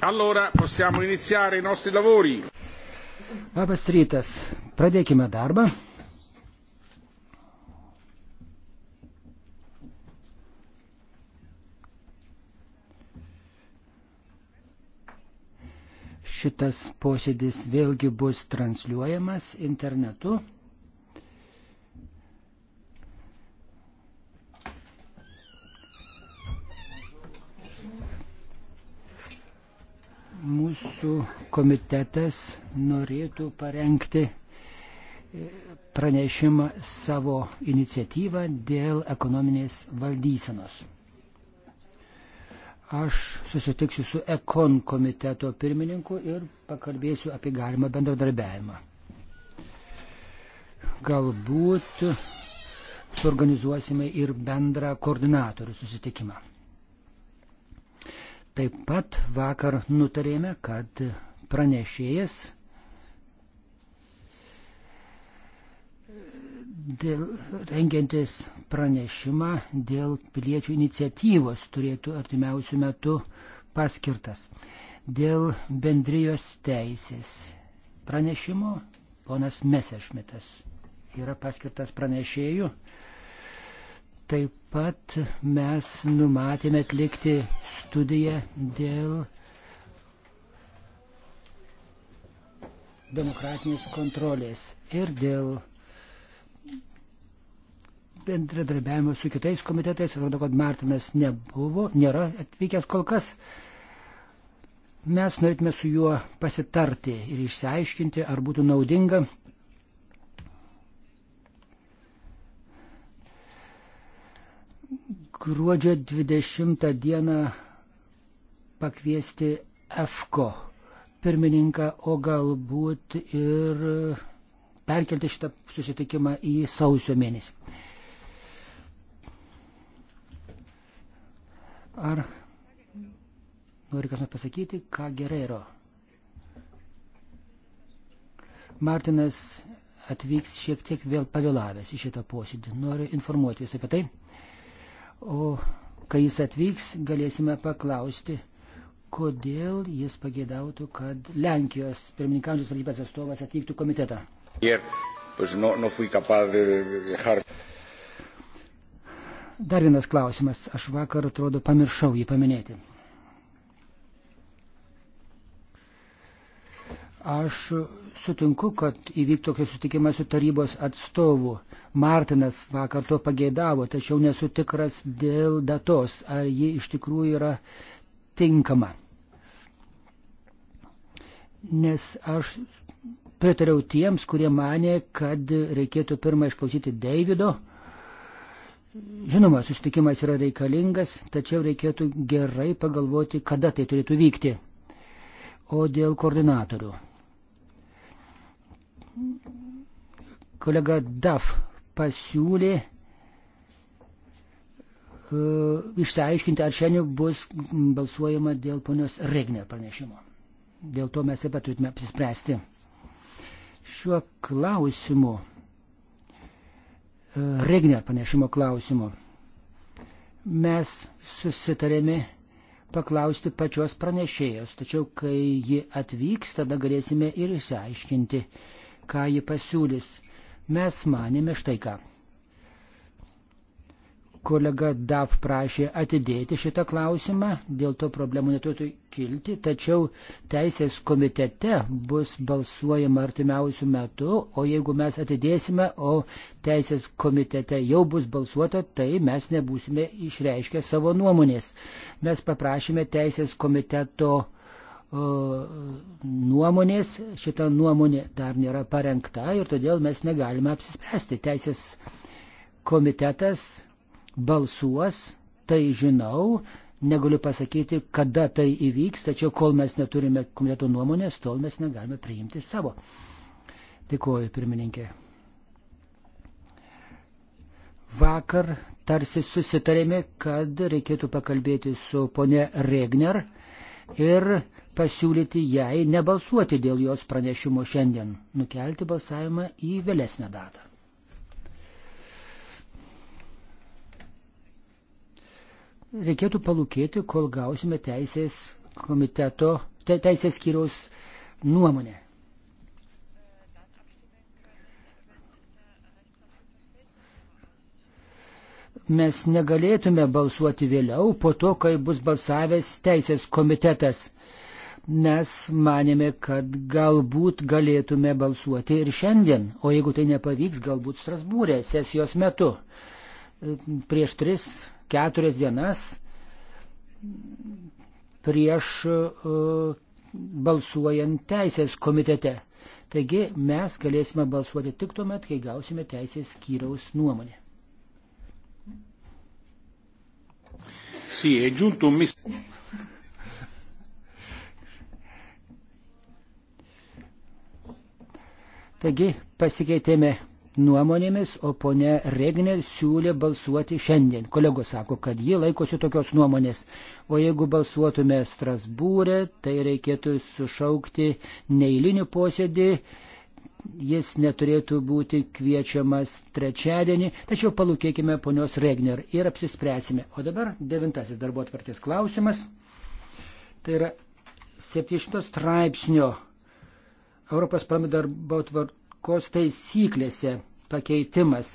Allora possiamo iniziare i nostri lavori. Labas rytas, pradėkime darbą. Šitas posėdis vėlgi bus transliuojamas internetu. mūsų komitetas norėtų parengti e, pranešimą savo iniciatyvą dėl ekonominės valdysenos. Aš susitiksiu su Ekon komiteto pirmininku ir pakalbėsiu apie galimą bendradarbiavimą. Galbūt suorganizuosime ir bendrą koordinatorių susitikimą. Taip pat vakar nutarėme, kad pranešėjas dėl rengiantis pranešimą dėl piliečių iniciatyvos turėtų artimiausių metų paskirtas. Dėl bendrijos teisės pranešimo ponas Mesešmitas yra paskirtas pranešėjų. Taip pat mes numatėme atlikti studiją dėl demokratinės kontrolės ir dėl bendradarbiavimo su kitais komitetais. Atrodo, kad Martinas nebuvo, nėra atvykęs kol kas. Mes norėtume su juo pasitarti ir išsiaiškinti, ar būtų naudinga gruodžio 20 dieną pakviesti EFKO pirmininką, o galbūt ir perkelti šitą susitikimą į sausio mėnesį. Ar nori kas nors pasakyti, ką gerai yra? Martinas atvyks šiek tiek vėl pavėlavęs į šitą posėdį. Noriu informuoti jūs apie tai. O kai jis atvyks, galėsime paklausti, kodėl jis pagėdautų, kad Lenkijos pirmininkaujančios valdybės atstovas atvyktų komitetą. Dar vienas klausimas. Aš vakar, atrodo, pamiršau jį paminėti. Aš sutinku, kad įvyktų tokia sutikima su tarybos atstovu. Martinas vakar to pageidavo, tačiau nesu tikras dėl datos, ar ji iš tikrųjų yra tinkama. Nes aš pritariau tiems, kurie mane, kad reikėtų pirmą išklausyti Davido. Žinoma, susitikimas yra reikalingas, tačiau reikėtų gerai pagalvoti, kada tai turėtų vykti. O dėl koordinatorių. Kolega Daf pasiūlė uh, išsiaiškinti, ar šiandien bus balsuojama dėl ponios Regner pranešimo. Dėl to mes taip pat turėtume apsispręsti. Šiuo klausimu, uh, Regner pranešimo klausimu, mes susitarėme paklausti pačios pranešėjos, tačiau kai ji atvyks, tada galėsime ir išsiaiškinti, ką ji pasiūlys. Mes manėme štai ką. Kolega DAF prašė atidėti šitą klausimą, dėl to problemų neturėtų kilti, tačiau teisės komitete bus balsuojama artimiausių metų, o jeigu mes atidėsime, o teisės komitete jau bus balsuota, tai mes nebūsime išreiškę savo nuomonės. Mes paprašėme teisės komiteto uh, nuomonės, šita nuomonė dar nėra parengta ir todėl mes negalime apsispręsti. Teisės komitetas balsuos, tai žinau, negaliu pasakyti, kada tai įvyks, tačiau kol mes neturime komiteto nuomonės, tol mes negalime priimti savo. Dėkuoju, pirmininkė. Vakar tarsi susitarėme, kad reikėtų pakalbėti su ponė Regner ir pasiūlyti jai nebalsuoti dėl jos pranešimo šiandien, nukelti balsavimą į vėlesnę datą. Reikėtų palūkėti, kol gausime teisės komiteto, te, teisės skyriaus nuomonę. Mes negalėtume balsuoti vėliau, po to, kai bus balsavęs teisės komitetas mes manėme, kad galbūt galėtume balsuoti ir šiandien, o jeigu tai nepavyks, galbūt Strasbūrė sesijos metu. Prieš tris, keturias dienas, prieš uh, balsuojant teisės komitete. Taigi mes galėsime balsuoti tik tuomet, kai gausime teisės skyriaus nuomonę. Sì, è giunto un messaggio. Taigi pasikeitėme nuomonėmis, o ponė Regnė siūlė balsuoti šiandien. Kolegos sako, kad ji laikosi tokios nuomonės. O jeigu balsuotume Strasbūrė, tai reikėtų sušaukti neįlinį posėdį. Jis neturėtų būti kviečiamas trečiadienį, tačiau palūkėkime ponios Regner ir apsispręsime. O dabar devintasis darbo atvarkės klausimas. Tai yra 700 straipsnio Europos parlamento darbo tvarkos taisyklėse pakeitimas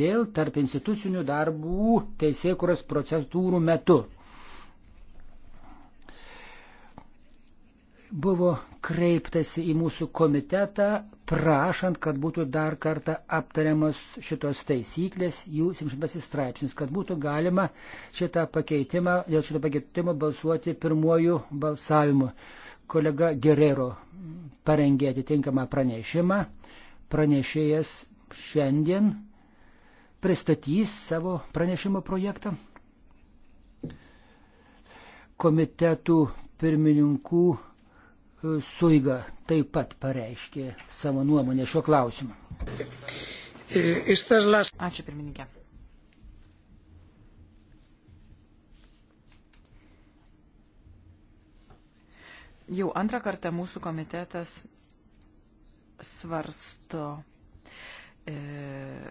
dėl tarp institucinių darbų teisėkuros procedūrų metu. Buvo kreiptasi į mūsų komitetą, prašant, kad būtų dar kartą aptariamos šitos taisyklės, jų 700 straipsnis, kad būtų galima šitą pakeitimą, dėl šito pakeitimo balsuoti pirmojų balsavimu. Kolega Gerero parengė atitinkamą pranešimą. Pranešėjas šiandien pristatys savo pranešimo projektą. Komitetų pirmininkų e, suiga taip pat pareiškė savo nuomonę šiuo klausimu. E, Ačiū pirmininkė. Jau antrą kartą mūsų komitetas svarsto e,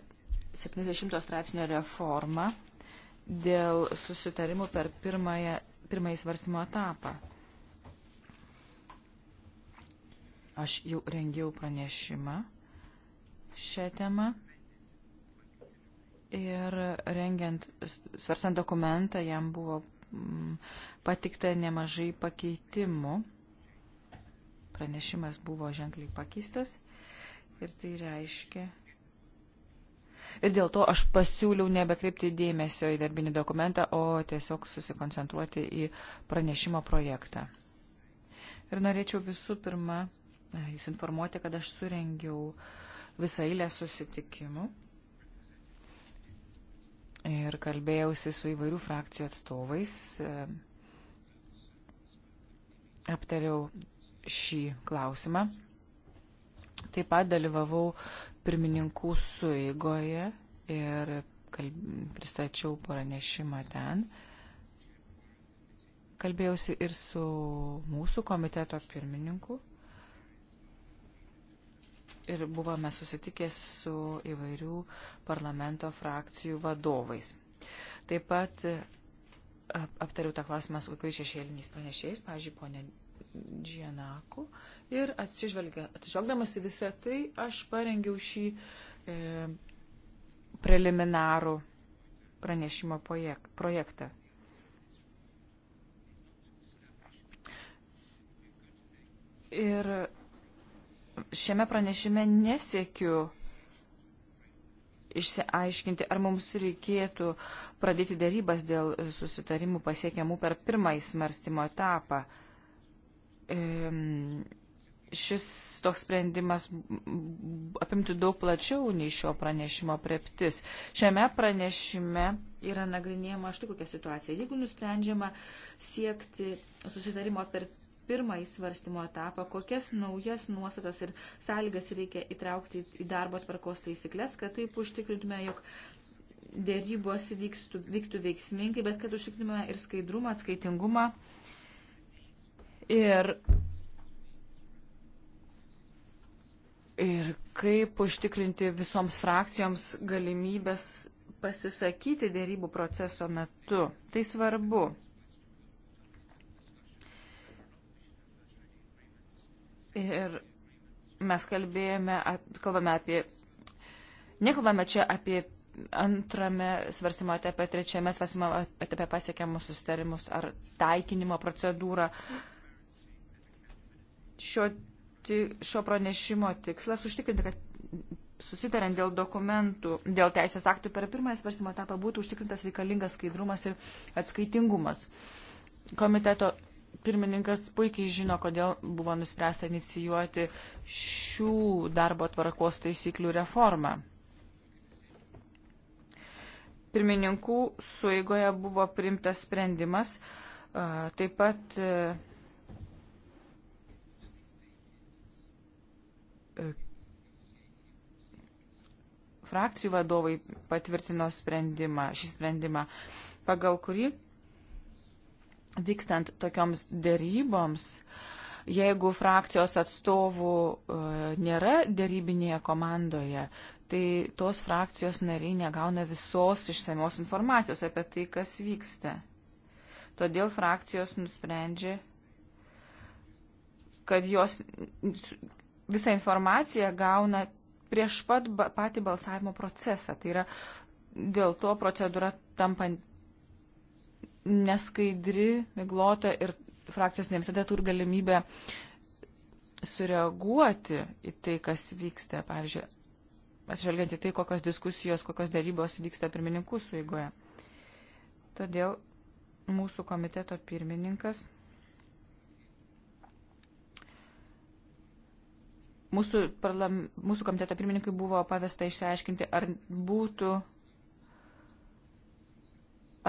70 straipsnio reformą dėl susitarimų per pirmąją, pirmąjį svarstymo etapą. Aš jau rengiau pranešimą šią temą ir rengiant, svarstant dokumentą, jam buvo patikta nemažai pakeitimų pranešimas buvo ženkliai pakistas ir tai reiškia. Ir dėl to aš pasiūliau nebekreipti dėmesio į darbinį dokumentą, o tiesiog susikoncentruoti į pranešimo projektą. Ir norėčiau visų pirma jūs informuoti, kad aš surengiau visą eilę susitikimų ir kalbėjausi su įvairių frakcijų atstovais, e, aptariau šį klausimą. Taip pat dalyvavau pirmininkų suigoje ir kalb... pristačiau pranešimą ten. Kalbėjausi ir su mūsų komiteto pirmininku. Ir buvome susitikę su įvairių parlamento frakcijų vadovais. Taip pat aptariau tą klausimą su kai šešėliniais pranešėjais, pažiūrėjau, ponė Džianaku. Ir atsižvelgdamas į visą tai, aš parengiau šį e, preliminarų pranešimo projek, projektą. Ir šiame pranešime nesiekiu išsiaiškinti, ar mums reikėtų pradėti darybas dėl susitarimų pasiekiamų per pirmąjį smarstymo etapą šis toks sprendimas apimtų daug plačiau nei šio pranešimo preptis. Šiame pranešime yra nagrinėjama štai kokia situacija. Jeigu nusprendžiama siekti susitarimo per pirmąjį svarstymo etapą, kokias naujas nuostatas ir sąlygas reikia įtraukti į darbo tvarkos taisyklės, kad taip užtikrintume, jog dėrybos vykstų, vyktų veiksmingai, bet kad užtikrintume ir skaidrumą, atskaitingumą Ir, ir kaip užtikrinti visoms frakcijoms galimybės pasisakyti dėrybų proceso metu. Tai svarbu. Ir mes kalbėjome, kalbame apie, nekalbame čia apie antrame svarstymo etape, trečiame svarstymo etape pasiekiamus susitarimus ar taikinimo procedūrą. Uh, šio, šio pranešimo tikslas užtikrinti, kad susitarant dėl dokumentų, dėl teisės aktų per pirmąją svarstymo etapą būtų užtikrintas reikalingas skaidrumas ir atskaitingumas. Komiteto pirmininkas puikiai žino, kodėl buvo nuspręsta inicijuoti šių darbo tvarkos taisyklių reformą. Pirmininkų suigoje buvo primtas sprendimas, taip pat frakcijų vadovai patvirtino sprendimą, šį sprendimą, pagal kurį vykstant tokioms dėryboms, jeigu frakcijos atstovų e, nėra dėrybinėje komandoje, tai tos frakcijos nariai negauna visos išsamios informacijos apie tai, kas vyksta. Todėl frakcijos nusprendžia, kad jos visą informaciją gauna prieš pat ba, patį balsavimo procesą. Tai yra dėl to procedūra tampa neskaidri, miglota ir frakcijos ne visada turi galimybę sureaguoti į tai, kas vyksta. Pavyzdžiui, atžvelgiant į tai, kokios diskusijos, kokios darybos vyksta pirmininkų suigoje. Todėl mūsų komiteto pirmininkas Mūsų, parlam, mūsų komiteto pirmininkai buvo pavesta išsiaiškinti, ar būtų,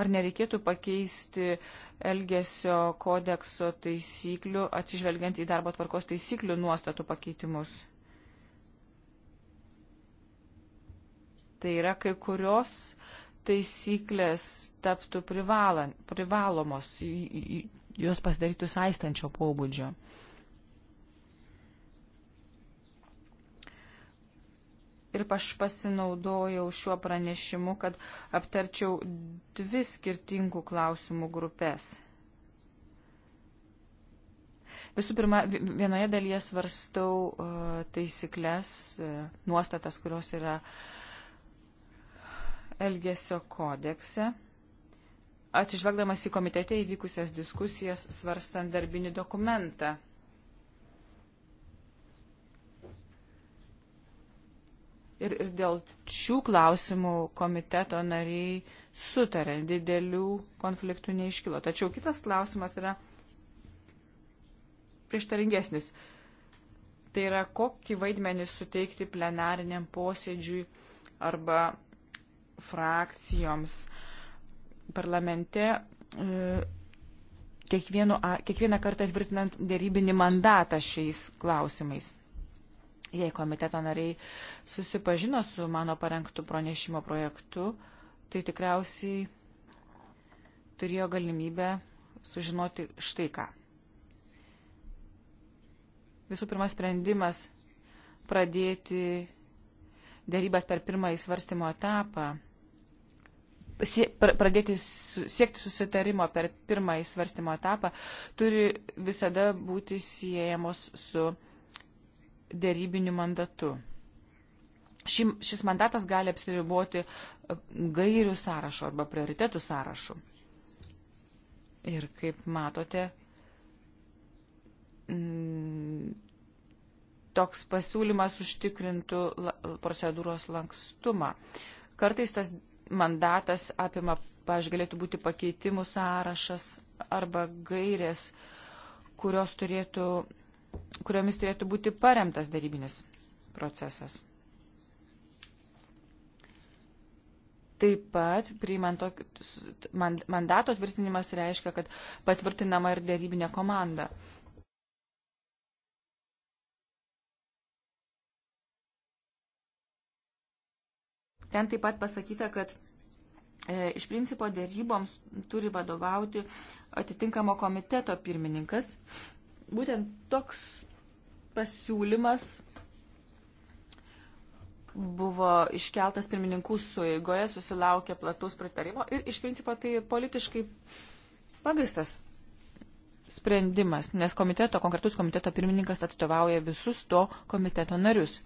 ar nereikėtų pakeisti Elgesio kodekso taisyklių, atsižvelgiant į darbo tvarkos taisyklių nuostatų pakeitimus. Tai yra, kai kurios taisyklės taptų privalan, privalomos, jos pasidarytų saistančio pobūdžio. ir aš pasinaudojau šiuo pranešimu, kad aptarčiau dvi skirtingų klausimų grupės. Visų pirma, vienoje dalyje svarstau e, taisyklės, e, nuostatas, kurios yra Elgesio kodekse. Atsižvelgdamas į komitete įvykusias diskusijas, svarstant darbinį dokumentą Ir, ir dėl šių klausimų komiteto nariai sutarė, didelių konfliktų neiškilo. Tačiau kitas klausimas yra prieštaringesnis. Tai yra, kokį vaidmenį suteikti plenariniam posėdžiui arba frakcijoms parlamente e, kiekvienu, kiekvieną kartą tvirtinant dėrybinį mandatą šiais klausimais. Jei komiteto nariai susipažino su mano parengtų pranešimo projektu, tai tikriausiai turėjo galimybę sužinoti štai ką. Visų pirma, sprendimas pradėti dėrybas per pirmąjį svarstymo etapą, pradėti siekti susitarimo per pirmąjį svarstymo etapą, turi visada būti siejamos su dėrybiniu mandatu. Ši, šis mandatas gali apsiriboti e, gairių sąrašo arba prioritetų sąrašų. Ir kaip matote, toks pasiūlymas užtikrintų procedūros lankstumą. Kartais tas mandatas apima, pažiūrėjau, galėtų būti pakeitimų sąrašas arba gairės, kurios turėtų kuriomis turėtų būti paremtas darybinis procesas. Taip pat, priimant tok, mandato tvirtinimas reiškia, kad patvirtinama ir dėrybinė komanda. Ten taip pat pasakyta, kad e, iš principo dėryboms turi vadovauti atitinkamo komiteto pirmininkas. E, Būtent toks pasiūlymas buvo iškeltas pirmininkų sueigoje, susilaukė plataus pritarimo ir iš principo tai politiškai pagristas sprendimas, nes komiteto, konkretus komiteto pirmininkas atstovauja visus to komiteto narius.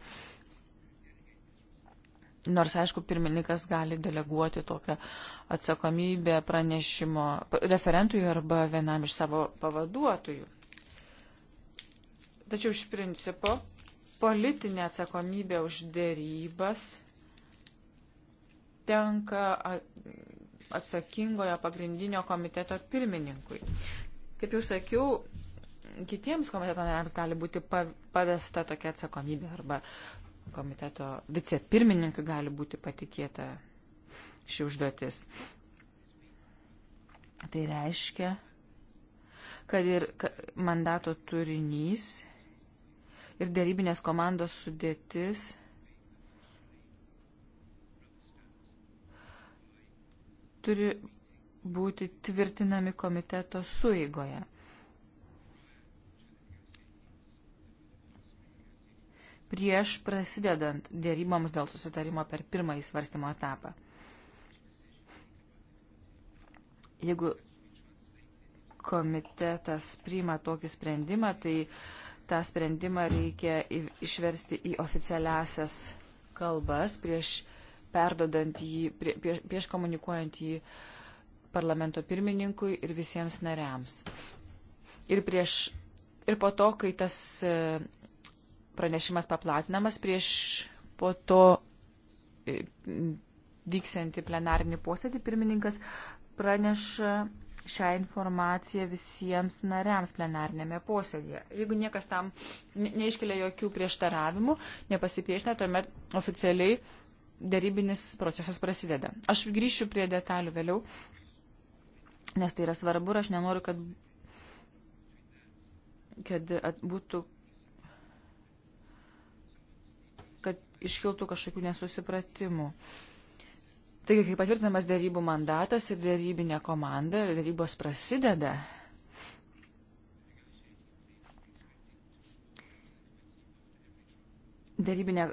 Nors, aišku, pirmininkas gali deleguoti tokią atsakomybę pranešimo referentui arba vienam iš savo pavaduotojų. Tačiau iš principo politinė atsakomybė už dėrybas tenka atsakingojo pagrindinio komiteto pirmininkui. Kaip jau sakiau, kitiems komiteto nariams gali būti pavesta tokia atsakomybė arba komiteto vicepirmininkui gali būti patikėta ši užduotis. Tai reiškia, kad ir mandato turinys ir dėrybinės komandos sudėtis. turi būti tvirtinami komiteto suigoje. Prieš prasidedant dėryboms dėl susitarimo per pirmąjį svarstymo etapą. Jeigu komitetas priima tokį sprendimą, tai tą sprendimą reikia išversti į oficialiasias kalbas prieš perdodant jį, prieš, prieš komunikuojant jį parlamento pirmininkui ir visiems nariams. Ir, prieš, ir po to, kai tas e, pranešimas paplatinamas, prieš po to e, vyksianti plenarinį posėdį pirmininkas praneša šią informaciją visiems nariams plenarnėme posėdėje. Jeigu niekas tam neiškelia jokių prieštaravimų, nepasipriešina, tuomet oficialiai darybinis procesas prasideda. Aš grįšiu prie detalių vėliau, nes tai yra svarbu ir aš nenoriu, kad, kad būtų kad iškiltų kažkokių nesusipratimų. Uh, Taigi, kai patvirtinamas dėrybų mandatas ir dėrybinė komanda, dėrybos prasideda. Dėrybinė,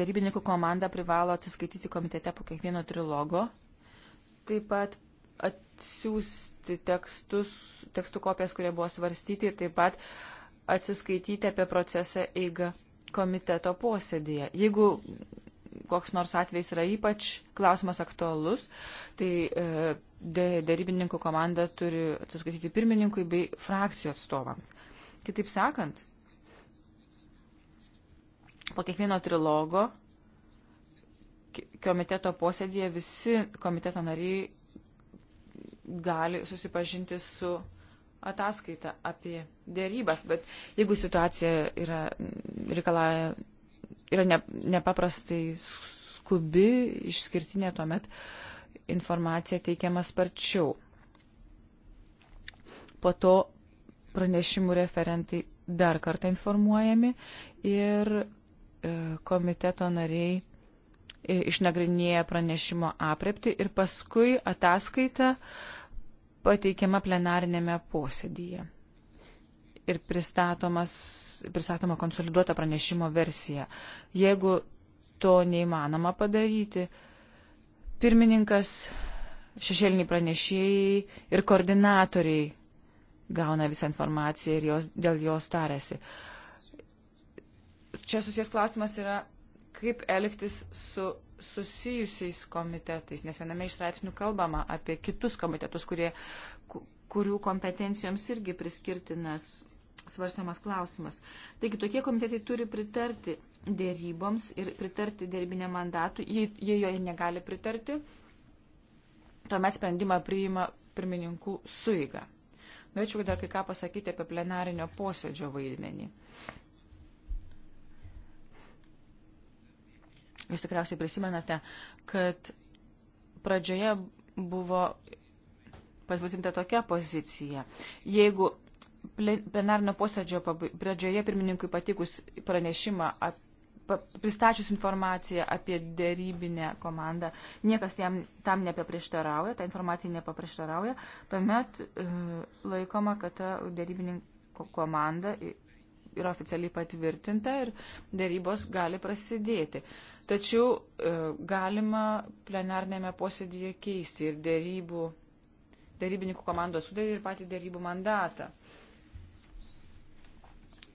dėrybininkų komanda privalo atsiskaityti komitete po kiekvieno trilogo. Taip pat atsiųsti tekstus, tekstų kopijas, kurie buvo svarstyti ir taip pat atsiskaityti apie procesą eigą komiteto posėdėje. Jeigu koks nors atvejs yra ypač klausimas aktualus, tai e, darybininkų komanda turi atsiskaityti pirmininkui bei frakcijų atstovams. Kitaip sakant, po kiekvieno trilogo komiteto posėdėje visi komiteto nariai gali susipažinti su ataskaita apie dėrybas, bet jeigu situacija yra reikalauja yra ne, nepaprastai skubi, išskirtinė, tuomet informacija teikiama sparčiau. Po to pranešimų referentai dar kartą informuojami ir e, komiteto nariai e, išnagrinėja pranešimo aprepti ir paskui ataskaita pateikiama plenarinėme posėdyje ir pristatoma konsoliduota pranešimo versija. Jeigu to neįmanoma padaryti, pirmininkas, šešėliniai pranešėjai ir koordinatoriai gauna visą informaciją ir jos, dėl jos tarėsi. Čia susijęs klausimas yra, kaip elgtis su susijusiais komitetais, nes viename iš straipsnių kalbama apie kitus komitetus, kurie, kurių kompetencijoms irgi priskirtinas svarstamas klausimas. Taigi tokie komitetai turi pritarti dėryboms ir pritarti dėrybinėm mandatui. Jei, jei joje negali pritarti, tuomet sprendimą priima pirmininkų suiga. Norėčiau dar kai ką pasakyti apie plenarinio posėdžio vaidmenį. Jūs tikriausiai prisimenate, kad pradžioje buvo patvirtinta tokia pozicija. Jeigu plenarnio posėdžio pradžioje pirmininkui patikus pranešimą, ap, pristačius informaciją apie dėrybinę komandą, niekas jam tam nepaprieštarauja, ta informacija nepaprieštarauja, tuomet e, laikoma, kad ta dėrybininkų komanda yra oficialiai patvirtinta ir dėrybos gali prasidėti. Tačiau e, galima plenarnėme posėdėje keisti ir dėrybų, dėrybininkų komandos sudėti ir patį dėrybų mandatą. E,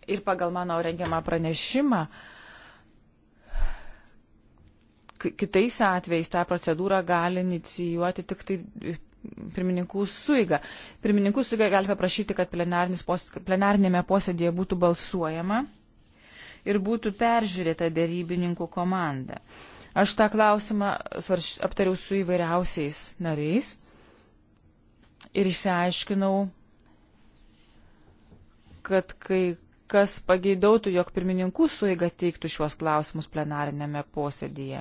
ir pagal mano rengiamą pranešimą, kitais atvejais tą procedūrą gali inicijuoti tik tai pirmininkų suiga. Pirmininkų suiga gali paprašyti, kad pos, plenarinėme posėdėje būtų balsuojama ir būtų peržiūrėta dėrybininkų komanda. Aš tą klausimą svarš, aptariau su įvairiausiais nariais ir išsiaiškinau, kad kai kas pageidautų, jog pirmininkų suiga teiktų šiuos klausimus plenarinėme posėdėje.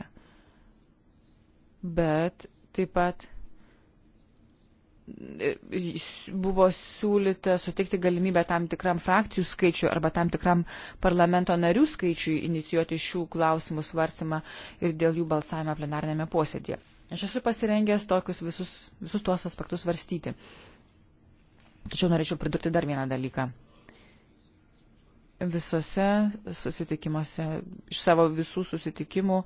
Bet taip pat e, buvo siūlyta sutikti galimybę tam tikram frakcijų skaičiui arba tam tikram parlamento narių skaičiui inicijuoti šių klausimų svarstymą ir dėl jų balsavimą plenarinėme posėdėje. Aš esu pasirengęs tokius visus, visus tuos aspektus svarstyti. Tačiau norėčiau pridurti dar vieną dalyką visose susitikimuose, iš savo visų susitikimų,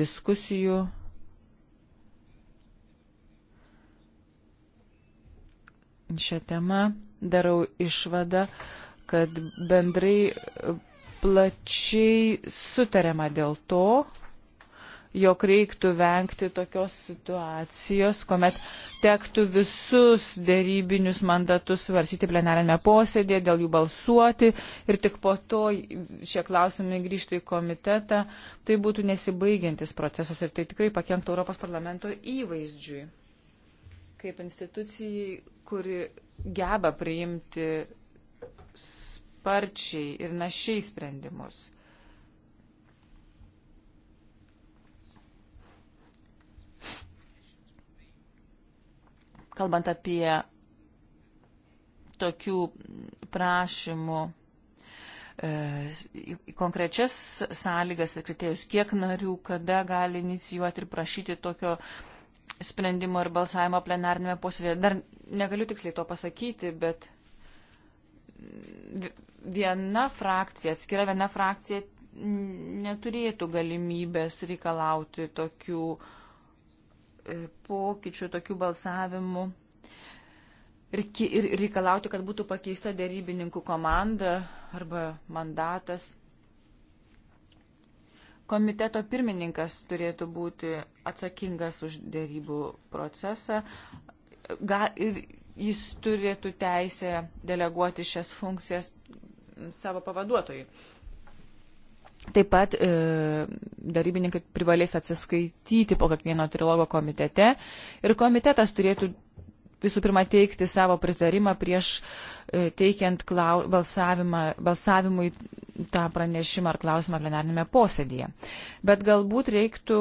diskusijų. Šią temą darau išvadą, kad bendrai plačiai sutarėma dėl to, jog reiktų vengti tokios situacijos, kuomet tektų visus dėrybinius mandatus svarsyti plenarinėme posėdėje, dėl jų balsuoti ir tik po to šie klausimai grįžtų į komitetą. Tai būtų nesibaigiantis procesas ir tai tikrai pakenktų Europos parlamento įvaizdžiui kaip institucijai, kuri geba priimti sparčiai ir našiai sprendimus. kalbant apie tokių prašymų e, į konkrečias sąlygas ir kriterijus, kiek narių, kada gali inicijuoti ir prašyti tokio sprendimo ir balsavimo plenarnėme posėdėje. Dar negaliu tiksliai to pasakyti, bet viena frakcija, atskira viena frakcija neturėtų galimybės reikalauti tokių uh, E, pokyčių, tokių balsavimų ir, ir reikalauti, kad būtų pakeista dėrybininkų komanda arba mandatas. Komiteto pirmininkas turėtų būti atsakingas už dėrybų procesą Ga, ir jis turėtų teisę deleguoti šias funkcijas savo pavaduotojui. Taip pat e, darybininkai privalės atsiskaityti po kiekvieno trilogo komitete ir komitetas turėtų visų pirma teikti savo pritarimą prieš e, teikiant klau, balsavimui tą pranešimą ar klausimą plenarinėme posėdėje. Bet galbūt reiktų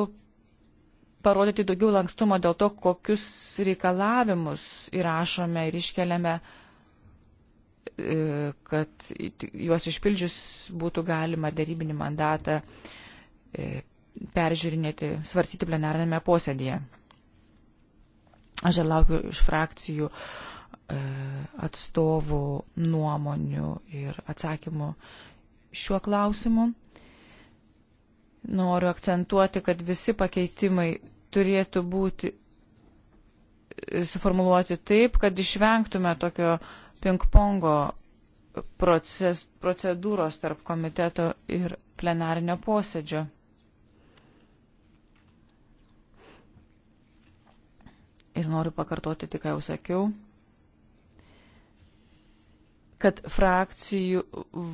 parodyti daugiau lankstumo dėl to, kokius reikalavimus įrašome ir iškeliame e, E, kad juos išpildžius būtų galima darybinį mandatą e, peržiūrinėti, svarsyti plenarinėme posėdėje. Aš dar laukiu iš frakcijų e, atstovų nuomonių ir atsakymų šiuo klausimu. Noriu akcentuoti, kad visi pakeitimai turėtų būti suformuluoti taip, kad išvengtume tokio ping-pongo proces, procedūros tarp komiteto ir plenarinio posėdžio. Ir noriu pakartoti tik, ką jau sakiau, kad frakcijų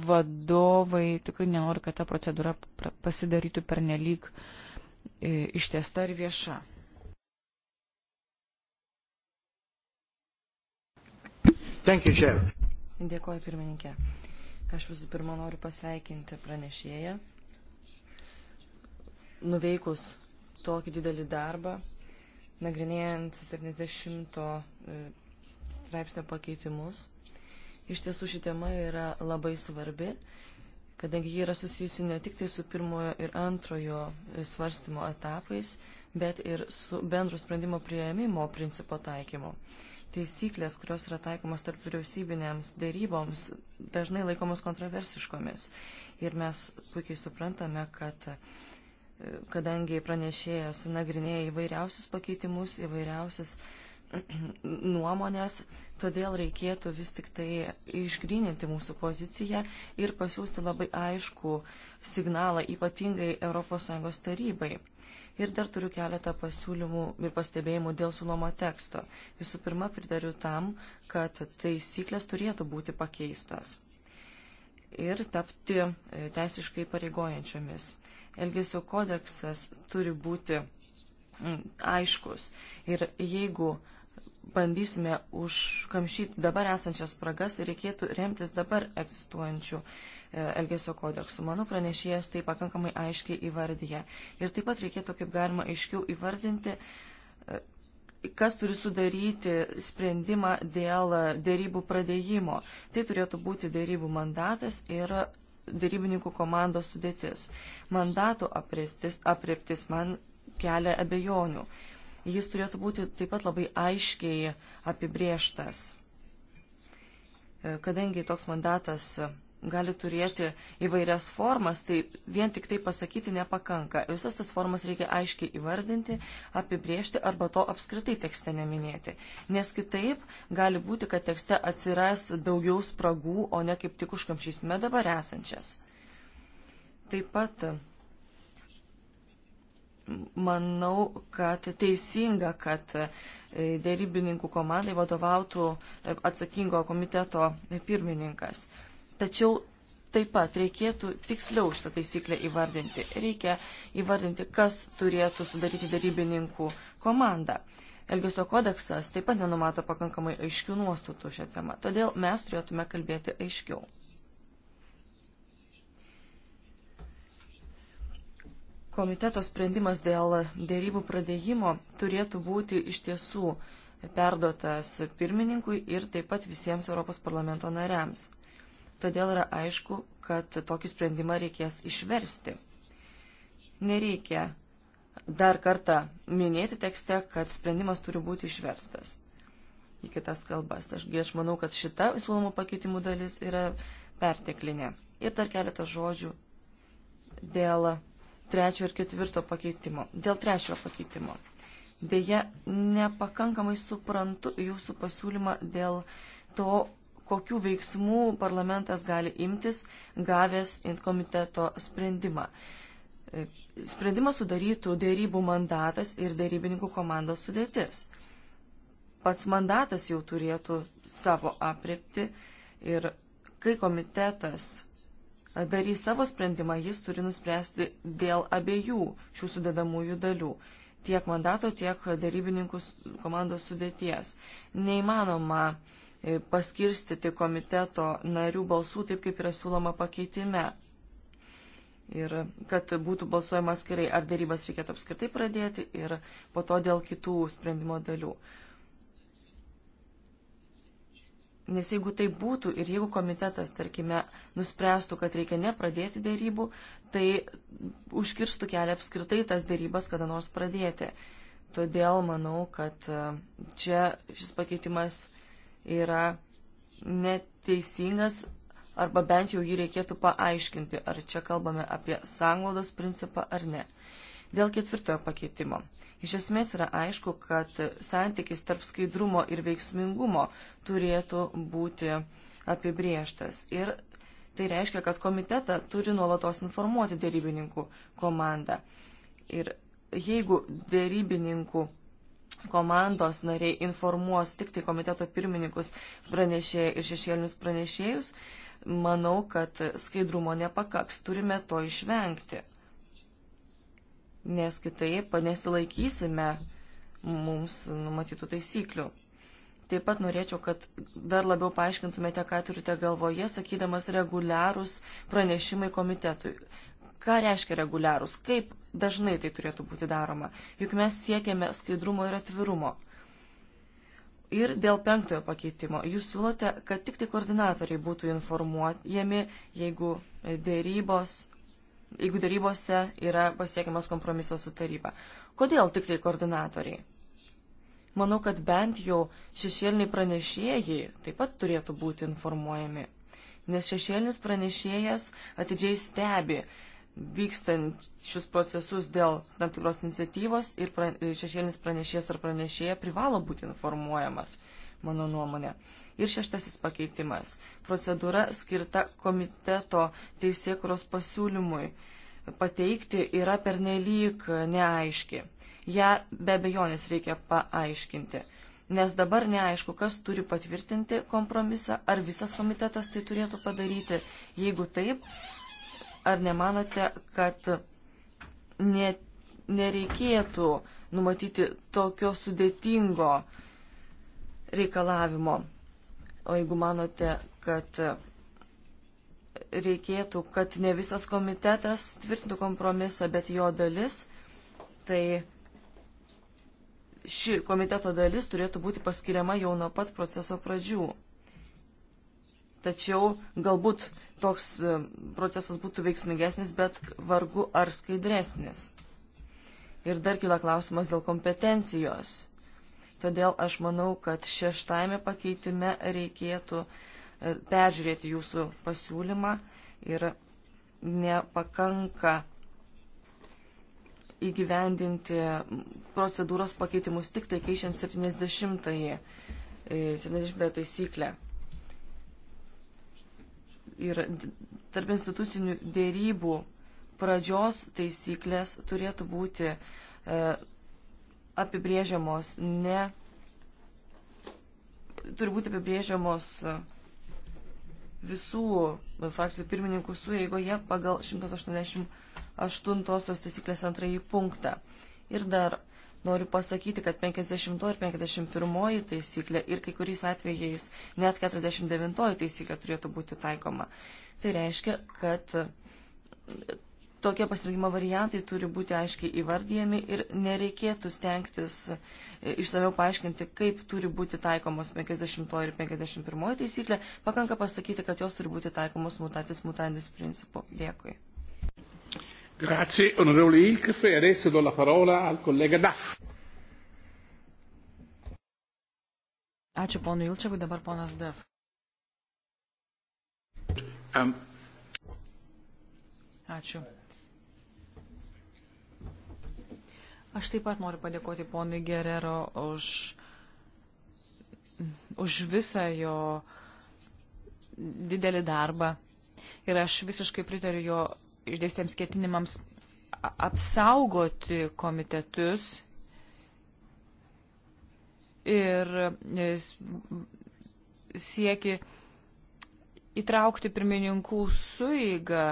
vadovai tikrai nenori, kad ta procedūra pasidarytų pernelyg e, ištesta ir vieša. Thank you, Chair. Dėkuoju, pirmininkė. Aš visų pirma noriu pasveikinti pranešėją. Nuveikus tokį didelį darbą, nagrinėjant 70 e, straipsnio pakeitimus, iš tiesų ši tema yra labai svarbi kadangi ji yra susijusi ne tik tai su pirmojo ir antrojo e, svarstymo etapais, bet ir su bendro sprendimo prieimimo principo taikymu taisyklės, kurios yra taikomos tarp vyriausybinėms dėryboms, dažnai laikomos kontroversiškomis. Ir mes puikiai suprantame, kad e, kadangi pranešėjas nagrinėja įvairiausius pakeitimus, įvairiausias nuomonės, todėl reikėtų vis tik tai išgrininti mūsų poziciją ir pasiūsti labai aišku signalą ypatingai ES tarybai. Ir dar turiu keletą pasiūlymų ir pastebėjimų dėl siūlomo teksto. Visų pirma, pritariu tam, kad taisyklės turėtų būti pakeistos ir tapti e, teisiškai pareigojančiomis. Elgesio kodeksas turi būti mm, aiškus. Ir jeigu bandysime užkamšyti dabar esančias spragas, reikėtų remtis dabar egzistuojančių uh, E, Elgesio kodeksu. Mano pranešėjas tai pakankamai aiškiai įvardyje. Ir taip pat reikėtų kaip galima aiškiau įvardinti, e, kas turi sudaryti sprendimą dėl dėrybų pradėjimo. Tai turėtų būti dėrybų mandatas ir dėrybininkų komandos sudėtis. Mandato apreptis man kelia abejonių. Jis turėtų būti taip pat labai aiškiai apibrieštas e, kadangi toks mandatas gali turėti įvairias formas, tai vien tik tai pasakyti nepakanka. Visas tas formas reikia aiškiai įvardinti, apibriežti arba to apskritai tekste neminėti. Nes kitaip gali būti, kad tekste atsiras daugiau spragų, o ne kaip tik užkamšysime dabar esančias. Taip pat manau, kad teisinga, kad e, dėrybininkų komandai vadovautų e, atsakingo komiteto pirmininkas. Tačiau taip pat reikėtų tiksliau šitą taisyklę įvardinti. Reikia įvardinti, kas turėtų sudaryti darybininkų komandą. Elgesio kodeksas taip pat nenumato pakankamai aiškių nuostatų šią temą, todėl mes turėtume kalbėti aiškiau. Komiteto sprendimas dėl dėrybų pradėjimo turėtų būti iš tiesų perduotas pirmininkui ir taip pat visiems Europos parlamento nariams todėl yra aišku, kad tokį sprendimą reikės išversti. Nereikia dar kartą minėti tekste, kad sprendimas turi būti išverstas į kitas kalbas. Tašgi aš manau, kad šita siūlomų pakeitimų dalis yra perteklinė. Ir dar keletą žodžių dėl trečio ir ketvirto pakeitimo. Dėl trečio pakeitimo. Deja, nepakankamai suprantu jūsų pasiūlymą dėl to, kokių veiksmų parlamentas gali imtis, gavęs komiteto sprendimą. E, sprendimą sudarytų dėrybų mandatas ir dėrybininkų komandos sudėtis. Pats mandatas jau turėtų savo aprepti ir kai komitetas darys savo sprendimą, jis turi nuspręsti dėl abiejų šių sudedamųjų dalių tiek mandato, tiek darybininkų komandos sudėties. Neįmanoma uh, E, paskirstyti komiteto narių balsų taip, kaip yra siūloma pakeitime. Ir kad būtų balsuojama skirai, ar darybas reikėtų apskritai pradėti ir po to dėl kitų sprendimo dalių. Nes jeigu tai būtų ir jeigu komitetas, tarkime, nuspręstų, kad reikia nepradėti dėrybų, tai užkirstų kelią apskritai tas dėrybas kada nors pradėti. Todėl manau, kad e, čia šis pakeitimas yra neteisingas arba bent jau jį reikėtų paaiškinti, ar čia kalbame apie sanglaudos principą ar ne. Dėl ketvirtojo pakeitimo. Iš esmės yra aišku, kad santykis tarp skaidrumo ir veiksmingumo turėtų būti apibrieštas. Ir tai reiškia, kad komitetą turi nuolatos informuoti dėrybininkų komandą. Ir jeigu dėrybininkų komandos nariai informuos tik tai komiteto pirmininkus pranešėjai ir šešėlinius pranešėjus, manau, kad skaidrumo nepakaks, turime to išvengti. Nes kitaip nesilaikysime mums numatytų taisyklių. Taip pat norėčiau, kad dar labiau paaiškintumėte, ką turite galvoje, sakydamas reguliarūs pranešimai komitetui ką reiškia reguliarūs, kaip dažnai tai turėtų būti daroma. Juk mes siekiame skaidrumo ir atvirumo. Ir dėl penktojo pakeitimo. Jūs siūlote, kad tik tai koordinatoriai būtų informuojami, jeigu, dėrybos, jeigu dėrybose yra pasiekiamas kompromisas su taryba. Kodėl tik tai koordinatoriai? Manau, kad bent jau šešėliniai pranešėjai taip pat turėtų būti informuojami. Nes šešėlinis pranešėjas atidžiai stebi, vykstančius procesus dėl tam tikros iniciatyvos ir pra, šešėlinis pranešėjas ar pranešėja privalo būti informuojamas, mano nuomonė. Ir šeštasis pakeitimas. Procedūra skirta komiteto teisėkuros pasiūlymui pateikti yra pernelyg neaiški. Ja be abejonės reikia paaiškinti. Nes dabar neaišku, kas turi patvirtinti kompromisą, ar visas komitetas tai turėtų padaryti. Jeigu taip, ar nemanote, kad ne, nereikėtų numatyti tokio sudėtingo reikalavimo? O jeigu manote, kad reikėtų, kad ne visas komitetas tvirtintų kompromisą, bet jo dalis, tai ši komiteto dalis turėtų būti paskiriama jau nuo pat proceso pradžių tačiau galbūt toks e, procesas būtų veiksmingesnis, bet vargu ar skaidresnis. Ir dar kila klausimas dėl kompetencijos. Todėl aš manau, kad šeštame pakeitime reikėtų e, peržiūrėti jūsų pasiūlymą ir nepakanka įgyvendinti procedūros pakeitimus tik tai keičiant 70-ąją e, 70 taisyklę ir tarp institucinių dėrybų pradžios taisyklės turėtų būti e, apibrėžiamos ne. turi būti apibrėžiamos visų frakcijų pirmininkų sueigoje pagal 188 taisyklės antrąjį punktą. Ir dar Noriu pasakyti, kad 50 ir 51 taisyklė ir kai kuriais atvejais net 49 taisyklė turėtų būti taikoma. Tai reiškia, kad tokie pasirinkimo variantai turi būti aiškiai įvardyjami ir nereikėtų stengtis e, išsameu paaiškinti, kaip turi būti taikomos 50 ir 51 taisyklė, pakanka pasakyti, kad jos turi būti taikomos mutatis mutandis principu. Dėkui. Grazie, onorevole Ilkfe. Adesso do la parola al collega Daff. Ačiū ponui Ilčiavui, dabar ponas Def. Um. Ačiū. Aš taip pat noriu padėkoti ponui Gerero už, už visą jo didelį darbą. Ir aš visiškai pritariu jo išdėstėms ketinimams apsaugoti komitetus ir e, sieki įtraukti pirmininkų suigą,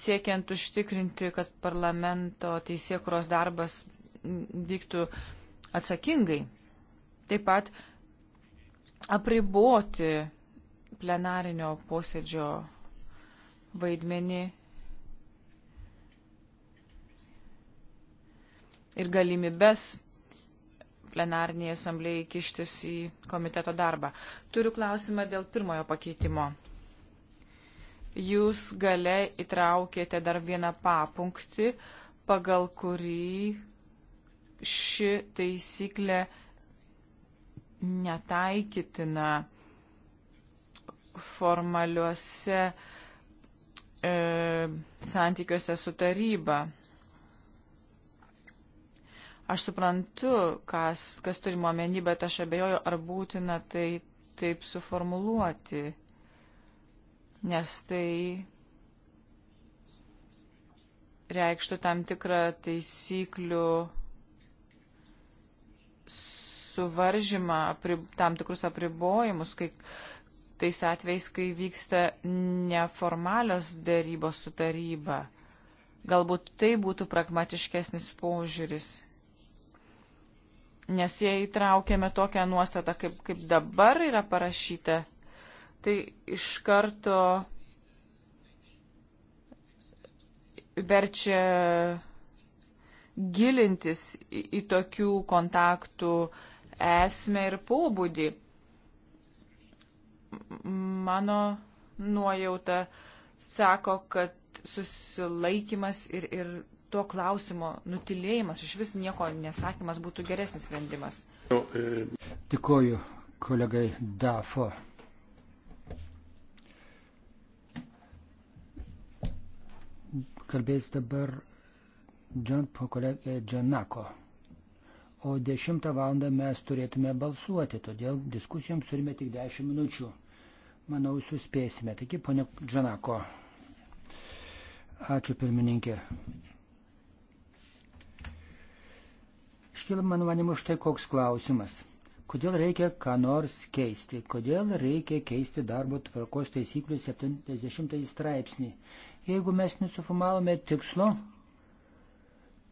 siekiant užtikrinti, kad parlamento teisėkuros darbas vyktų atsakingai. Taip pat apriboti plenarinio posėdžio vaidmenį ir galimybės plenarniai asamblėjai kištis į komiteto darbą. Turiu klausimą dėl pirmojo pakeitimo. Jūs gale įtraukėte dar vieną papunkti, pagal kurį ši taisyklė netaikytina formaliuose uh, e, santykiuose su taryba. Aš suprantu, kas, kas turimo omeny, bet aš abejoju, ar būtina tai taip suformuluoti, nes tai reikštų tam tikrą taisyklių suvaržymą, tam tikrus apribojimus, kai, tais atvejais, kai vyksta neformalios dėrybos su taryba. Galbūt tai būtų pragmatiškesnis požiūris. Nes jei įtraukėme tokią nuostatą, kaip, kaip dabar yra parašyta, tai iš karto verčia gilintis į, į tokių kontaktų esmę ir pobūdį mano nuojauta sako, kad susilaikimas ir, ir to klausimo nutilėjimas, iš vis nieko nesakymas būtų geresnis sprendimas. Tikoju e, kolegai Dafo. Kalbės dabar John po kolegė Džanako. O 10 val. mes turėtume balsuoti, todėl diskusijoms turime tik 10 minučių manau, suspėsime. Taigi, ponia Džanako, ačiū pirmininkė. Iškyla mano manimu štai koks klausimas. Kodėl reikia ką nors keisti? Kodėl reikia keisti darbo tvarkos taisyklių 70 straipsnį? Jeigu mes nesuformavome tikslo,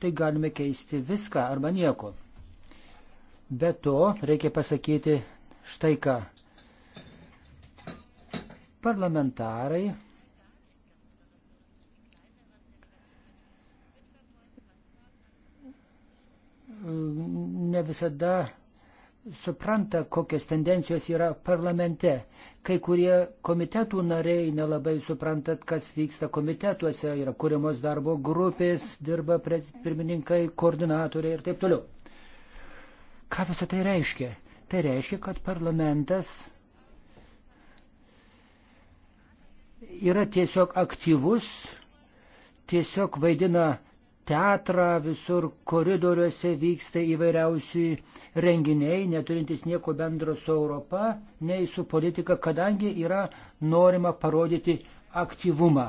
tai galime keisti viską arba nieko. Be to reikia pasakyti štai ką parlamentarai ne visada supranta, kokios tendencijos yra parlamente. Kai kurie komitetų nariai nelabai suprantat, kas vyksta komitetuose, yra kuriamos darbo grupės, dirba pirmininkai, koordinatoriai ir taip toliau. Ką visą tai reiškia? Tai reiškia, kad parlamentas yra tiesiog aktyvus, tiesiog vaidina teatrą, visur koridoriuose vyksta įvairiausi renginiai, neturintys nieko bendro su Europa, nei su politika, kadangi yra norima parodyti aktyvumą.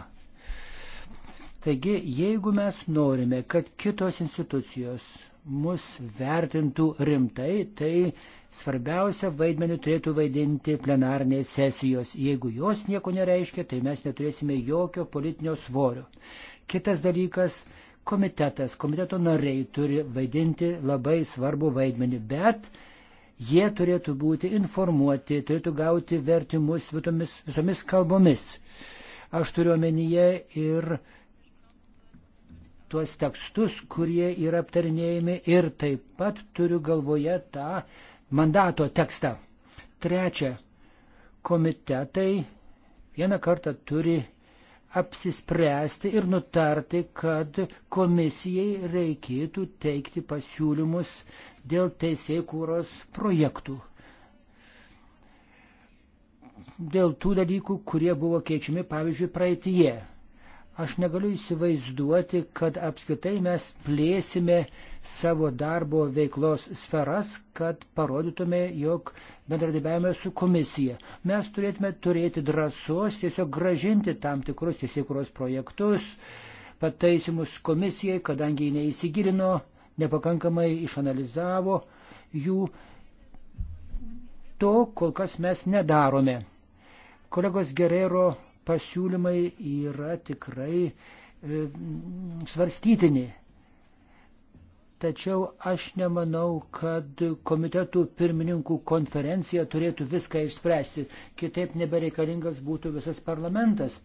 Taigi, jeigu mes norime, kad kitos institucijos mus vertintų rimtai, tai Svarbiausia vaidmenį turėtų vaidinti plenarnės sesijos. Jeigu jos nieko nereiškia, tai mes neturėsime jokio politinio svorio. Kitas dalykas - komitetas. Komiteto nariai turi vaidinti labai svarbu vaidmenį, bet jie turėtų būti informuoti, turėtų gauti vertimus visomis, visomis kalbomis. Aš turiu omenyje ir tuos tekstus, kurie yra aptarinėjami ir taip pat turiu galvoje tą, ta mandato tekstą. Trečia, komitetai vieną kartą turi apsispręsti ir nutarti, kad komisijai reikėtų teikti pasiūlymus dėl teisėkūros projektų. Dėl tų dalykų, kurie buvo keičiami, pavyzdžiui, praeitie. Aš negaliu įsivaizduoti, kad apskritai mes plėsime savo darbo veiklos sferas, kad parodytume, jog bendradarbiavime su komisija. Mes turėtume turėti drąsos tiesiog gražinti tam tikrus teisėkuros projektus, pataisimus komisijai, kadangi jie neįsigilino, nepakankamai išanalizavo jų. To kol kas mes nedarome. Kolegos Gerero pasiūlymai yra tikrai e, svarstytini. Tačiau aš nemanau, kad komitetų pirmininkų konferencija turėtų viską išspręsti. Kitaip nebereikalingas būtų visas parlamentas.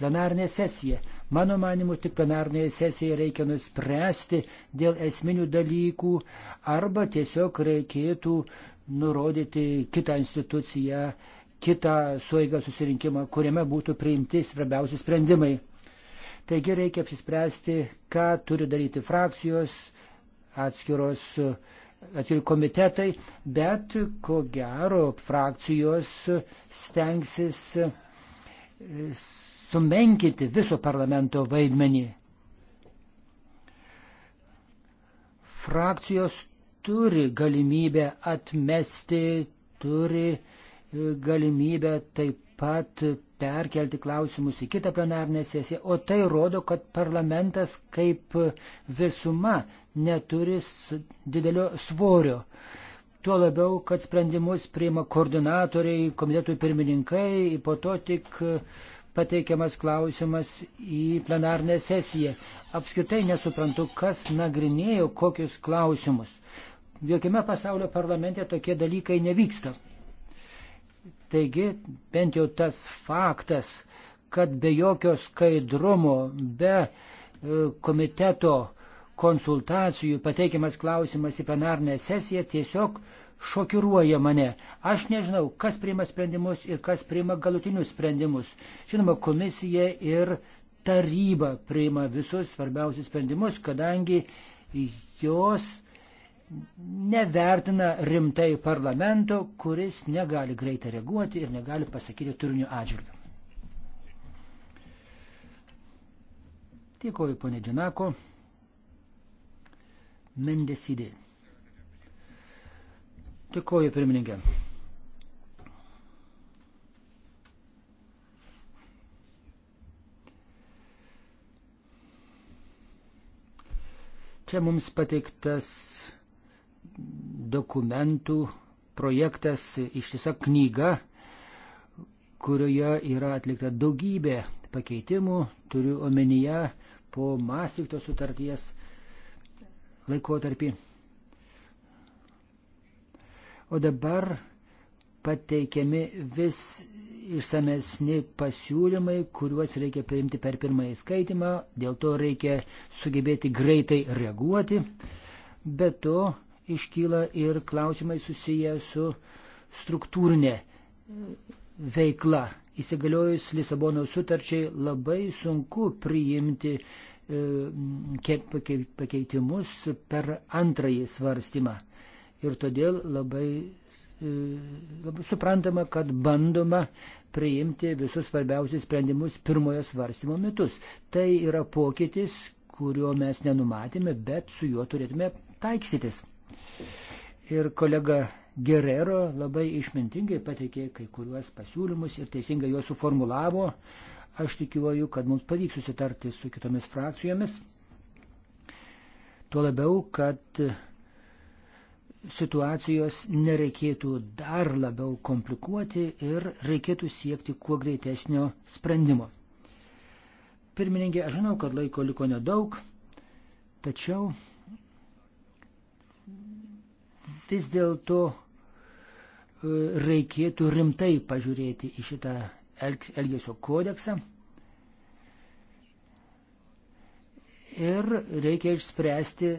Plenarnė sesija. Mano manimu, tik plenarnėje sesijoje reikia nuspręsti dėl esminių dalykų arba tiesiog reikėtų nurodyti kitą instituciją kitą suėgą susirinkimą, kuriame būtų priimti svarbiausi sprendimai. Taigi reikia apsispręsti, ką turi daryti frakcijos, atskiros, atskiri komitetai, bet ko gero frakcijos stengsis e, sumenkinti viso parlamento vaidmenį. Frakcijos turi galimybę atmesti, turi uh, galimybę taip pat perkelti klausimus į kitą plenarnę sesiją, o tai rodo, kad parlamentas kaip visuma neturi didelio svorio. Tuo labiau, kad sprendimus priima koordinatoriai, komitetų pirmininkai, po to tik pateikiamas klausimas į plenarnę sesiją. Apskritai nesuprantu, kas nagrinėjo kokius klausimus. Jokiame pasaulio parlamente tokie dalykai nevyksta. Taigi bent jau tas faktas, kad be jokio skaidrumo, be e, komiteto konsultacijų pateikiamas klausimas į plenarnę sesiją tiesiog šokiruoja mane. Aš nežinau, kas priima sprendimus ir kas priima galutinius sprendimus. Žinoma, komisija ir taryba priima visus svarbiausius sprendimus, kadangi jos nevertina rimtai parlamento, kuris negali greitai reaguoti ir negali pasakyti turinių atžvilgių. Dėkoju, ponė Džinako. Mendesidė. Dėkoju, pirmininkė. Čia mums pateiktas dokumentų projektas, ištisa knyga, kurioje yra atlikta daugybė pakeitimų, turiu omenyje po Mastrikto sutarties laikotarpį. O dabar pateikiami vis išsamesni pasiūlymai, kuriuos reikia priimti per pirmąjį skaitimą, dėl to reikia sugebėti greitai reaguoti. Be to, iškyla ir klausimai susiję su struktūrinė veikla. Įsigaliojus Lisabono sutarčiai labai sunku priimti e, pakeitimus per antrąjį svarstymą. Ir todėl labai, e, labai suprantama, kad bandoma priimti visus svarbiausius sprendimus pirmojo svarstymo metus. Tai yra pokytis, kurio mes nenumatėme, bet su juo turėtume taikstytis. Ir kolega Gerero labai išmintingai pateikė kai kuriuos pasiūlymus ir teisingai juos suformulavo. Aš tikiuoju, kad mums pavyks susitarti su kitomis frakcijomis. Tuo labiau, kad situacijos nereikėtų dar labiau komplikuoti ir reikėtų siekti kuo greitesnio sprendimo. Pirmininkė, aš žinau, kad laiko liko nedaug, tačiau vis dėlto e, reikėtų rimtai pažiūrėti į šitą elgesio kodeksą. Ir reikia išspręsti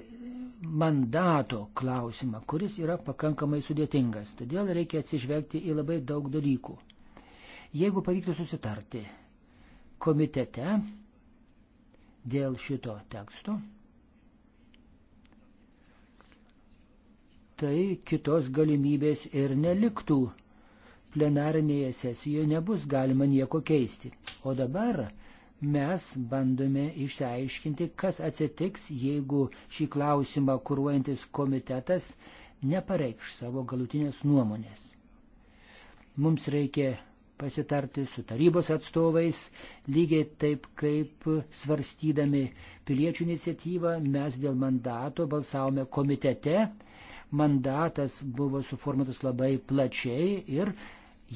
mandato klausimą, kuris yra pakankamai sudėtingas. Todėl reikia atsižvelgti į labai daug dalykų. Jeigu pavyktų susitarti komitete dėl šito teksto, tai kitos galimybės ir neliktų. Plenarinėje sesijoje nebus galima nieko keisti. O dabar mes bandome išsiaiškinti, kas atsitiks, jeigu šį klausimą kūruojantis komitetas nepareikš savo galutinės nuomonės. Mums reikia pasitarti su tarybos atstovais, lygiai taip kaip svarstydami piliečių iniciatyvą mes dėl mandato balsavome komitete mandatas buvo suformuotas labai plačiai ir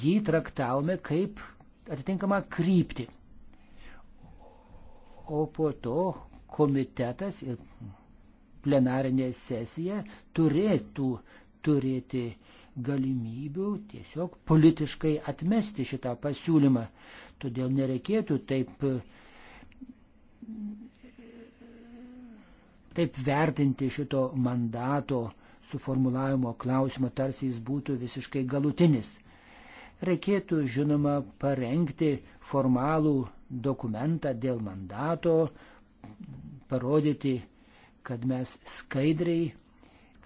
jį traktavome kaip atitinkamą kryptį. O po to komitetas ir plenarinė sesija turėtų turėti galimybių tiesiog politiškai atmesti šitą pasiūlymą. Todėl nereikėtų taip, taip vertinti šito mandato suformulavimo klausimo, tarsi jis būtų visiškai galutinis. Reikėtų, žinoma, parengti formalų dokumentą dėl mandato, parodyti, kad mes skaidriai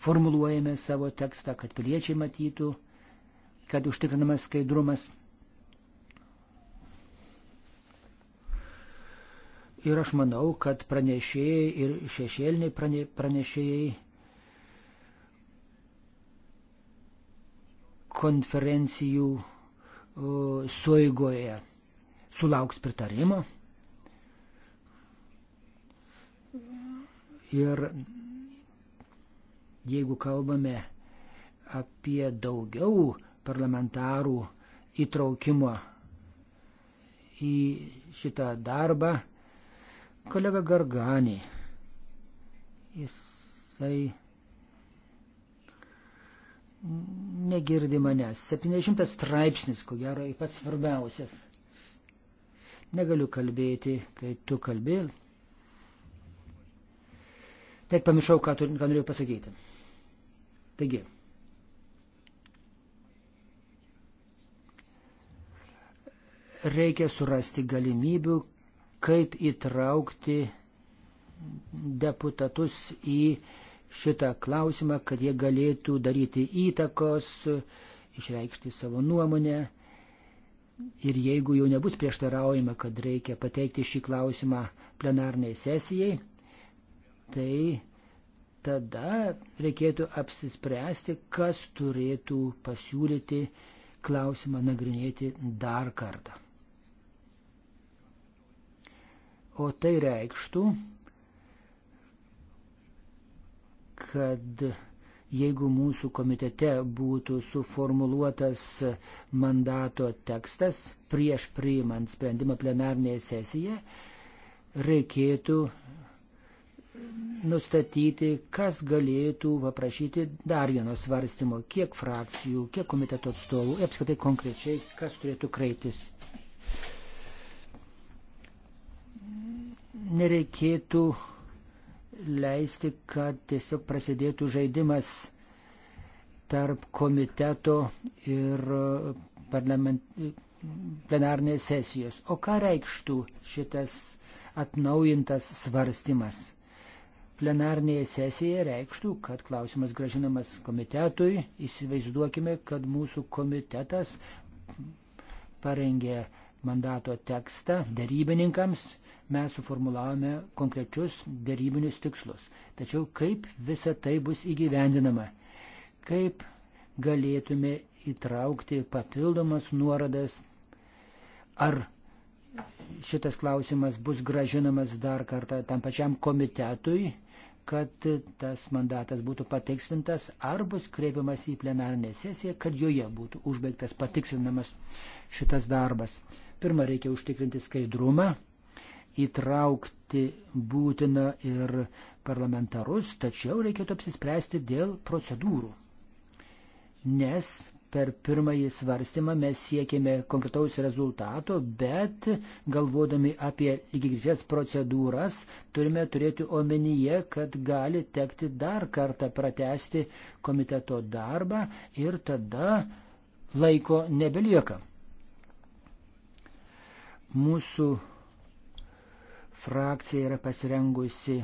formuluojame savo tekstą, kad piliečiai matytų, kad užtikrinamas skaidrumas. Ir aš manau, kad pranešėjai ir šešėliniai pranešėjai konferencijų e, suigoje sulauks pritarimo. Ir jeigu kalbame apie daugiau parlamentarų įtraukimo į šitą darbą, kolega Garganį, jisai negirdi manęs. 70 straipsnis, ko gero, pats svarbiausias. Negaliu kalbėti, kai tu kalbė. Taip pamiršau, ką, tu, ką norėjau pasakyti. Taigi. Reikia surasti galimybių, kaip įtraukti deputatus į uh, šitą klausimą, kad jie galėtų daryti įtakos, išreikšti savo nuomonę. Ir jeigu jau nebus prieštaraujama, kad reikia pateikti šį klausimą plenarniai sesijai, tai tada reikėtų apsispręsti, kas turėtų pasiūlyti klausimą nagrinėti dar kartą. O tai reikštų, kad jeigu mūsų komitete būtų suformuluotas mandato tekstas prieš priimant sprendimą plenarnėje sesijoje, reikėtų nustatyti, kas galėtų paprašyti dar vieno svarstymo, kiek frakcijų, kiek komiteto atstovų, apskritai konkrečiai, kas turėtų kreiptis. Nereikėtų leisti, kad tiesiog prasidėtų žaidimas tarp komiteto ir e, plenarnės sesijos. O ką reikštų šitas atnaujintas svarstymas? plenarnėje sesijoje reikštų, kad klausimas gražinamas komitetui. Įsivaizduokime, kad mūsų komitetas parengė mandato tekstą darybininkams mes suformulavome konkrečius dėrybinius tikslus. Tačiau kaip visa tai bus įgyvendinama? Kaip galėtume įtraukti papildomas nuoradas? Ar šitas klausimas bus gražinamas dar kartą tam pačiam komitetui, kad tas mandatas būtų patikslintas, ar bus kreipiamas į plenarinę sesiją, kad joje būtų užbaigtas patikslinamas šitas darbas. Pirma, reikia užtikrinti skaidrumą, įtraukti būtina ir parlamentarus, tačiau reikėtų apsispręsti dėl procedūrų. Nes per pirmąjį svarstymą mes siekėme konkretaus rezultato, bet galvodami apie lygigrės procedūras turime turėti omenyje, kad gali tekti dar kartą pratesti komiteto darbą ir tada laiko nebelieka. Mūsų frakcija yra pasirengusi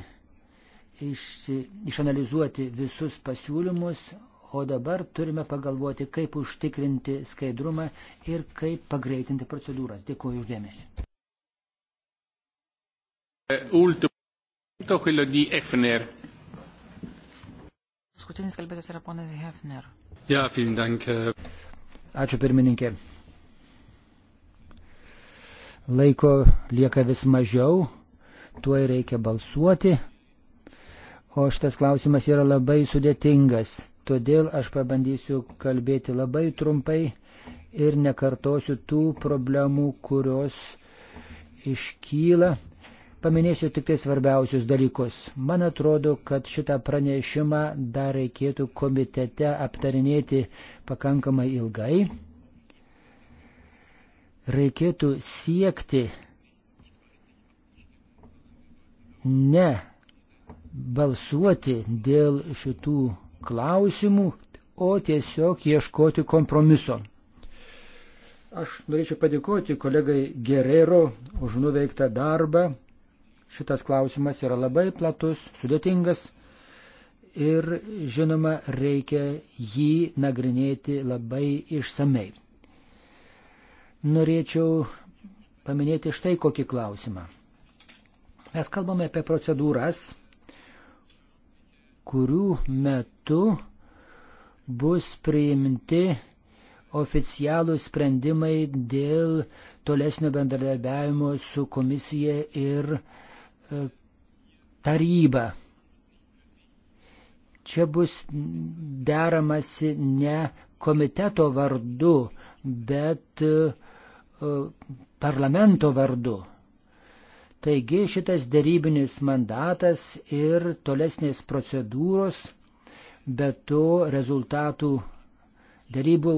išsi, išanalizuoti visus pasiūlymus, o dabar turime pagalvoti, kaip užtikrinti skaidrumą ir kaip pagreitinti procedūras. Dėkuoju uždėmesi. Eh, Paskutinis kalbėtas yra ponas Hefner. Ja, dank. Eh. Ačiū pirmininkė. Laiko lieka vis mažiau tuoj reikia balsuoti, o šitas klausimas yra labai sudėtingas, todėl aš pabandysiu kalbėti labai trumpai ir nekartosiu tų problemų, kurios iškyla. Paminėsiu tik tai svarbiausius dalykus. Man atrodo, kad šitą pranešimą dar reikėtų komitete aptarinėti pakankamai ilgai. Reikėtų siekti ne balsuoti dėl šitų klausimų, o tiesiog ieškoti kompromiso. Aš norėčiau padėkoti kolegai Gerero už nuveiktą darbą. Šitas klausimas yra labai platus, sudėtingas ir, žinoma, reikia jį nagrinėti labai išsamei. Norėčiau paminėti štai kokį klausimą. Mes kalbame apie procedūras, kurių metu bus priimti oficialūs sprendimai dėl tolesnio bendradarbiavimo su komisija ir e, taryba. Čia bus deramasi ne komiteto vardu, bet e, parlamento vardu. Taigi šitas dėrybinis mandatas ir tolesnės procedūros, bet to rezultatų, dėrybų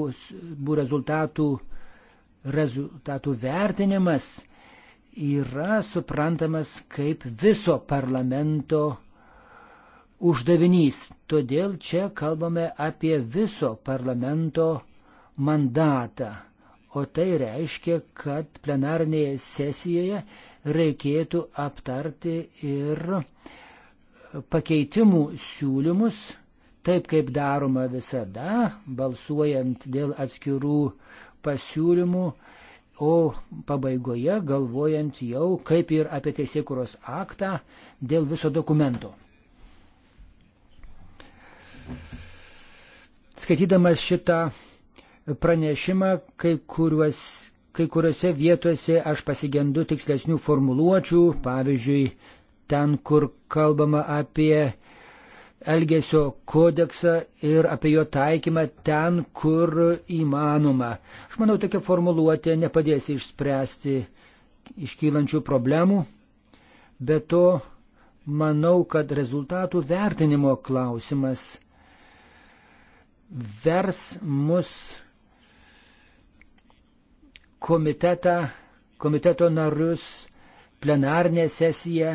rezultatų, rezultatų vertinimas yra suprantamas kaip viso parlamento uždavinys. Todėl čia kalbame apie viso parlamento mandatą. O tai reiškia, kad plenarnėje sesijoje reikėtų aptarti ir pakeitimų siūlymus, taip kaip daroma visada, balsuojant dėl atskirų pasiūlymų, o pabaigoje galvojant jau kaip ir apie teisėkuros aktą dėl viso dokumento. Skaitydamas šitą pranešimą, kai, kuriuos, Kai kuriuose vietuose aš pasigendu tikslesnių formuluočių, pavyzdžiui, ten, kur kalbama apie elgesio kodeksą ir apie jo taikymą ten, kur įmanoma. Aš manau, tokia formuluotė nepadės išspręsti iškylančių problemų, bet to manau, kad rezultatų vertinimo klausimas vers mus komitetą, komiteto narius plenarnę sesiją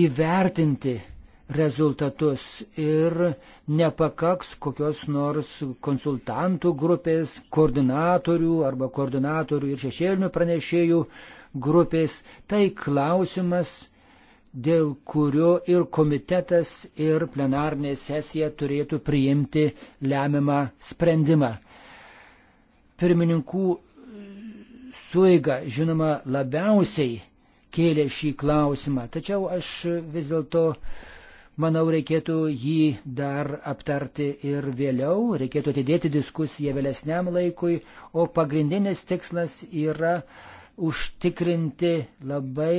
įvertinti rezultatus ir nepakaks kokios nors konsultantų grupės, koordinatorių arba koordinatorių ir šešėlinių pranešėjų grupės. Tai klausimas, dėl kurio ir komitetas, ir plenarnė sesija turėtų priimti lemiamą sprendimą. Pirmininkų suiga, žinoma, labiausiai kėlė šį klausimą, tačiau aš vis dėlto manau reikėtų jį dar aptarti ir vėliau, reikėtų atidėti diskusiją vėlesniam laikui, o pagrindinis tikslas yra užtikrinti labai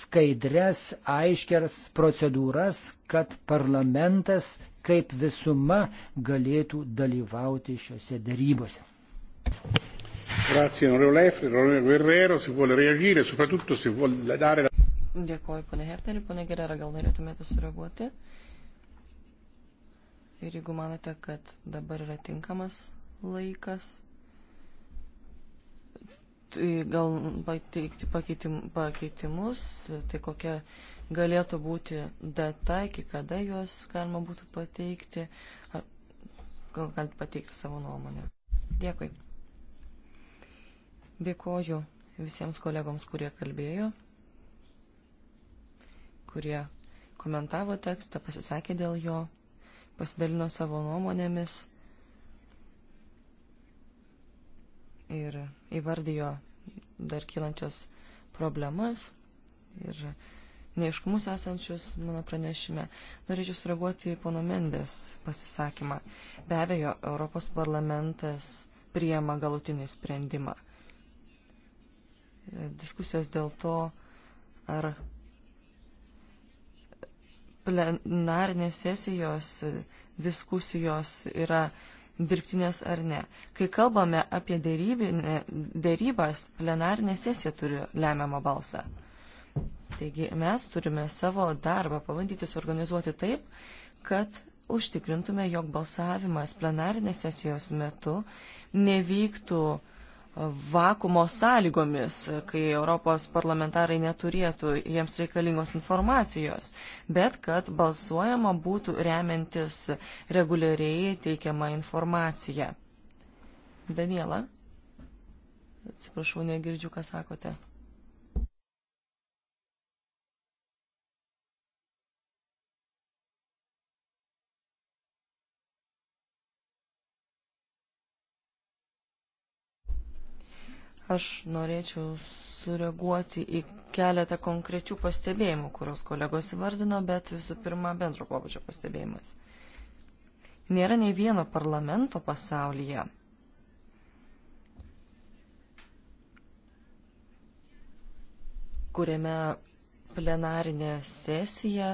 skaidres, aiškers procedūras, kad parlamentas kaip visuma galėtų dalyvauti šiuose darybose. Grazie, onorevole Efri, onorevole Guerrero, se vuole reagire, soprattutto se vuole dare la... Dėkuoju, ponė Hefneri, ponė Gerera, gal norėtumėte sureaguoti? Ir jeigu manote, kad dabar yra tinkamas laikas, tai gal pateikti pakeitim, pakeitimus, tai kokia galėtų būti data, iki kada juos galima būtų pateikti, ar gal galite pateikti savo nuomonę. Dėkui. Dėkoju visiems kolegoms, kurie kalbėjo, kurie komentavo tekstą, pasisakė dėl jo, pasidalino savo nuomonėmis ir įvardijo dar kylančias problemas ir neiškumus esančius mano pranešime. Norėčiau sureaguoti į pono Mendes pasisakymą. Be abejo, Europos parlamentas priema galutinį sprendimą diskusijos dėl to, ar plenarinės sesijos diskusijos yra dirbtinės ar ne. Kai kalbame apie dėrybas, plenarinė sesija turi lemiamą balsą. Taigi mes turime savo darbą pabandyti suorganizuoti taip, kad užtikrintume, jog balsavimas plenarinės sesijos metu nevyktų uh, vakumo sąlygomis, kai Europos parlamentarai neturėtų jiems reikalingos informacijos, bet kad balsuojama būtų remiantis reguliariai teikiama informacija. Daniela, atsiprašau, negirdžiu, ką sakote. Aš norėčiau sureaguoti į keletą konkrečių pastebėjimų, kurios kolegos įvardino, bet visų pirma bendro pobūdžio pastebėjimas. Nėra nei vieno parlamento pasaulyje. kuriame plenarinė sesija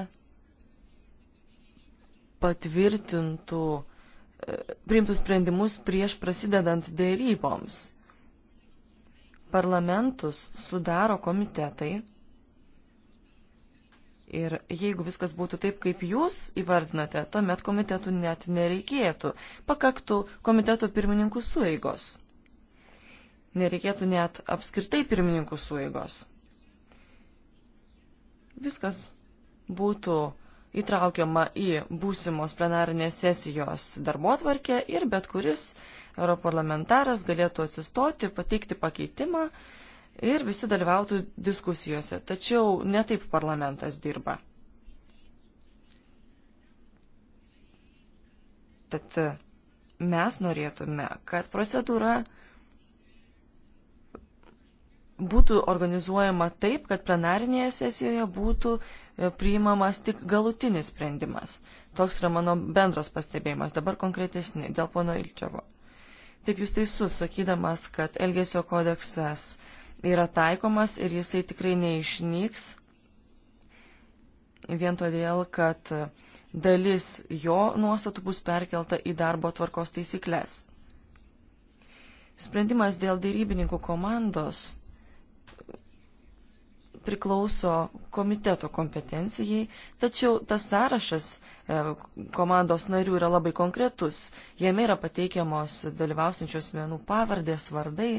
patvirtintų, e, priimtų sprendimus prieš prasidedant dėryboms parlamentus sudaro komitetai. Ir jeigu viskas būtų taip, kaip jūs įvardinate, tuomet komitetų net nereikėtų. Pakaktų komitetų pirmininkų sueigos. Nereikėtų net apskritai pirmininkų sueigos. Viskas būtų įtraukiama į būsimos plenarinės sesijos darbotvarkę ir bet kuris europarlamentaras galėtų atsistoti, pateikti pakeitimą ir visi dalyvautų diskusijose. Tačiau netaip parlamentas dirba. Tad mes norėtume, kad procedūra būtų organizuojama taip, kad plenarinėje sesijoje būtų E, priimamas tik galutinis sprendimas. Toks yra mano bendras pastebėjimas, dabar konkretesni, dėl pono Ilčiavo. Taip jūs teisus, sakydamas, kad Elgesio kodeksas yra taikomas ir jisai tikrai neišnyks vien todėl, kad dalis jo nuostatų bus perkelta į darbo tvarkos taisyklės. Sprendimas dėl dėrybininkų komandos priklauso komiteto kompetencijai, tačiau tas sąrašas e, komandos narių yra labai konkretus. Jame yra pateikiamos dalyvausiančios menų pavardės, vardai.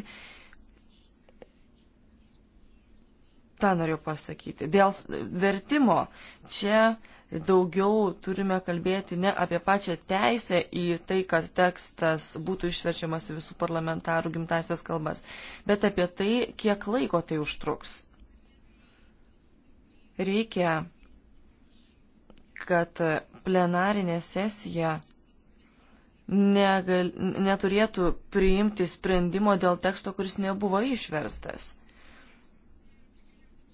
Ta noriu pasakyti. Dėl vertimo čia daugiau turime kalbėti ne apie pačią teisę į tai, kad tekstas būtų išverčiamas į visų parlamentarų gimtasias kalbas, bet apie tai, kiek laiko tai užtruks. Reikia, kad plenarinė sesija negal, neturėtų priimti sprendimo dėl teksto, kuris nebuvo išverstas.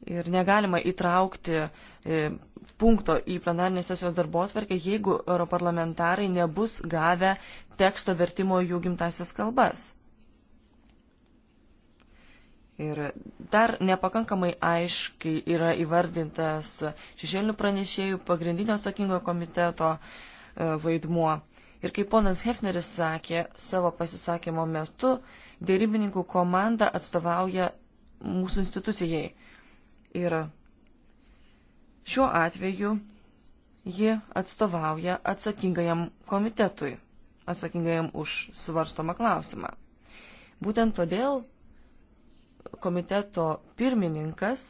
Ir negalima įtraukti e, punkto į plenarinės sesijos darbo atverkę, jeigu europarlamentarai nebus gavę teksto vertimo jų gimtasias kalbas. Ir dar nepakankamai aiškiai yra įvardintas šešėlinių pranešėjų pagrindinio atsakingo komiteto e, vaidmuo. Ir kaip ponas Hefneris sakė savo pasisakymo metu, dėrybininkų komanda atstovauja mūsų institucijai. Ir šiuo atveju ji atstovauja atsakingajam komitetui, atsakingajam už svarstomą klausimą. Būtent todėl komiteto pirmininkas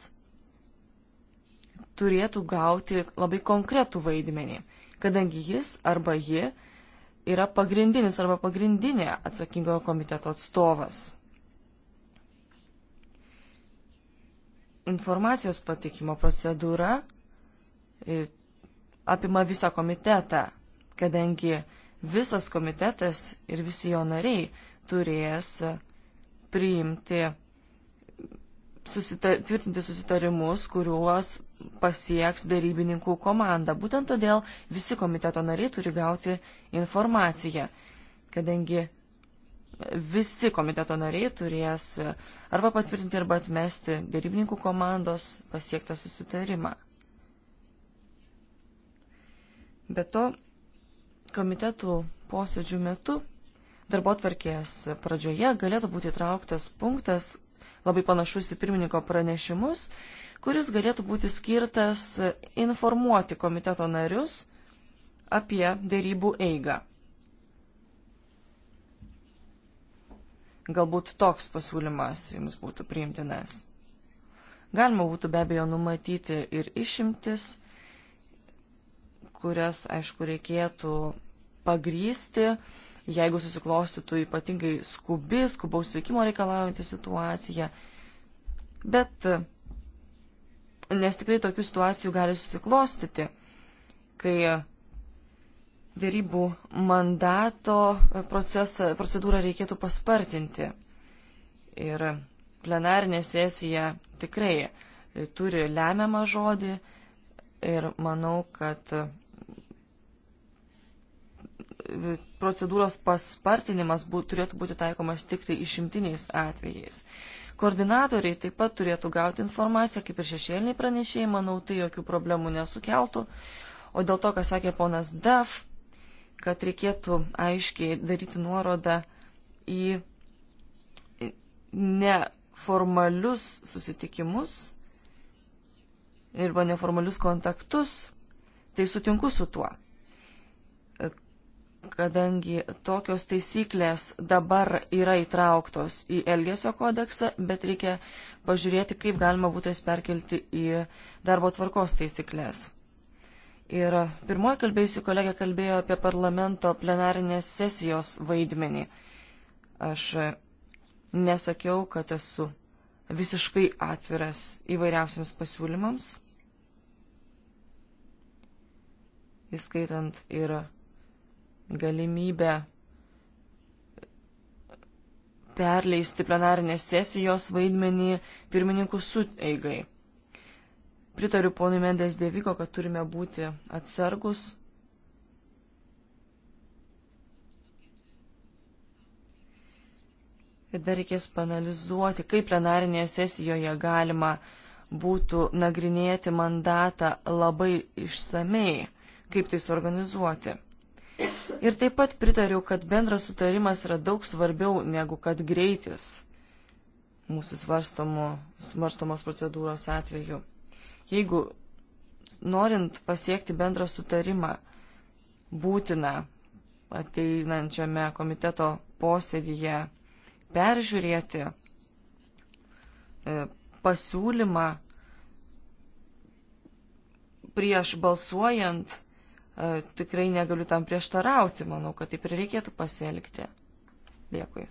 turėtų gauti labai konkretų vaidmenį, kadangi jis arba ji yra pagrindinis arba pagrindinė atsakingojo komiteto atstovas. Informacijos patikimo procedūra e, apima visą komitetą, kadangi visas komitetas ir visi jo nariai turės priimti susita tvirtinti susitarimus, kuriuos pasieks darybininkų komanda. Būtent todėl visi komiteto nariai turi gauti informaciją, kadangi visi komiteto nariai turės arba patvirtinti, arba atmesti darybininkų komandos pasiektą susitarimą. Be to, komitetų posėdžių metu darbo tvarkės pradžioje galėtų būti trauktas punktas, labai panašus į pirmininko pranešimus, kuris galėtų būti skirtas informuoti komiteto narius apie dėrybų eigą. Galbūt toks pasiūlymas jums būtų priimtinas. Galima būtų be abejo numatyti ir išimtis, kurias, aišku, reikėtų pagrysti, jeigu susiklostytų ypatingai skubi, skubaus veikimo reikalaujantį situaciją. Bet, nes tikrai tokių situacijų gali susiklostyti, kai dėrybų mandato procesą, procedūrą reikėtų paspartinti. Ir plenarinė sesija tikrai turi lemiamą žodį ir manau, kad procedūros paspartinimas bū, turėtų būti taikomas tik tai išimtiniais atvejais. Koordinatoriai taip pat turėtų gauti informaciją, kaip ir šešėliniai pranešėjai, manau, tai jokių problemų nesukeltų. O dėl to, ką sakė ponas Daf, kad reikėtų aiškiai daryti nuorodą į neformalius susitikimus arba neformalius kontaktus, tai sutinku su tuo kadangi tokios taisyklės dabar yra įtrauktos į Elgesio kodeksą, bet reikia pažiūrėti, kaip galima būtų jas perkelti į darbo tvarkos taisyklės. Ir pirmoji kalbėjusi kolegė kalbėjo apie parlamento plenarinės sesijos vaidmenį. Aš nesakiau, kad esu visiškai atviras įvairiausiams pasiūlymams, įskaitant ir galimybę perleisti plenarinės sesijos vaidmenį pirmininkų suteigai. Pritariu ponui Mendes Deviko, kad turime būti atsargus. Ir dar reikės panalizuoti, kaip plenarinėje sesijoje galima būtų nagrinėti mandatą labai išsamei, kaip tai suorganizuoti. Ir taip pat pritariu, kad bendras sutarimas yra daug svarbiau negu kad greitis mūsų svarstomo, svarstomos procedūros atveju. Jeigu norint pasiekti bendrą sutarimą, būtina ateinančiame komiteto posėdyje peržiūrėti e, pasiūlymą prieš balsuojant E, tikrai negaliu tam prieštarauti, manau, kad taip ir reikėtų pasielgti. Dėkui.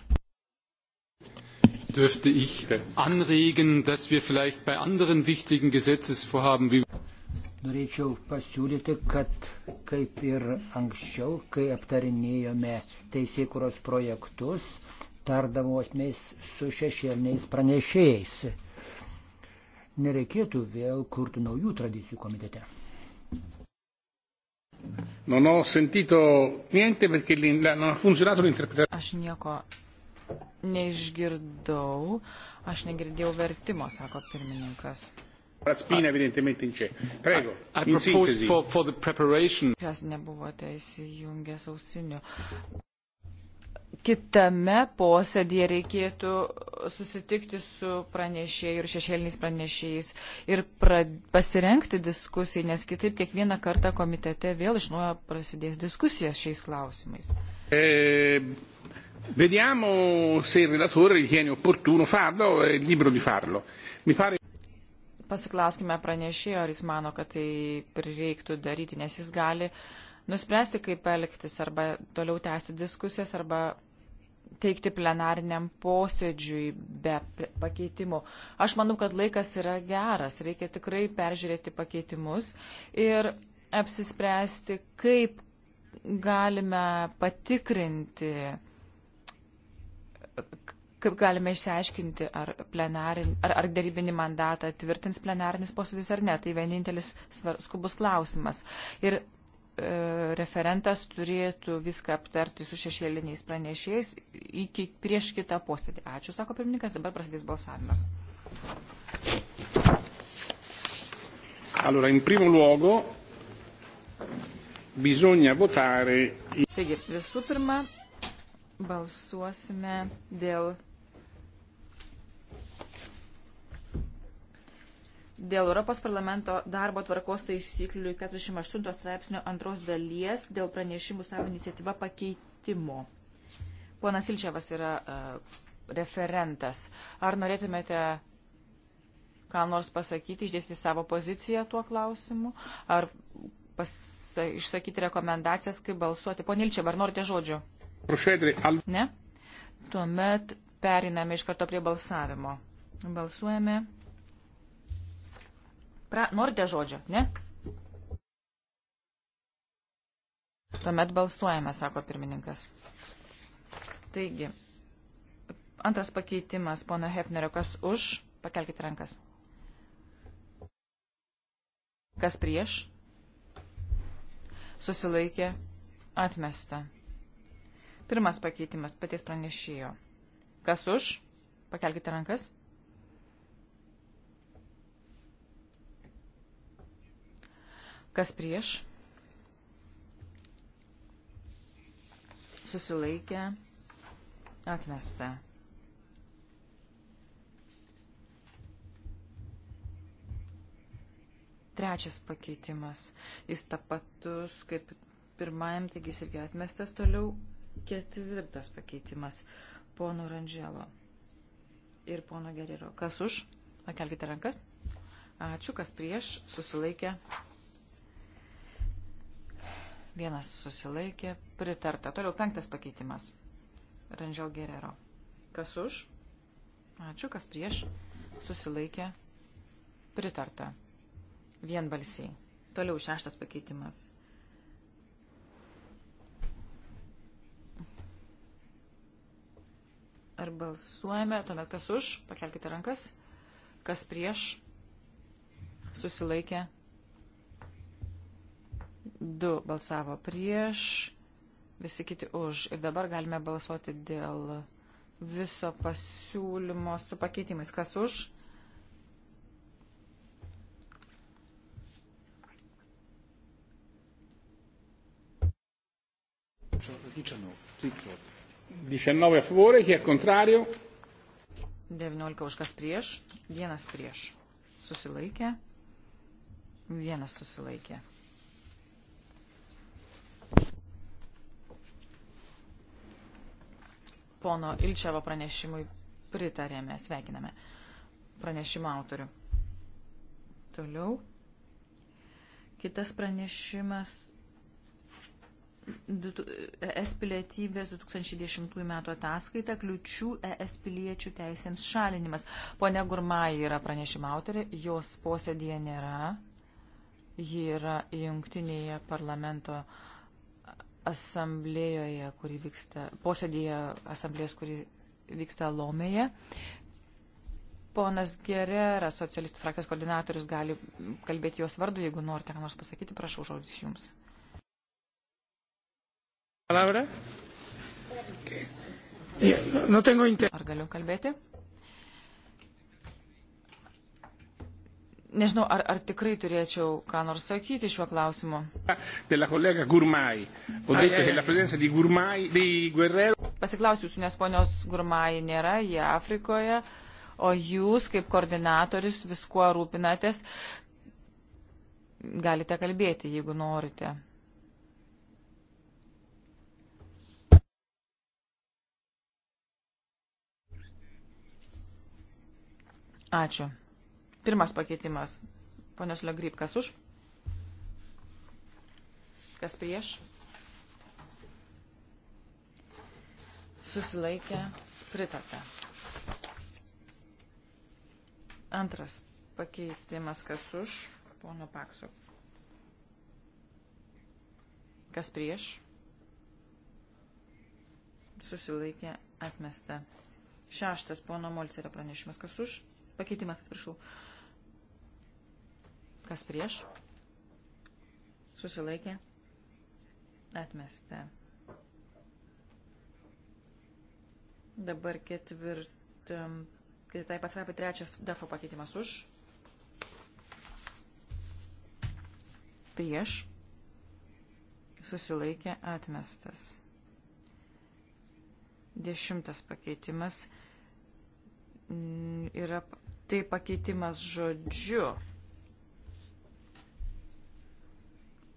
Dürfte ich anregen, dass wir vielleicht bei anderen wichtigen Gesetzesvorhaben wie. Norėčiau pasiūlyti, kad kaip ir anksčiau, kai aptarinėjome teisėkuros projektus, tardavomės su šešėliniais pranešėjais. Nereikėtų vėl kurti naujų tradicijų komitete. Non ho sentito niente perché non ha funzionato l'interpretazione. Aš nieko neišgirdau, aš negirdėjau vertimo, sako pirmininkas. Raspina evidentemente in c'è. Prego. I, I proposed for, for the preparation. Kas nebuvote įsijungęs ausinių kitame posėdėje reikėtų susitikti su pranešėjai ir šešėliniais pranešėjais ir pra, pasirenkti diskusijai, nes kitaip kiekvieną kartą komitete vėl iš naujo prasidės diskusijos šiais klausimais. E... Vediamo se il relatore ritiene opportuno farlo, è e libero di farlo. Mi pare... Pasiklauskime pranešėjo, ar jis mano, kad tai prireiktų daryti, nes jis gali uh, nuspręsti, kaip elgtis, arba toliau tęsti diskusijas, arba teikti plenariniam posėdžiui be pakeitimų. Aš manau, kad laikas yra geras, reikia tikrai peržiūrėti pakeitimus ir apsispręsti, kaip galime patikrinti, kaip galime išsiaiškinti, ar, plenarin, ar, ar darybinį mandatą tvirtins plenarinis posėdis ar ne. Tai vienintelis svar, skubus klausimas. Ir E, referentas turėtų viską aptarti su šešėliniais pranešėjais iki, prieš kitą posėdį. Ačiū, sako pirmininkas, dabar prasidės balsavimas. Allora, in primo luogo bisogna votare. Taigi, visų pirma, balsuosime dėl dėl Europos parlamento darbo tvarkos taisyklių 48 straipsnio antros dalies dėl pranešimų savo iniciatyva pakeitimo. Ponas Ilčiavas yra uh, referentas. Ar norėtumėte ką nors pasakyti, išdėsti savo poziciją tuo klausimu, ar pas, išsakyti rekomendacijas, kaip balsuoti? Pone Ilčiava, ar norite žodžio? Ne? Tuomet periname iš karto prie balsavimo. Balsuojame. Pra, norite žodžio, ne? Tuomet balsuojame, sako pirmininkas. Taigi, antras pakeitimas, pono Hefnerio, kas už, pakelkite rankas. Kas prieš? Susilaikė, atmesta. Pirmas pakeitimas, paties pranešėjo. Kas už, pakelkite rankas. Kas prieš? Susilaikė. Atmesta. Trečias pakeitimas. Jis tapatus kaip pirmajam, taigi jis irgi atmestas toliau. Ketvirtas pakeitimas. Pono Rangelo ir pono Geriro. Kas už? Pakelkite rankas. Ačiū, kas prieš. Susilaikė. Vienas susilaikė, pritarta. Toliau penktas pakeitimas. Randžio Gerero. Kas už? Ačiū, kas prieš? Susilaikė, pritarta. Vienbalsiai. Toliau šeštas pakeitimas. ar balsuojame, tuomet kas už, pakelkite rankas, kas prieš, susilaikė, Du balsavo prieš, visi kiti už. Ir dabar galime balsuoti dėl viso pasiūlymo su pakeitimais. Kas už? Diciannove a favore, chi è contrario? 19 už kas prieš, vienas prieš. Susilaikė, vienas susilaikė. pono Ilčiavo pranešimui pritarėme, sveikiname pranešimo autorių. Toliau. Kitas pranešimas ES pilietybės 2010 metų ataskaita kliučių ES piliečių teisėms šalinimas. Pone Gurmai yra pranešimo autorė, jos posėdėje nėra. Ji yra jungtinėje parlamento uh, asamblėjoje, kuri vyksta, posėdėje asamblėjos, kuri vyksta Lomėje. Ponas Gerera, socialistų frakcijos koordinatorius, gali kalbėti jos vardu, jeigu norite ką nors pasakyti, prašau žodis jums. Ar galiu kalbėti? Nežinau, ar, ar tikrai turėčiau ką nors sakyti šiuo klausimu. Pasiklausiu jūsų, nes ponios Gurmai nėra, jie Afrikoje, o jūs kaip koordinatorius viskuo rūpinatės. Galite kalbėti, jeigu norite. Ačiū. Pirmas pakeitimas. Ponios Legryp, kas už? Kas prieš? Susilaikė, pritarta. Antras pakeitimas, kas už? Pono Pakso. Kas prieš? Susilaikė, atmesta. Šeštas pono Molcerio pranešimas, kas už? Pakeitimas, atsiprašau. Uh, Kas prieš? Susilaikė. Atmesta. Dabar ketvirtam. Kitai pasrapai trečias defo pakeitimas už. Prieš. Susilaikė atmestas. Dešimtas pakeitimas yra tai pakeitimas žodžiu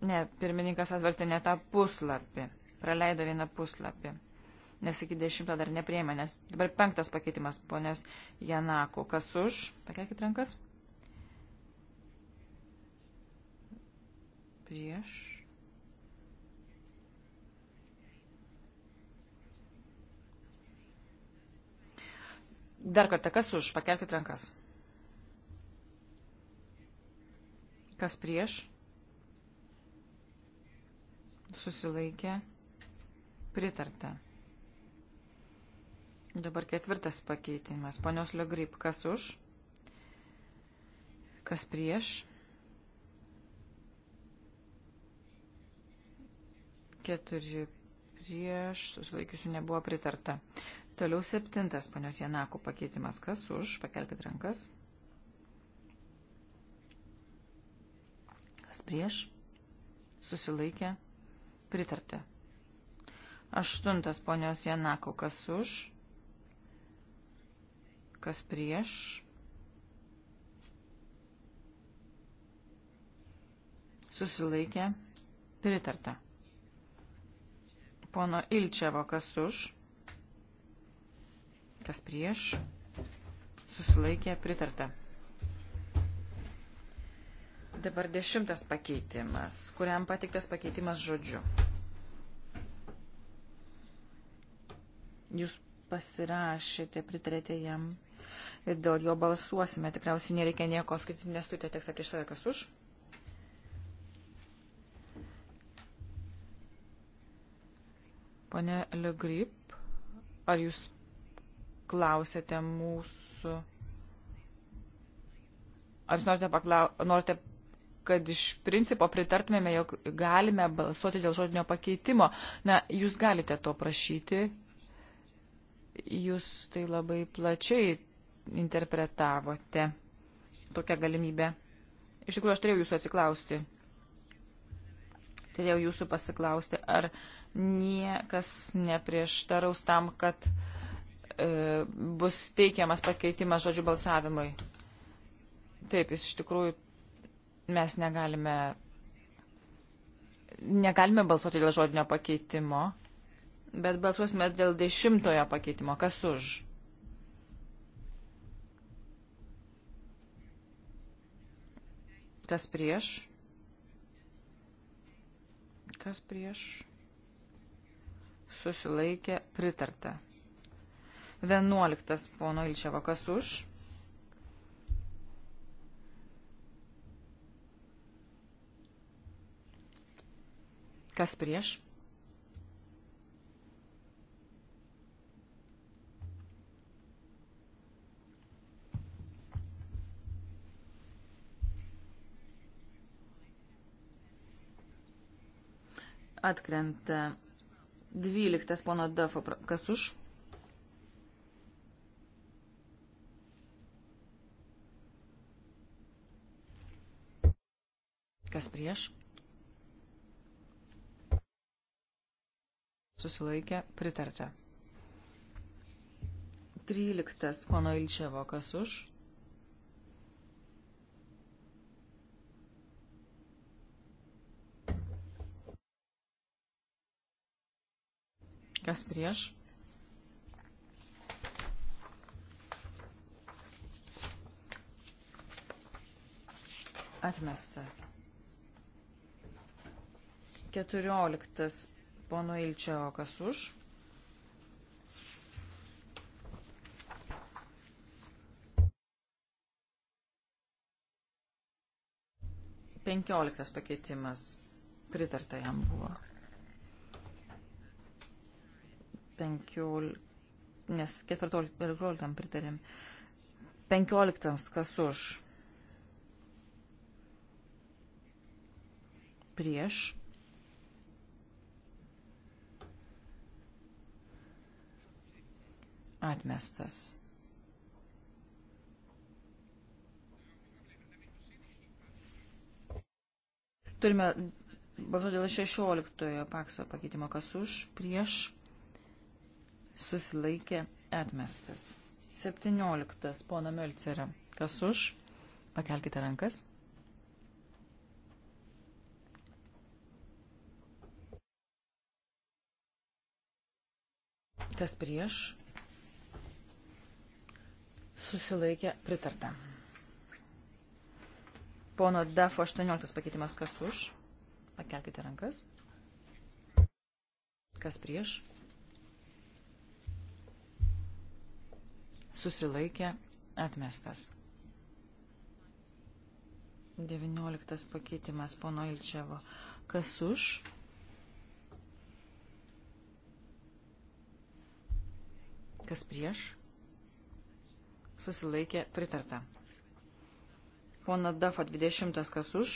Ne, pirmininkas atvertė ne tą puslapį. Praleido vieną puslapį. Nes iki dešimto dar neprieima, nes dabar penktas pakeitimas, ponės Janako. Kas už? Pakelkit rankas. Prieš. Dar kartą, kas už? Pakelkit rankas. Kas prieš? susilaikė, pritarta. Dabar ketvirtas pakeitimas. Ponios Liogryp, kas už, kas prieš. Keturi prieš, susilaikiusių nebuvo pritarta. Toliau septintas ponios Janako pakeitimas. Kas už, pakelkit rankas. Kas prieš, susilaikė, pritarta Pritarta. Aštuntas ponios Janako, kas už, kas prieš. Susilaikė. Pritarta. Pono Ilčevo, kas už, kas prieš. Susilaikė. Pritarta. Dabar dešimtas pakeitimas, kuriam patiktas pakeitimas žodžiu. Jūs pasirašėte, pritarėte jam ir dėl jo balsuosime. Tikriausiai nereikia nieko skaityti, nes turite tekstą prieš save, kas už. Pone Legrip, ar jūs klausėte mūsų? Ar jūs norite, paklau... norite kad iš principo pritartumėme, jog galime balsuoti dėl žodinio pakeitimo. Na, jūs galite to prašyti, jūs tai labai plačiai interpretavote tokią galimybę. Iš tikrųjų, aš turėjau jūsų atsiklausti. Turėjau jūsų pasiklausti, ar niekas neprieštaraus tam, kad e, bus teikiamas pakeitimas žodžių balsavimui. Taip, jis iš tikrųjų Mes negalime, negalime balsuoti dėl žodinio pakeitimo, bet balsuosime dėl dešimtojo pakeitimo. Kas už? Kas prieš? Kas prieš? Susilaikė pritarta. Vienuoliktas pono Ilčiavo. Kas už? Kas prieš? Atkrenta 12 pono Dafo. Kas už? Kas prieš? susilaikė, pritarta. 13. Pono Ilčevo, kas už? Kas prieš? Atmesta. Keturioliktas pono Ilčio, kas už. Penkioliktas pakeitimas. Pritarta jam buvo. Penkiol... Nes keturioliktam pritarėm. Penkioliktams kas už. Prieš. Atmestas. Turime balsuoti dėl 16 pakso pakeitimo, kas už, prieš, susilaikė, atmestas. 17. Pona Melcerė, kas už, pakelkite rankas. Kas prieš? susilaikė pritarta. Pono Dafo 18 pakeitimas kas už? Pakelkite rankas. Kas prieš? Susilaikė atmestas. 19 pakeitimas pono Ilčevo. Kas už? Kas prieš? susilaikė pritarta. Pona Dafa 20 kas už,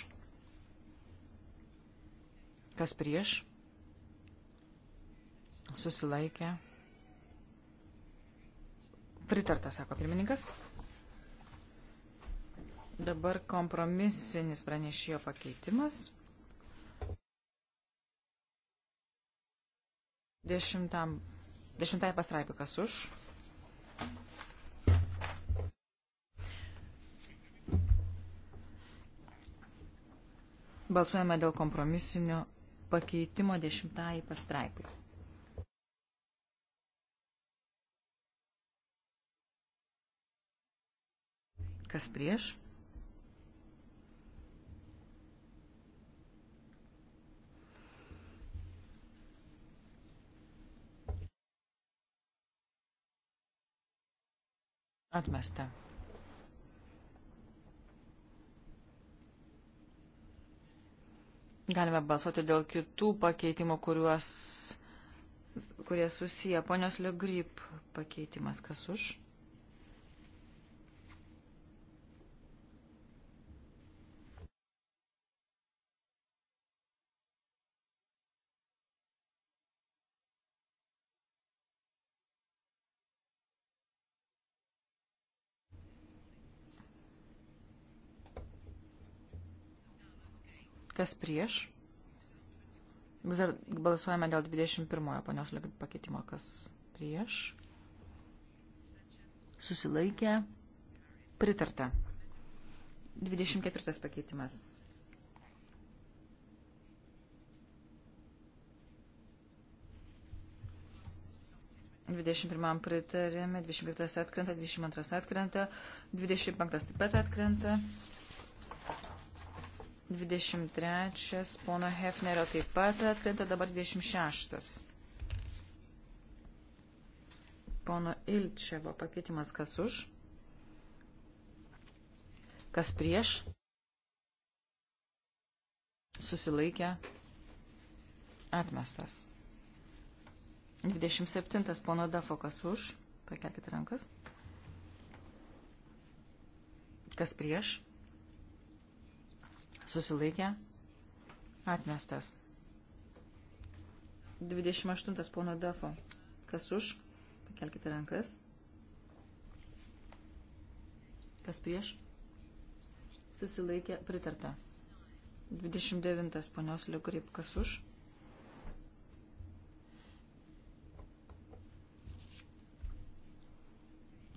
kas prieš, susilaikė pritarta, sako pirmininkas. Dabar kompromisinis pranešėjo pakeitimas. Dešimtam, dešimtai pastraipai kas už, Balsuojame dėl kompromisinio pakeitimo dešimtąjį pastraipą. Kas prieš? Atmesta. Galime balsuoti dėl kitų pakeitimų, kuriuos, kurie susiję. Ponios Liugrip pakeitimas, kas už? Kas prieš? Vis dar balsuojame dėl 21-ojo ponios Legrit pakeitimo. Kas prieš? Susilaikę. Pritarta. 24 pakeitimas. Dvidešimt pirmam pritarėme, dvidešimt penktas atkrenta, dvidešimt antras atkrenta, dvidešimt penktas taip pat atkrenta. 23, pono Hefnerio taip pat atkrenta, dabar 26. Pono Ilčevo pakeitimas kas už, kas prieš, susilaikė, atmestas. 27, pono Dafo kas už, pakelkite rankas, kas prieš, Susilaikė. Atmestas. 28 pono Dafo. Kas už? Pakelkite rankas. Kas prieš? Susilaikė. Pritarta. 29 ponios Liukrip. Kas už?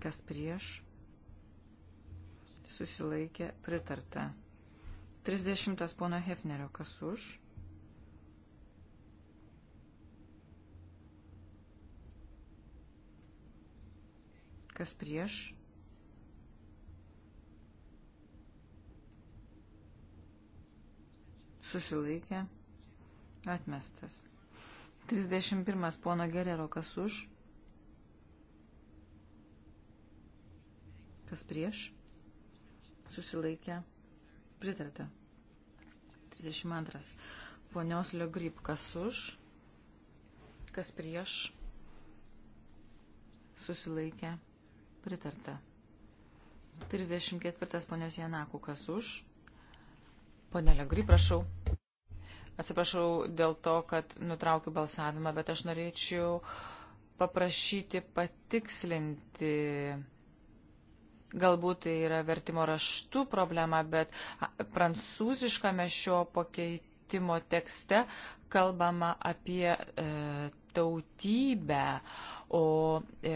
Kas prieš? Susilaikė. Pritarta. 30 pono Hefnerio, kas už? Kas prieš? Susilaikė. Atmestas. 31 pono Gerero, kas už? Kas prieš? Susilaikė. Pritarta. 32. Ponios Liugryp, kas už, kas prieš, susilaikė, pritarta. 34. Ponios Janakų, kas už. Pone Liugryp, prašau. Atsiprašau dėl to, kad nutraukiu balsavimą, bet aš norėčiau paprašyti patikslinti Galbūt tai yra vertimo raštų problema, bet prancūziškame šio pakeitimo tekste kalbama apie e, tautybę, o e,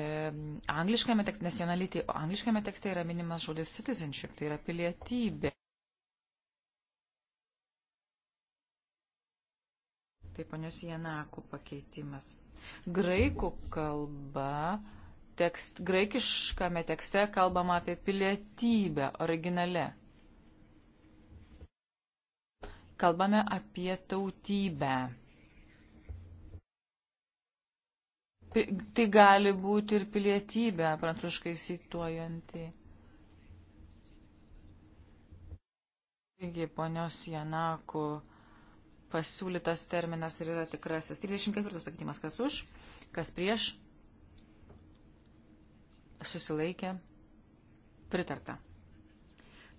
angliškame tekste, nacionality, o angliškame tekste yra minimas žodis citizenship, tai yra pilietybė. Tai ponios Janakų pakeitimas. Graikų kalba tekst, graikiškame tekste kalbama apie pilietybę originale. Kalbame apie tautybę. Tai gali būti ir pilietybė, prancūziškai situojanti. Taigi, ponios Janaku, pasiūlytas terminas ir yra tikrasis. 34 pakeitimas, kas už, kas prieš, susilaikė, pritarta.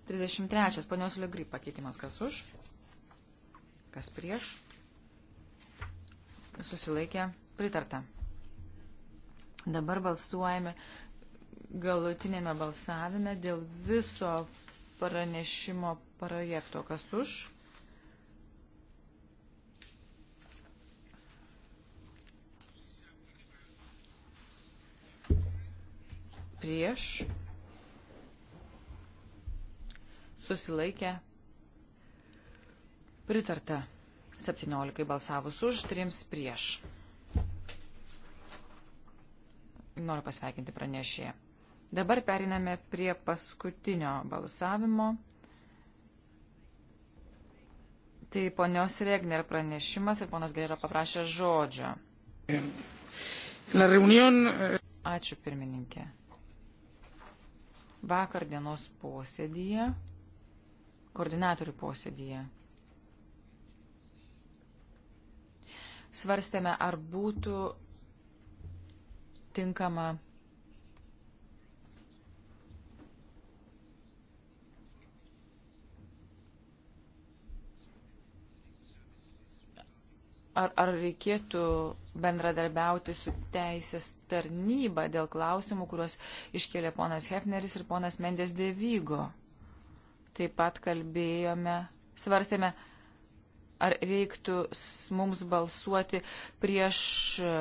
33. Ponios Liugry pakeitimas kas už, kas prieš, susilaikė, pritarta. Dabar balsuojame galutinėme balsavime dėl viso pranešimo projekto, kas už, prieš, susilaikė, pritarta 17 balsavus už, 3 prieš. Noriu pasveikinti pranešėją. Dabar periname prie paskutinio balsavimo. Tai ponios Regner pranešimas ir ponas Gerira paprašė žodžio. La reunión... Eh, Ačiū pirmininkė vakar dienos posėdyje, koordinatorių posėdyje, svarstėme, ar būtų tinkama ar, ar reikėtų bendradarbiauti su teisės tarnyba dėl klausimų, kuriuos iškėlė ponas Hefneris ir ponas Mendes Devygo. Taip pat kalbėjome, svarstėme, ar reiktų mums balsuoti prieš e,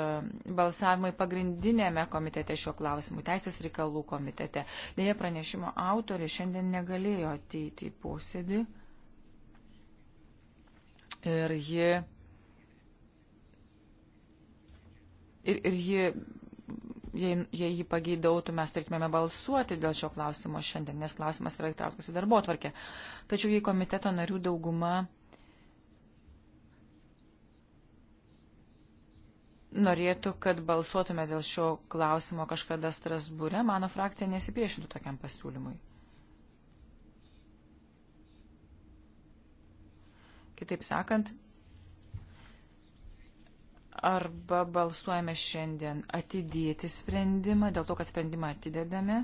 balsavimą pagrindinėme komitete šiuo klausimu, Teisės reikalų komitete. Deja, pranešimo autori šiandien negalėjo ateiti į posėdį. Ir ji ir, ir ji, jei, jei jį pageidautų, mes turėtumėme balsuoti dėl šio klausimo šiandien, nes klausimas yra įtrauktas į darbo atvarkę. Tačiau jei komiteto narių dauguma norėtų, kad balsuotume dėl šio klausimo kažkada Strasbūre, mano frakcija nesipriešintų tokiam pasiūlymui. Kitaip sakant, Arba balsuojame šiandien atidėti sprendimą, dėl to, kad sprendimą atidedame.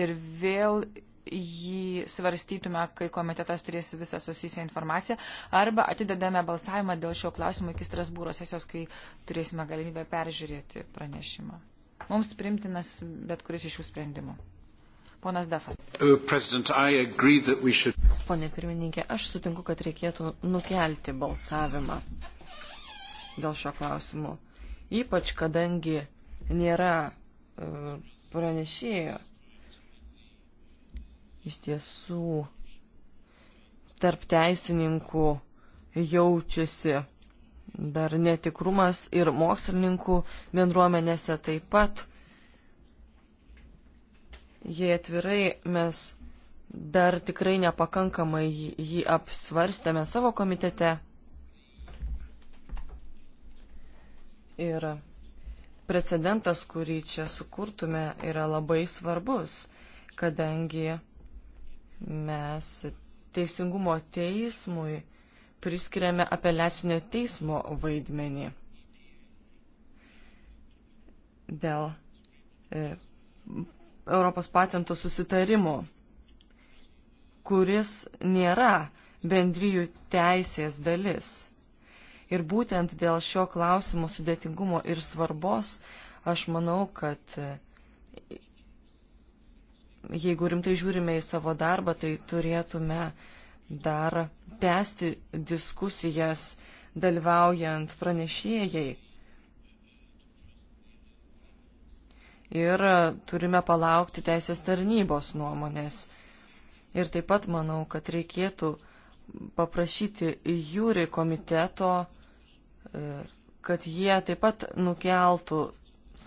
Ir vėl jį svarstytume, kai komitetas turės visą susijusią informaciją, arba atidedame balsavimą dėl šio klausimo iki Strasbūro sesijos, kai turėsime galimybę peržiūrėti pranešimą. Mums primtinas bet kuris iš šių sprendimų. Ponas Dafas. Uh, should... Pone pirmininkė, aš sutinku, kad reikėtų nukelti balsavimą dėl šio klausimu. Ypač, kadangi nėra uh, pranešėjo. Iš tiesų, tarp teisininkų jaučiasi dar netikrumas ir mokslininkų bendruomenėse taip pat Jei atvirai mes dar tikrai nepakankamai jį apsvarstėme savo komitete. Ir precedentas, kurį čia sukurtume, yra labai svarbus, kadangi mes teisingumo teismui priskiriame apeliacinio teismo vaidmenį dėl e, Europos patento susitarimu, kuris nėra bendryjų teisės dalis. Ir būtent dėl šio klausimo sudėtingumo ir svarbos aš manau, kad jeigu rimtai žiūrime į savo darbą, tai turėtume dar tęsti diskusijas dalyvaujant pranešėjai ir e, turime palaukti teisės tarnybos nuomonės. Ir taip pat manau, kad reikėtų paprašyti jūri komiteto, e, kad jie taip pat nukeltų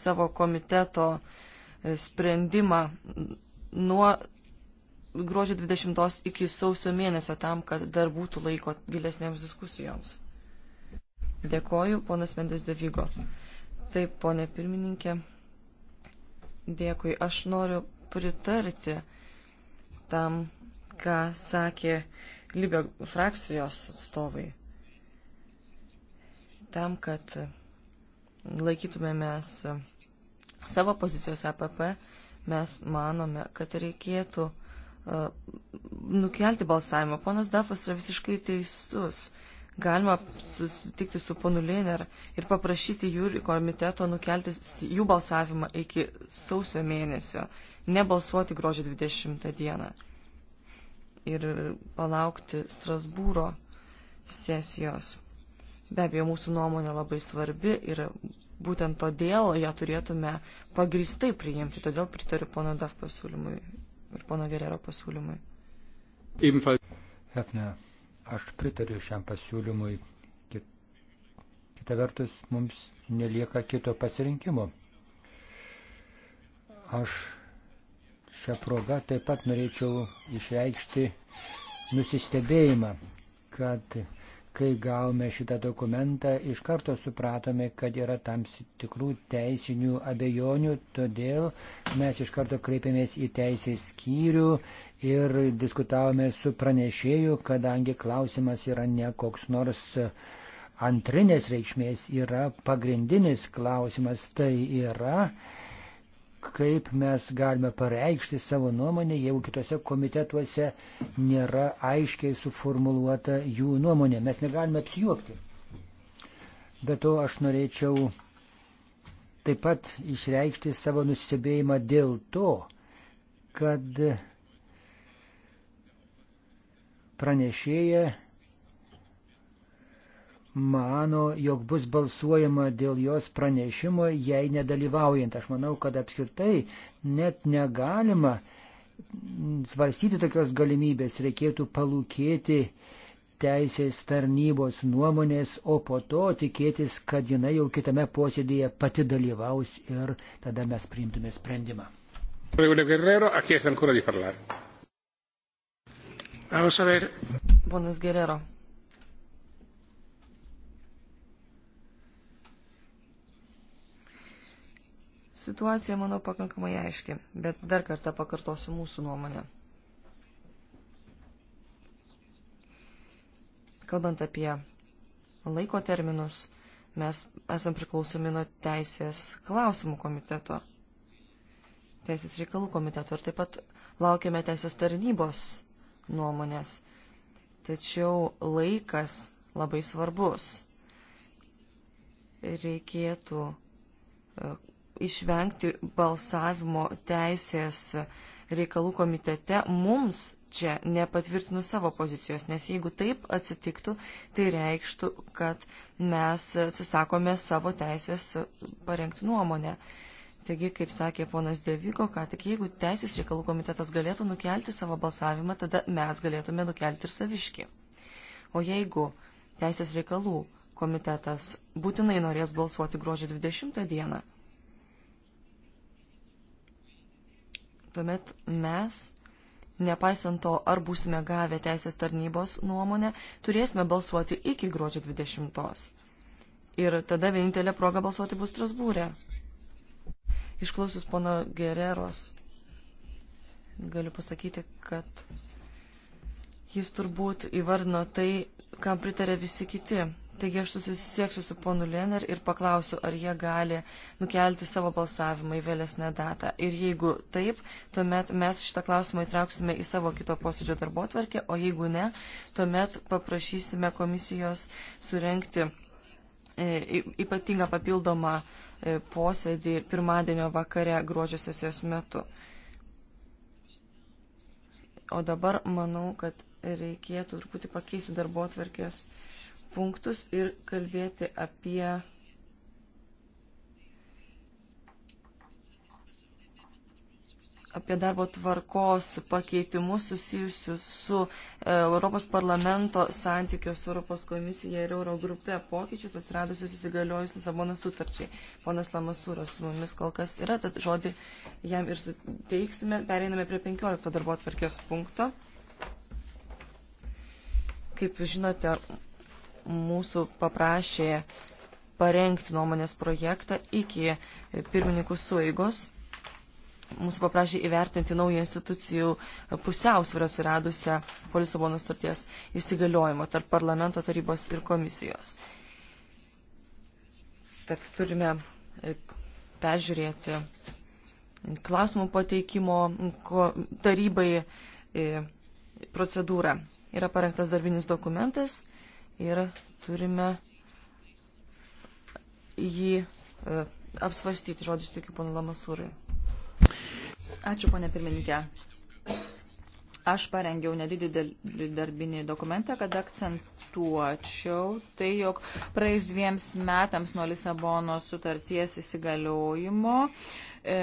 savo komiteto e, sprendimą nuo gruodžio 20 iki sausio mėnesio tam, kad dar būtų laiko gilesnėms diskusijoms. Dėkoju, ponas Mendes Devygo. Taip, ponė pirmininkė. Dėkui. Aš noriu pritarti tam, ką sakė Libio frakcijos atstovai. Tam, kad laikytumėmės savo pozicijos APP, mes manome, kad reikėtų uh, nukelti balsavimą. Ponas Dafas yra visiškai teisus. Uh, galima susitikti su ponu Leiner ir paprašyti jūri komiteto nukelti jų balsavimą iki sausio mėnesio, nebalsuoti gruodžio 20 dieną ir palaukti Strasbūro sesijos. Be abejo, mūsų nuomonė labai svarbi ir būtent todėl ją turėtume pagristai priimti, todėl pritariu pono DAF pasiūlymui ir pono Gerero pasiūlymui. Ebenfalls. Hefner. Aš pritariu šiam pasiūlymui. Kita vertus, mums nelieka kito pasirinkimo. Aš šią progą taip pat norėčiau išreikšti nusistebėjimą, kad Kai gavome šitą dokumentą, iš karto supratome, kad yra tam tikrų teisinių abejonių, todėl mes iš karto kreipėmės į teisės skyrių ir diskutavome su pranešėju, kadangi klausimas yra ne koks nors e, antrinės reikšmės, yra pagrindinis klausimas, tai yra kaip mes galime pareikšti savo nuomonę, jeigu kitose komitetuose nėra aiškiai suformuluota jų nuomonė. Mes negalime apsijuokti. Be to aš norėčiau taip pat išreikšti savo nusisibėjimą dėl to, kad pranešėja mano, jog bus balsuojama dėl jos pranešimo, jei nedalyvaujant. Aš manau, kad apskritai net negalima svarstyti tokios galimybės, reikėtų palūkėti teisės tarnybos nuomonės, o po to tikėtis, kad jinai jau kitame posėdėje pati dalyvaus ir tada mes priimtume sprendimą. Ponas Gerero. Situacija, manau, pakankamai aiški, bet dar kartą pakartosiu mūsų nuomonę. Kalbant apie laiko terminus, mes esam priklausomi nuo teisės klausimų komiteto, teisės reikalų komiteto ir taip pat laukiame teisės tarnybos nuomonės. Tačiau laikas labai svarbus. Reikėtų išvengti balsavimo teisės reikalų komitete mums čia nepatvirtinu savo pozicijos, nes jeigu taip atsitiktų, tai reikštų, kad mes atsisakome savo teisės parengti nuomonę. Taigi, kaip sakė ponas Devyko, ką tik jeigu Teisės reikalų komitetas galėtų nukelti savo balsavimą, tada mes galėtume nukelti ir saviški. O jeigu Teisės reikalų komitetas būtinai norės balsuoti gruodžio 20 dieną, tuomet mes, nepaisant to, ar būsime gavę teisės tarnybos nuomonę, turėsime balsuoti iki gruodžio 20. Ir tada vienintelė proga balsuoti bus Strasbūrė. Išklausius pono Gereros, galiu pasakyti, kad jis turbūt įvardino tai, kam pritarė visi kiti Taigi aš susisieksiu su ponu Lener ir paklausiu, ar jie gali nukelti savo balsavimą į vėlesnę datą. Ir jeigu taip, tuomet mes šitą klausimą įtrauksime į savo kito posėdžio darbo tvarkę, o jeigu ne, tuomet paprašysime komisijos surenkti e, ypatingą papildomą e, posėdį pirmadienio vakare gruodžio sesijos metu. O dabar manau, kad reikėtų truputį pakeisti darbo tvarkės punktus ir kalbėti apie apie darbo tvarkos pakeitimus susijusius su e, Europos parlamento santykio su Europos komisija ir Eurogrupe pokyčius atsiradusius įsigaliojus Lisabono sutarčiai. Ponas Lamasūras su mumis kol kas yra, tad žodį jam ir suteiksime. Pereiname prie 15 darbo tvarkės punkto. Kaip žinote, mūsų paprašė parengti nuomonės projektą iki pirmininkų sueigos. Mūsų paprašė įvertinti naują institucijų pusiausvyrą atsiradusią po Lisabono starties įsigaliojimo tarp parlamento tarybos ir komisijos. Tad turime e, peržiūrėti klausimų pateikimo tarybai e, procedūrą. Yra parengtas darbinis dokumentas ir turime jį e, apsvarstyti. Žodžius tikiu pana Lamasūrai. Ačiū, ponė pirmininkė. Aš parengiau nedidelį darbinį dokumentą, kad akcentuočiau tai, jog praėjus dviems metams nuo Lisabono sutarties įsigaliojimo, e,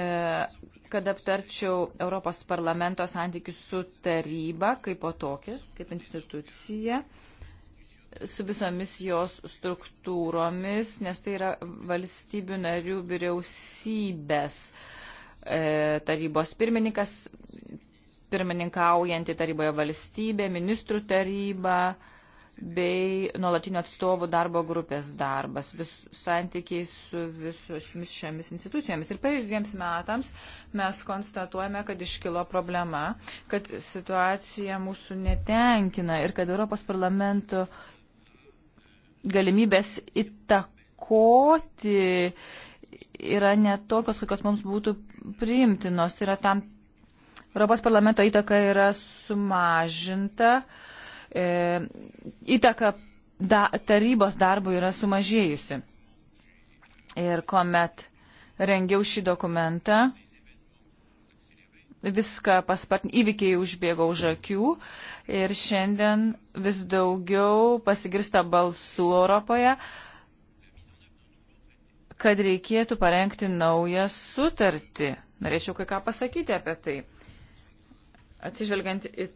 kad aptarčiau Europos parlamento santykius su taryba kaip po tokį, kaip institucija. E, su visomis jos struktūromis, nes tai yra valstybių narių vyriausybės e, tarybos pirmininkas, pirmininkaujanti taryboje valstybė, ministrų taryba bei nuolatinio atstovų darbo grupės darbas, vis, santykiai su visomis šiomis institucijomis. Ir praėjus dviems metams mes konstatuojame, kad iškilo problema, kad situacija mūsų netenkina ir kad Europos parlamento galimybės įtakoti yra netokios, kokios mums būtų priimtinos. Yra tam, Europos parlamento įtaka yra sumažinta, e, įtaka da, tarybos darbų yra sumažėjusi. Ir kuomet rengiau šį dokumentą, viską paspartinti, įvykiai užbėgo už akių ir šiandien vis daugiau pasigirsta balsų Europoje, kad reikėtų parengti naują sutartį. Norėčiau kai ką pasakyti apie tai. Atsižvelgiant į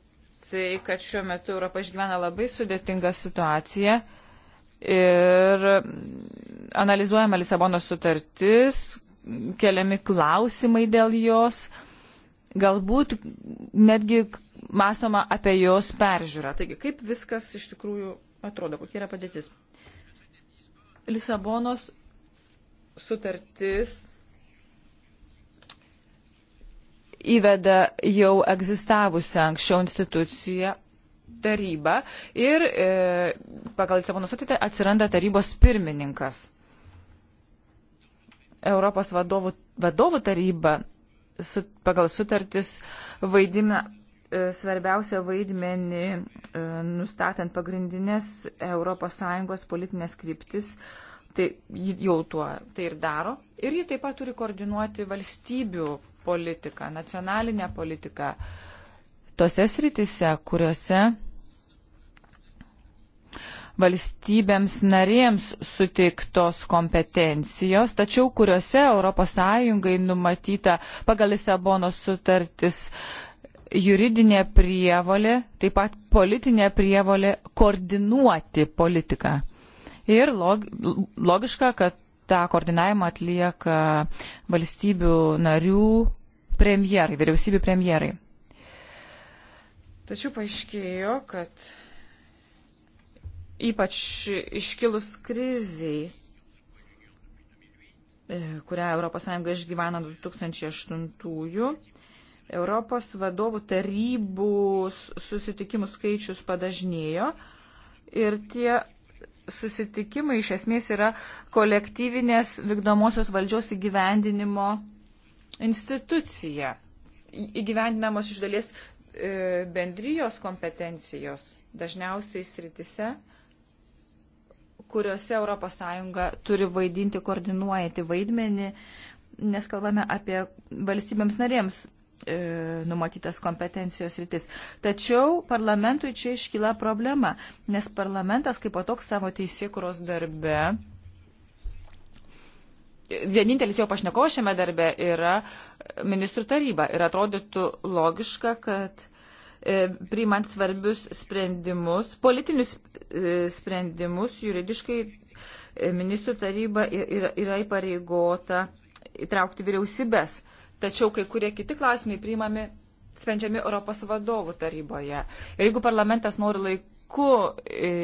tai, kad šiuo metu Europa išgyvena labai sudėtingą situaciją ir analizuojama Lisabono sutartis, keliami klausimai dėl jos, Galbūt netgi mąstoma apie jos peržiūrą. Taigi, kaip viskas iš tikrųjų atrodo, kokia yra padėtis? Lisabonos sutartis įveda jau egzistavusią anksčiau instituciją tarybą ir e, pagal Lisabono sutartį atsiranda tarybos pirmininkas. Europos vadovų, vadovų taryba su, pagal sutartis vaidina e, svarbiausią vaidmenį e, nustatant pagrindinės ES politinės kryptis. Tai jau tuo tai ir daro. Ir ji taip pat turi koordinuoti valstybių politiką, nacionalinę politiką tose sritise, kuriuose valstybėms narėms suteiktos kompetencijos, tačiau kuriuose ES numatyta pagal Lisabono sutartis juridinė prievalė, taip pat politinė prievalė koordinuoti politiką. Ir log, logiška, kad tą koordinavimą atlieka valstybių narių premjerai, vyriausybių premjerai. Tačiau paaiškėjo, kad ypač iškilus kriziai, e, kurią ES išgyveno 2008-ųjų. Europos vadovų tarybų susitikimų skaičius padažnėjo ir tie susitikimai iš esmės yra kolektyvinės vykdomosios valdžios įgyvendinimo institucija. Įgyvendinamos iš dalies e, bendrijos kompetencijos dažniausiai sritise, kuriuose ES turi vaidinti koordinuojantį vaidmenį, nes kalbame apie valstybėms narėms e, numatytas kompetencijos rytis. Tačiau parlamentui čia iškyla problema, nes parlamentas kaip toks savo teisėkuros darbe, vienintelis jo pašnekovas šiame darbe yra ministrų taryba ir atrodytų logiška, kad E, priimant svarbius sprendimus, politinius e, sprendimus, juridiškai e, ministrų taryba yra įpareigota įtraukti vyriausybės. Tačiau kai kurie kiti klausimai priimami, sprendžiami Europos vadovų taryboje. Ir jeigu parlamentas nori laiku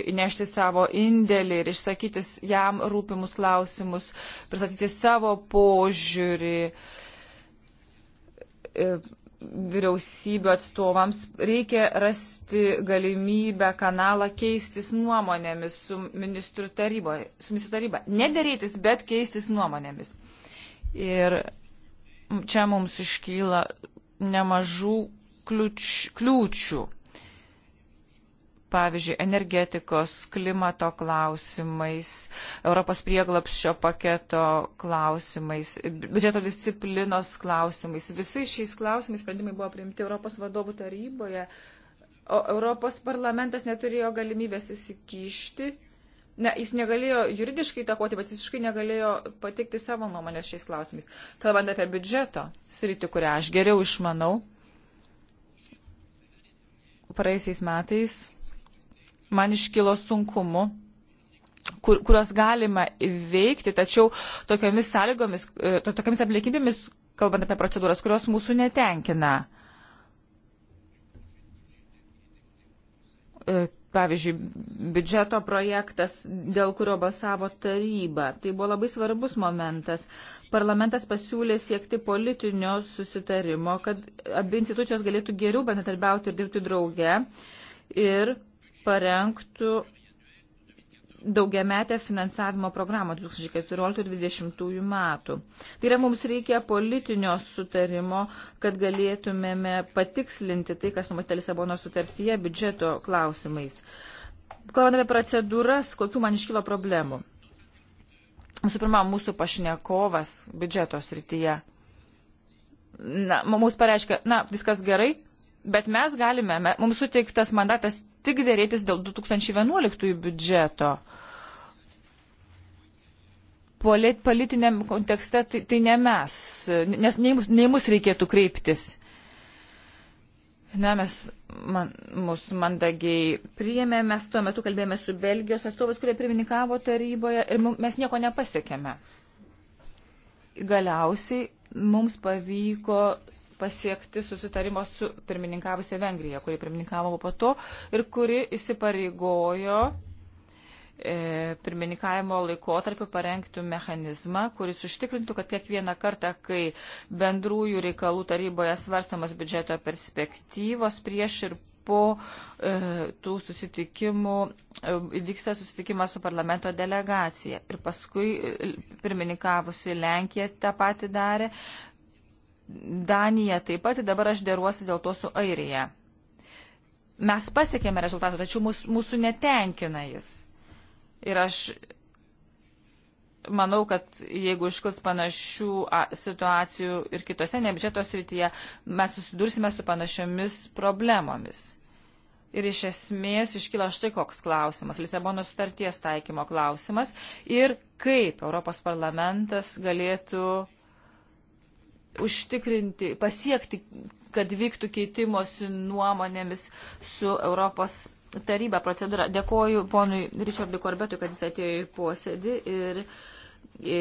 įnešti savo indėlį ir išsakyti jam rūpimus klausimus, pristatyti savo požiūrį, vyriausybių atstovams reikia rasti galimybę, kanalą keistis nuomonėmis su ministrų taryboje, su ministrų taryba. Nederėtis, bet keistis nuomonėmis. Ir čia mums iškyla nemažų kliuč, kliūčių pavyzdžiui, energetikos, klimato klausimais, Europos prieglapščio paketo klausimais, biudžeto disciplinos klausimais. Visais šiais klausimais sprendimai buvo priimti Europos vadovų taryboje, o Europos parlamentas neturėjo galimybės įsikišti. Ne, jis negalėjo juridiškai įtakoti, bet visiškai negalėjo patikti savo nuomonės šiais klausimais. Kalbant apie biudžeto sritį, kurią aš geriau išmanau, praėjusiais metais man iškilo sunkumu kur, kuriuos galima įveikti, tačiau tokiamis sąlygomis, e, to, tokiamis aplinkybėmis, kalbant apie procedūras, kurios mūsų netenkina. E, pavyzdžiui, biudžeto projektas, dėl kurio balsavo taryba. Tai buvo labai svarbus momentas. Parlamentas pasiūlė siekti politinio susitarimo, kad abi institucijos galėtų geriau bendradarbiauti ir dirbti drauge. Ir parengtų daugiametę finansavimo programą 2014-2020 metų. Tai yra, mums reikia politinio sutarimo, kad galėtumėme patikslinti tai, kas numatyta Lisabono sutartyje biudžeto klausimais. Kalbant apie procedūras, kokių man iškilo problemų. Visų pirma, mūsų pašnekovas biudžeto srityje. Na, mums pareiškia, na, viskas gerai, Bet mes galime, mums suteiktas mandatas tik dėrėtis dėl 2011 biudžeto. Polit, politiniam kontekste tai, tai ne mes, nes nei mus, nei mus reikėtų kreiptis. Na, mes man, mus mandagiai priėmė, mes tuo metu kalbėjome su Belgijos atstovais, kurie pirmininkavo taryboje ir mes nieko nepasiekėme. Galiausiai mums pavyko pasiekti susitarimo su pirmininkavusia Vengrija, kuri pirmininkavo po to ir kuri įsipareigojo e, pirmininkavimo laikotarpiu parengtų mechanizmą, kuris užtikrintų, kad kiekvieną kartą, kai bendrųjų reikalų taryboje svarstamas biudžeto perspektyvos prieš ir po e, tų susitikimų e, vyksta susitikimas su parlamento delegacija. Ir paskui e, pirmininkavusi Lenkija tą patį darė, Danija taip pat, dabar aš deruosi dėl to su Airija. Mes pasiekėme rezultatą, tačiau mūsų, mūsų netenkina jis. Ir aš manau, kad jeigu iškils panašių situacijų ir kitose nebžeto srityje, mes susidursime su panašiomis problemomis. Ir iš esmės iškyla štai koks klausimas, Lisabono sutarties taikymo klausimas ir kaip Europos parlamentas galėtų užtikrinti, pasiekti, kad vyktų keitimosi nuomonėmis su Europos taryba procedūra. Dėkoju ponui Richardui Korbetui, kad jis atėjo į posėdį ir e,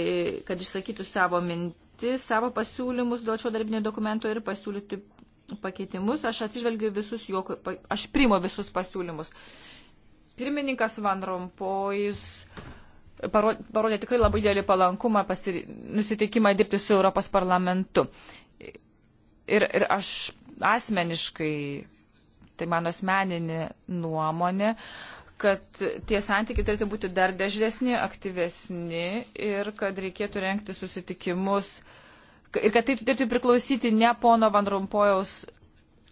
kad išsakytų savo mintis, savo pasiūlymus dėl šio darbinio dokumento ir pasiūlytų pakeitimus. Aš atsižvelgiu visus jo, aš primo visus pasiūlymus. Pirmininkas Van Rompojus parodė tikrai labai didelį palankumą, pasir... nusiteikimą dirbti su Europos parlamentu. Ir, ir aš asmeniškai, tai mano asmeninė nuomonė, kad tie santykiai turėtų būti dar dažnesni, aktyvesni ir kad reikėtų renkti susitikimus. Ir kad tai turėtų priklausyti ne pono Van Rompojaus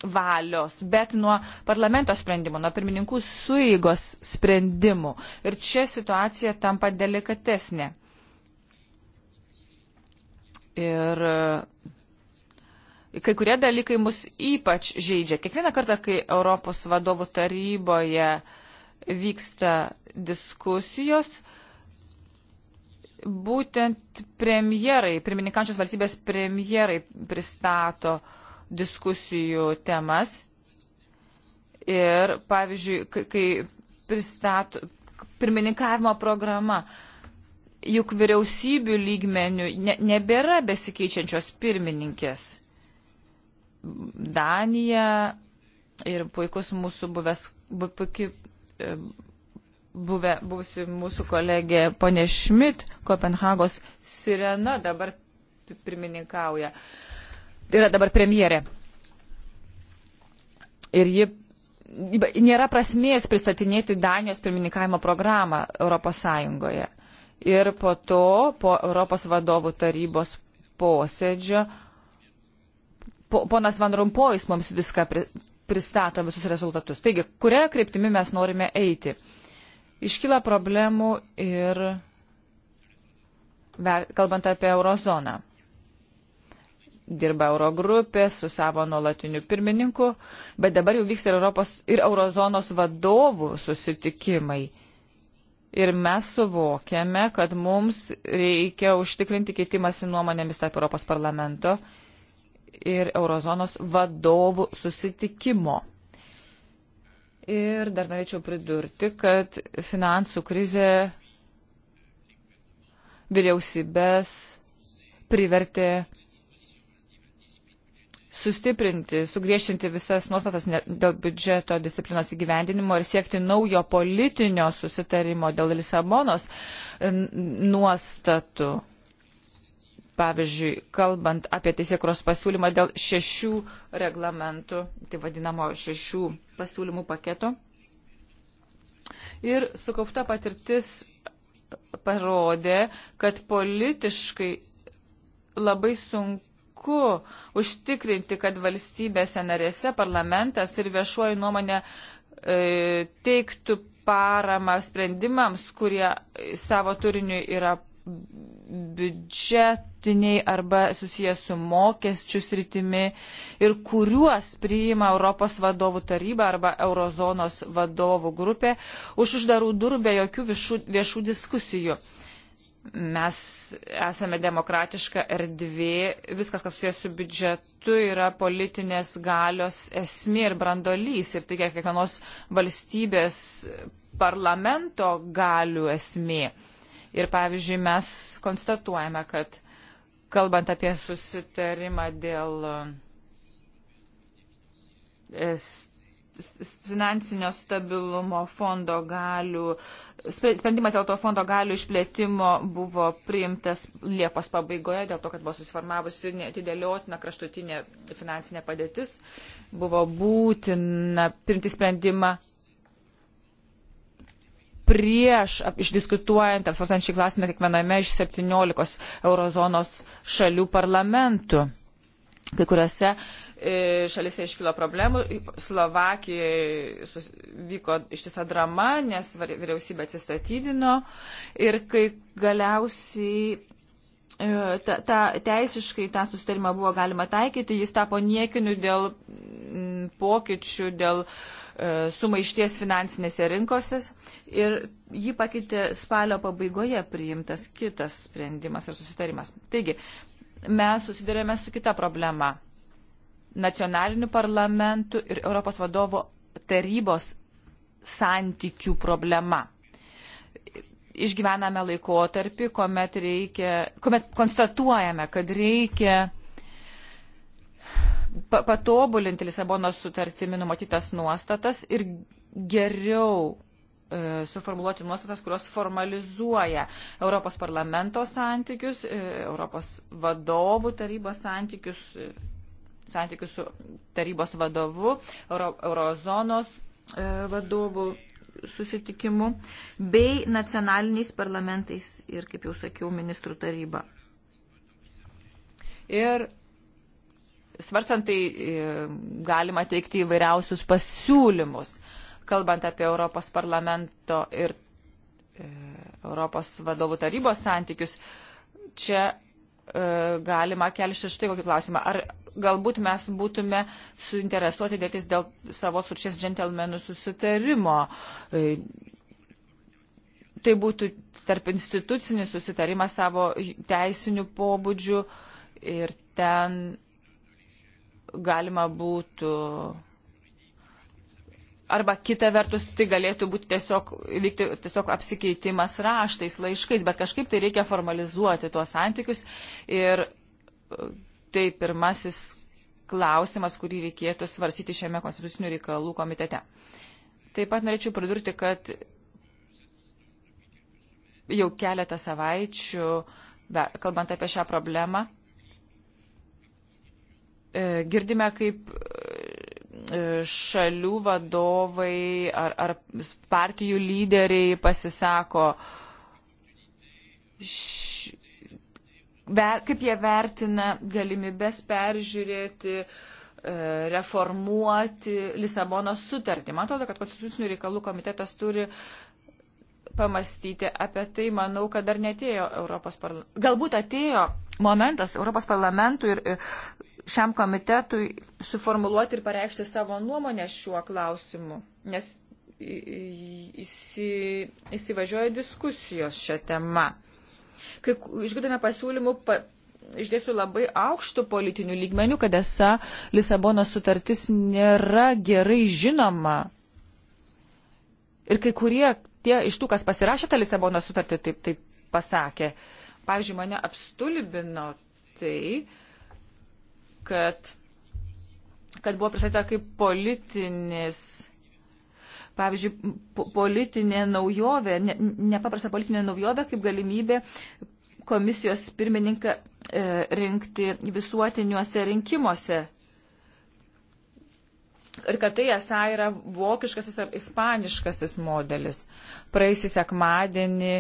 valios, bet nuo parlamento sprendimų, nuo pirmininkų suigos sprendimų. Ir čia situacija tampa delikatesnė. Ir e, kai kurie dalykai mus ypač žaidžia. Kiekvieną kartą, kai Europos vadovų taryboje vyksta diskusijos, būtent premjerai, pirmininkančios valstybės premjerai pristato uh, diskusijų temas. Ir, pavyzdžiui, kai pristato pirmininkavimo programa, juk vyriausybių lygmenių ne, nebėra besikeičiančios pirmininkės. Danija ir puikus mūsų buvęs, bu, puiki, e, buvę, buvusi mūsų kolegė ponė Šmit, Kopenhagos sirena dabar pirmininkauja. Uh, yra dabar premjerė. Ir ji nėra prasmės pristatinėti Danijos pirmininkavimo programą Europos Sąjungoje. Ir po to, po Europos vadovų tarybos posėdžio, po, ponas Van Rompojus mums viską pri, pristato, visus rezultatus. Taigi, kuria kryptimi mes norime eiti? Iškyla problemų ir kalbant apie eurozoną dirba Eurogrupė su savo nuolatiniu pirmininku, bet dabar jau vyksta ir, Europos, ir Eurozonos vadovų susitikimai. Ir mes suvokiame, kad mums reikia užtikrinti keitimąsi nuomonėmis tarp Europos parlamento ir Eurozonos vadovų susitikimo. Ir dar norėčiau pridurti, kad finansų krizė vyriausybės privertė sustiprinti, sugriešinti visas nuostatas dėl biudžeto disciplinos įgyvendinimo ir siekti naujo politinio susitarimo dėl Lisabonos e, nuostatų. Pavyzdžiui, kalbant apie teisėkros pasiūlymą dėl šešių reglamentų, tai vadinamo šešių pasiūlymų paketo. Ir sukaupta patirtis parodė, kad politiškai labai sunku sunku užtikrinti, kad valstybėse narėse parlamentas ir viešuoji nuomonė e, teiktų paramą sprendimams, kurie savo turiniu yra biudžetiniai arba susijęs su mokesčių sritimi ir kuriuos priima Europos vadovų taryba arba Eurozonos vadovų grupė už uždarų durų be jokių viešų, viešų diskusijų mes esame demokratiška erdvė, viskas, kas susijęs su biudžetu, yra politinės galios esmė ir brandolys ir tai kiekvienos valstybės parlamento galių esmė. Ir pavyzdžiui, mes konstatuojame, kad kalbant apie susitarimą dėl e, finansinio stabilumo fondo galių, uh, Sprendimas dėl to fondo galių išplėtimo buvo priimtas Liepos pabaigoje, dėl to, kad buvo susiformavusi netidėliotina kraštutinė finansinė padėtis. Buvo būtina priimti sprendimą prieš išdiskutuojant, apsvarstant šį klausimą kiekviename iš 17 eurozonos šalių parlamentų. Kai kuriuose e, šalise iškilo problemų, Slovakijoje vyko ištisa drama, nes vyriausybė atsistatydino ir kai galiausiai e, ta, ta, teisiškai tą susitarimą buvo galima taikyti, jis tapo niekiniu dėl pokyčių, dėl e, sumaišties finansinėse rinkose ir jį pakeitė spalio pabaigoje priimtas kitas sprendimas ir susitarimas. Taigi, mes susidurėme su kita problema. Nacionalinių parlamentų ir Europos vadovo tarybos santykių problema. Išgyvename laikotarpį, kuomet, reikia, kuomet konstatuojame, kad reikia patobulinti Lisabonos sutartimi numatytas nuostatas ir geriau E, suformuluoti nuostatas, kurios formalizuoja Europos parlamento santykius, e, Europos vadovų tarybos santykius, e, santykius su tarybos vadovu, Euro, Eurozonos vadovų susitikimu, bei nacionaliniais parlamentais ir, kaip jau sakiau, ministrų taryba. Ir svarstant tai galima teikti įvairiausius pasiūlymus kalbant apie Europos parlamento ir e, Europos vadovų tarybos santykius, čia e, galima kelti štai kokį klausimą. Ar galbūt mes būtume suinteresuoti dėtis dėl savo surčias džentelmenų susitarimo? E, tai būtų tarp institucinis susitarimas savo teisinių pobūdžių ir ten galima būtų arba kita vertus tai galėtų būti tiesiog, vykti, tiesiog apsikeitimas raštais, laiškais, bet kažkaip tai reikia formalizuoti tuos santykius ir e, tai pirmasis klausimas, kurį reikėtų svarsyti šiame konstitucinių reikalų komitete. Taip pat norėčiau pridurti, kad jau keletą savaičių, da, kalbant apie šią problemą, e, girdime, kaip šalių vadovai ar, ar partijų lyderiai pasisako, š, ver, kaip jie vertina galimybės peržiūrėti, e, reformuoti Lisabono sutartį. Man atrodo, kad Konstitucinių reikalų komitetas turi pamastyti apie tai, manau, kad dar netėjo Europos parlamentas. Galbūt atėjo momentas Europos parlamentui ir, ir e, šiam komitetui suformuluoti ir pareikšti savo nuomonę šiuo klausimu, nes įsi, įsivažiuoja diskusijos šią temą. Kai išgirdome pasiūlymų pa, iš tiesų labai aukštų politinių lygmenių, kad esą Lisabono sutartis nėra gerai žinoma. Ir kai kurie tie iš tų, kas pasirašė tą Lisabono sutartį, taip, taip pasakė. Pavyzdžiui, mane apstulbino tai, uh, kad, kad buvo pristatyta kaip politinis, pavyzdžiui, po, politinė naujovė, ne, nepaprasta politinė naujovė kaip galimybė komisijos pirmininką e, rinkti visuotiniuose rinkimuose. Ir kad tai esą yra vokiškasis ar ispaniškasis modelis. Praėjusį sekmadienį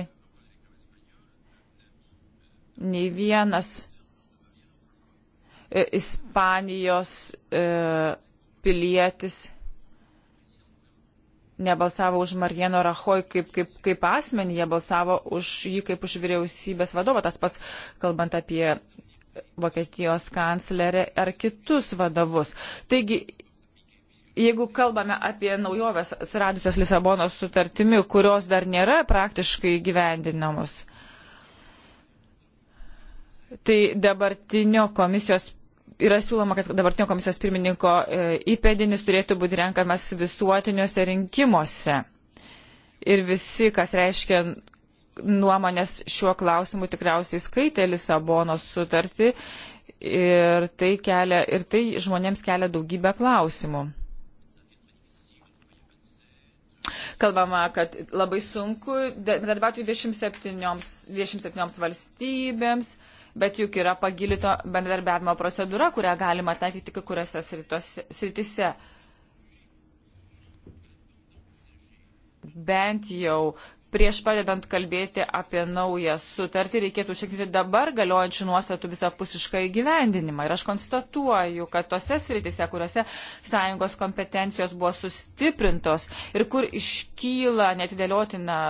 nei vienas E, Ispanijos e, pilietis nebalsavo už Marieno Rahoj kaip, kaip, kaip asmenį, jie balsavo už jį kaip už vyriausybės vadovą, tas pas kalbant apie Vokietijos kanclerę ar kitus vadovus. Taigi, jeigu kalbame apie naujoves atsiradusias Lisabonos sutartimi, kurios dar nėra praktiškai gyvendinamos, tai dabartinio komisijos Yra siūloma, kad dabartinio komisijos pirmininko e, įpėdinis turėtų būti renkamas visuotiniuose rinkimuose. Ir visi, kas reiškia nuomonės šiuo klausimu, tikriausiai skaitė Lisabonos sutartį ir tai, kelia, ir tai žmonėms kelia daugybę klausimų. Kalbama, kad labai sunku dalyvauti 27, 27 valstybėms bet juk yra pagilito bendarbiavimo procedūra, kurią galima taikyti kai kuriuose sritise. Bent jau prieš padedant kalbėti apie naują sutartį, reikėtų užtikrinti dabar galiojančių nuostatų visapusišką įgyvendinimą. Ir aš konstatuoju, kad tose sritise, kuriuose sąjungos kompetencijos buvo sustiprintos ir kur iškyla netidėliotina,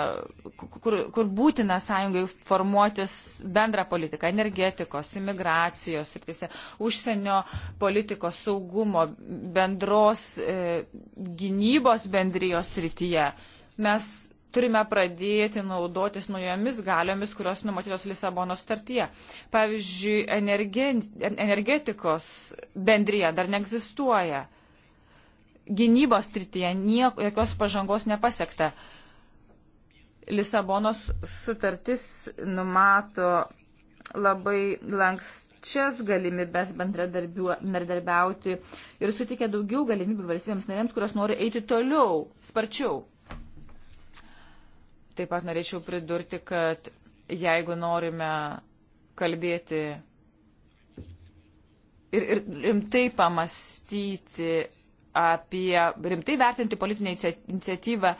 kur, kur būtina sąjungai formuotis bendrą politiką energetikos, imigracijos sritise, užsienio politikos, saugumo, bendros e, gynybos bendrijos srityje. Mes turime pradėti naudotis naujomis galiomis, kurios numatytos Lisabono startyje. Pavyzdžiui, energe, energetikos bendryje dar neegzistuoja. Gynybos trityje nieko, jokios pažangos nepasiekta. Lisabonos sutartis numato labai lankščias galimybės bendradarbiauti ir suteikia daugiau galimybių valstybėms narėms, kurios nori eiti toliau, sparčiau. Taip pat norėčiau pridurti, kad jeigu norime kalbėti ir, ir rimtai pamastyti apie, rimtai vertinti politinę iniciatyvą,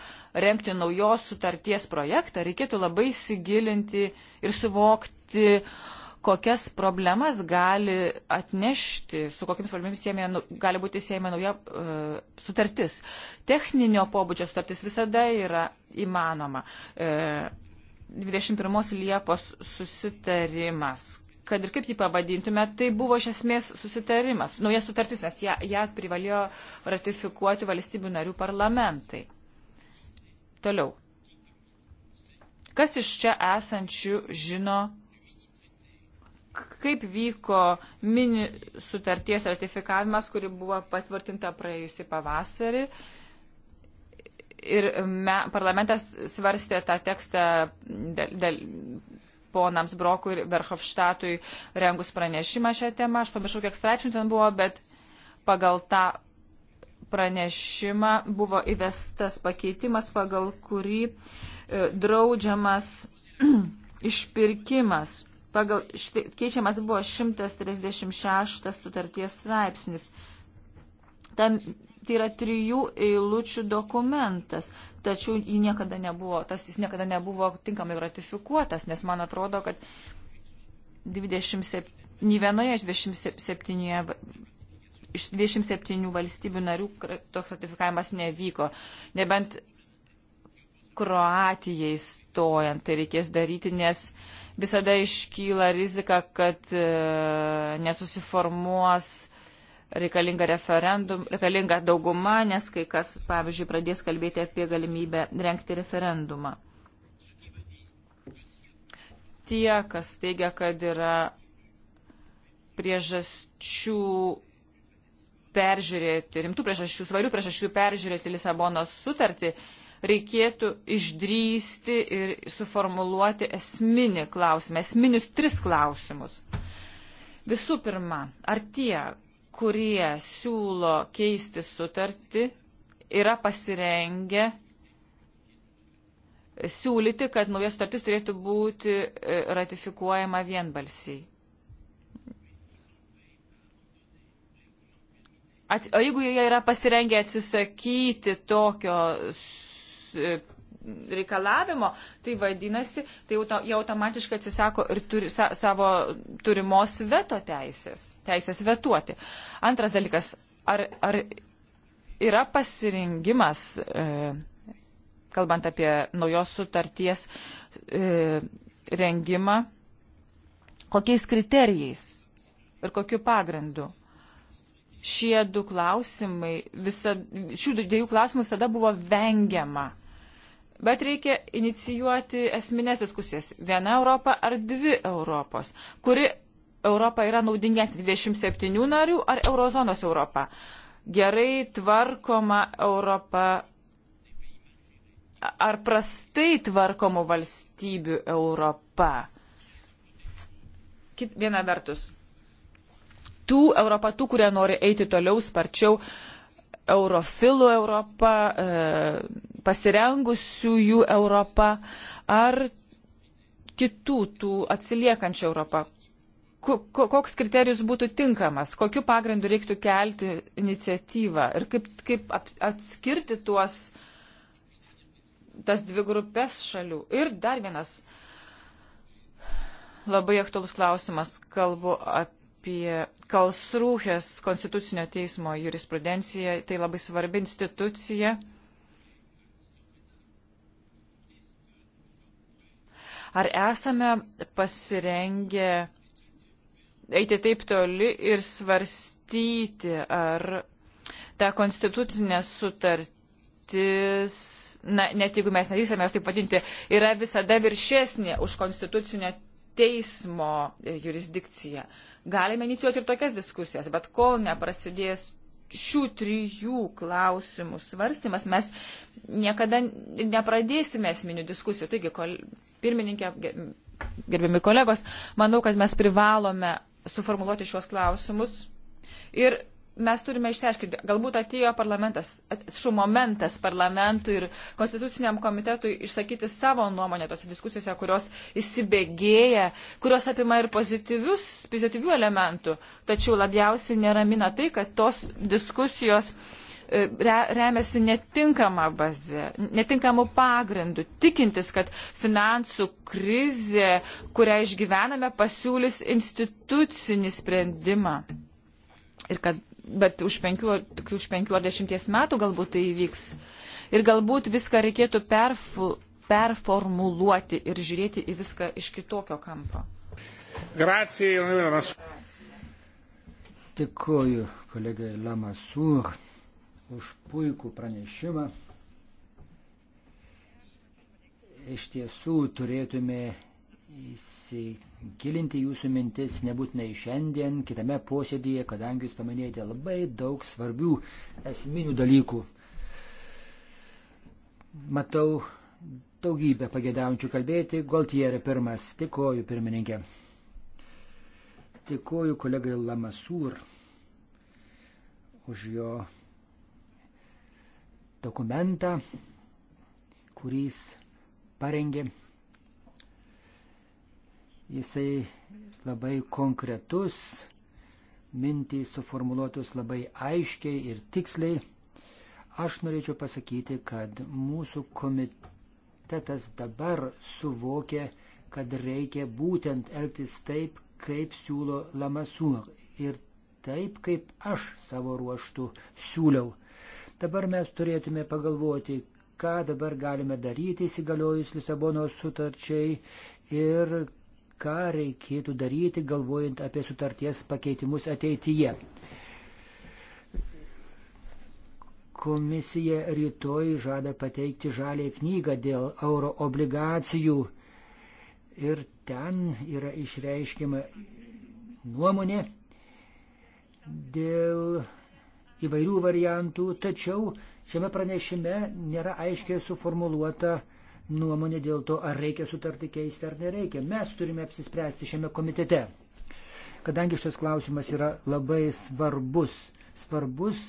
renkti naujos sutarties projektą, reikėtų labai įsigilinti ir suvokti, uh, kokias problemas gali atnešti, su kokiamis problemomis siemė, gali būti siejama nauja e, sutartis. Techninio pobūdžio sutartis visada yra įmanoma. E, 21 Liepos susitarimas, kad ir kaip jį pavadintume, tai buvo iš esmės susitarimas, nauja sutartis, nes ją, ją privalėjo ratifikuoti valstybių narių parlamentai. Toliau. Kas iš čia esančių žino, kaip vyko mini sutarties ratifikavimas, kuri buvo patvirtinta praėjusį pavasarį. Ir me, parlamentas svarstė tą tekstą dėl, dėl, ponams Brokui ir Verhofštatui rengus pranešimą šią temą. Aš pamiršau, kiek straipsnių ten buvo, bet pagal tą pranešimą buvo įvestas pakeitimas, pagal kurį e, draudžiamas išpirkimas Pagal, štai, keičiamas buvo 136 sutarties straipsnis. Tam, tai yra trijų eilučių dokumentas, tačiau niekada nebuvo, tas jis niekada nebuvo tinkamai ratifikuotas, nes man atrodo, kad 27, nei vienoje iš 27, iš 27 valstybių narių toks ratifikavimas nevyko, nebent Kroatijai stojant tai reikės daryti, nes uh, visada iškyla rizika, kad e, nesusiformuos reikalinga referendum, reikalinga dauguma, nes kai kas, pavyzdžiui, pradės kalbėti apie galimybę renkti referendumą. Tie, kas teigia, kad yra priežasčių peržiūrėti, rimtų priežasčių, svarių priežasčių peržiūrėti Lisabonos sutartį, reikėtų išdrysti ir suformuluoti esminį klausimą, esminius tris klausimus. Visų pirma, ar tie, kurie siūlo keisti sutartį, yra pasirengę siūlyti, kad nauja sutartis turėtų būti e, ratifikuojama vienbalsiai. At, o jeigu jie yra pasirengę atsisakyti tokio E, reikalavimo, tai vadinasi, tai jau, jie automatiškai atsisako ir turi sa, savo turimos veto teisės, teisės vetuoti. Antras dalykas, ar, ar yra pasirinkimas, e, kalbant apie naujos sutarties e, rengimą, kokiais kriterijais ir kokiu pagrindu? šie du klausimai, visa, šių dviejų klausimų visada buvo vengiama. Bet reikia inicijuoti esminės diskusijas. Viena Europa ar dvi Europos? Kuri Europa yra naudingesnė 27 narių ar Eurozonos Europa? Gerai tvarkoma Europa ar prastai tvarkomų valstybių Europa? Kit, viena vertus tų Europa, tų, kurie nori eiti toliau sparčiau, eurofilų Europa, e, pasirengusiųjų Europa ar kitų tų atsiliekančių Europą? Koks kriterijus būtų tinkamas, kokiu pagrindu reiktų kelti iniciatyvą ir kaip, kaip atskirti tuos, tas dvi grupės šalių. Ir dar vienas labai aktuolus klausimas, kalbu apie apie Kalsrūhės konstitucinio teismo jurisprudenciją. Tai labai svarbi institucija. Ar esame pasirengę eiti taip toli ir svarstyti, ar ta konstitucinė sutartis, na, net jeigu mes nedysame jos taip vadinti, yra visada viršesnė už konstitucinio teismo jurisdikciją. Uh, Galime inicijuoti ir tokias diskusijas, bet kol neprasidės šių trijų klausimų svarstymas, mes niekada nepradėsime esminių diskusijų. Taigi, kol, pirmininkė, gerbiami kolegos, manau, kad mes privalome suformuluoti šios klausimus ir mes turime išsiaiškinti, galbūt atėjo parlamentas, šių momentas parlamentui ir konstituciniam komitetui išsakyti savo nuomonę tose diskusijose, kurios įsibėgėja, kurios apima ir pozityvius, pozityvių elementų. Tačiau labiausiai neramina tai, kad tos diskusijos e, remiasi netinkama bazė, netinkamu pagrindu, tikintis, kad finansų krizė, kurią išgyvename, pasiūlys institucinį sprendimą. Ir kad bet už penkių, už penkių ar dešimties metų galbūt tai įvyks. Ir galbūt viską reikėtų perfu, performuluoti ir žiūrėti į viską iš kitokio kampo. Gracijai, Lamas. Dėkuoju kolegai Lamasur už puikų pranešimą. Iš tiesų turėtume įsitikti gilinti jūsų mintis nebūtinai šiandien, kitame posėdėje, kadangi jūs paminėjote labai daug svarbių esminių dalykų. Matau daugybę pagėdaujančių kalbėti. Galtieri pirmas. Tikoju, pirmininkė. Tikoju kolegai Lamasūr už jo dokumentą, kurį jis parengė. Jisai labai konkretus, mintys suformuoluotus labai aiškiai ir tiksliai. Aš norėčiau pasakyti, kad mūsų komitetas dabar suvokia, kad reikia būtent elgtis taip, kaip siūlo Lamasūr ir taip, kaip aš savo ruoštų siūliau. Dabar mes turėtume pagalvoti, ką dabar galime daryti įsigaliojus Lisabonos sutarčiai ir ką reikėtų daryti, galvojant apie sutarties pakeitimus ateityje. Komisija rytoj žada pateikti žalę knygą dėl euro obligacijų ir ten yra išreiškima nuomonė dėl įvairių variantų, tačiau šiame pranešime nėra aiškiai suformuoluota nuomonė dėl to, ar reikia sutartį keisti ar nereikia. Mes turime apsispręsti šiame komitete. Kadangi šis klausimas yra labai svarbus, svarbus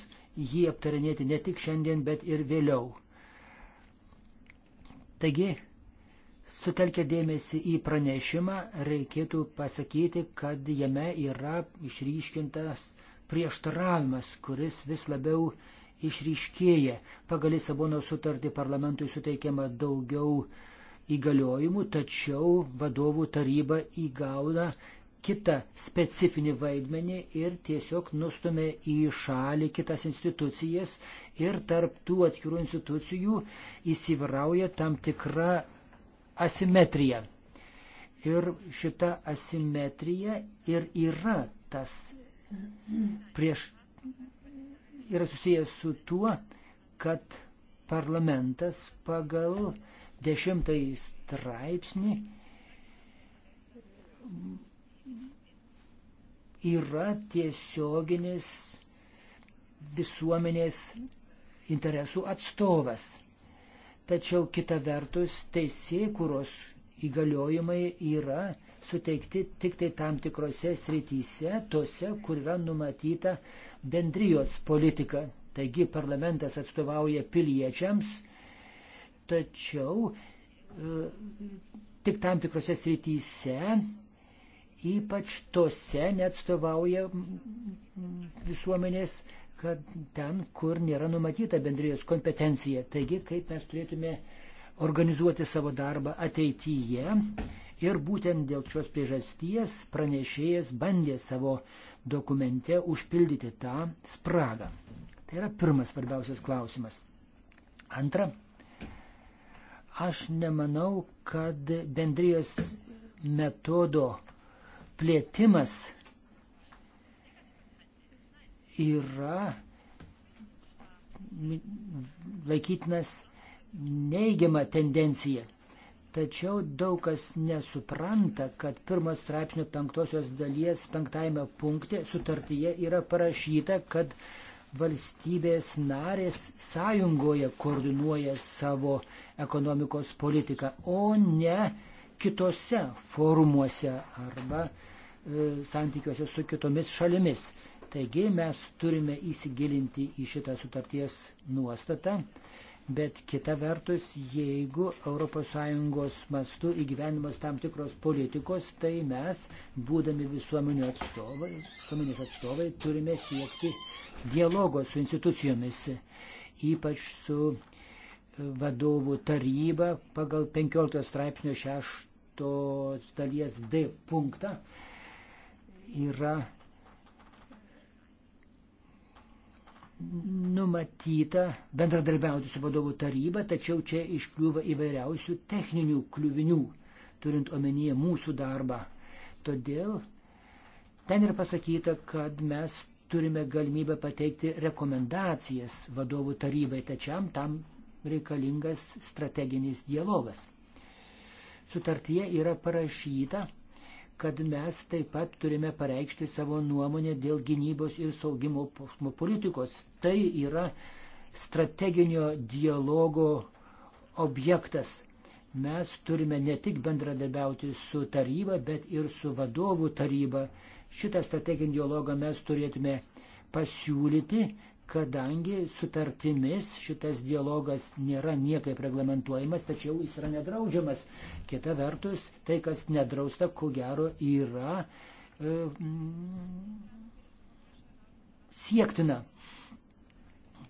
jį aptarinėti ne tik šiandien, bet ir vėliau. Taigi, sutelkę dėmesį į pranešimą, reikėtų pasakyti, kad jame yra išryškintas prieštaravimas, kuris vis labiau uh, išryškėja. Pagal Lisabono sutartį parlamentui suteikiama daugiau įgaliojimų, tačiau vadovų taryba įgauna kitą specifinį vaidmenį ir tiesiog nustumė į šalį kitas institucijas ir tarp tų atskirų institucijų įsivrauja tam tikra asimetrija. Ir šita asimetrija ir yra tas prieš yra susijęs su tuo, kad parlamentas pagal dešimtąjį straipsnį yra tiesioginis visuomenės interesų atstovas. Tačiau kita vertus teisėkuros įgaliojimai yra suteikti tik tai tam tikrose srityse, tose, kur yra numatyta bendrijos politika. Taigi parlamentas atstovauja piliečiams, tačiau e, tik tam tikrose srityse, ypač tose neatstovauja visuomenės, kad ten, kur nėra numatyta bendrijos kompetencija. Taigi, kaip mes turėtume organizuoti savo darbą ateityje, Ir būtent dėl šios priežasties pranešėjas bandė savo dokumente užpildyti tą spragą. Tai yra pirmas svarbiausias klausimas. Antra, aš nemanau, kad bendrijos metodo plėtimas yra laikytinas neigiama tendencija. Tačiau daug kas nesupranta, kad pirmas straipsnio penktosios dalies penktajame punkte sutartyje yra parašyta, kad valstybės narės sąjungoje koordinuoja savo ekonomikos politiką, o ne kitose forumuose arba e, santykiuose su kitomis šalimis. Taigi mes turime įsigilinti į šitą sutarties nuostatą Bet kita vertus, jeigu ES mastu įgyvenimas tam tikros politikos, tai mes, būdami visuomenės atstovai, visuomenės atstovai, turime siekti dialogo su institucijomis, ypač su e, vadovų taryba pagal 15 straipsnio 6 dalies D punktą yra numatyta bendradarbiauti su vadovų taryba, tačiau čia iškliūva įvairiausių techninių kliuvinių, turint omenyje mūsų darbą. Todėl ten ir pasakyta, kad mes turime galimybę pateikti rekomendacijas vadovų tarybai, tačiam tam reikalingas strateginis dialogas. Sutartyje yra parašyta, kad mes taip pat turime pareikšti savo nuomonę dėl gynybos ir saugimo politikos. Tai yra strateginio dialogo objektas. Mes turime ne tik bendradarbiauti su taryba, bet ir su vadovų taryba. Šitą strateginį dialogą mes turėtume pasiūlyti kadangi sutartimis šitas dialogas nėra niekaip reglamentuojamas, tačiau jis yra nedraudžiamas. Kita vertus, tai, kas nedrausta, ko gero, yra e, mm, siektina.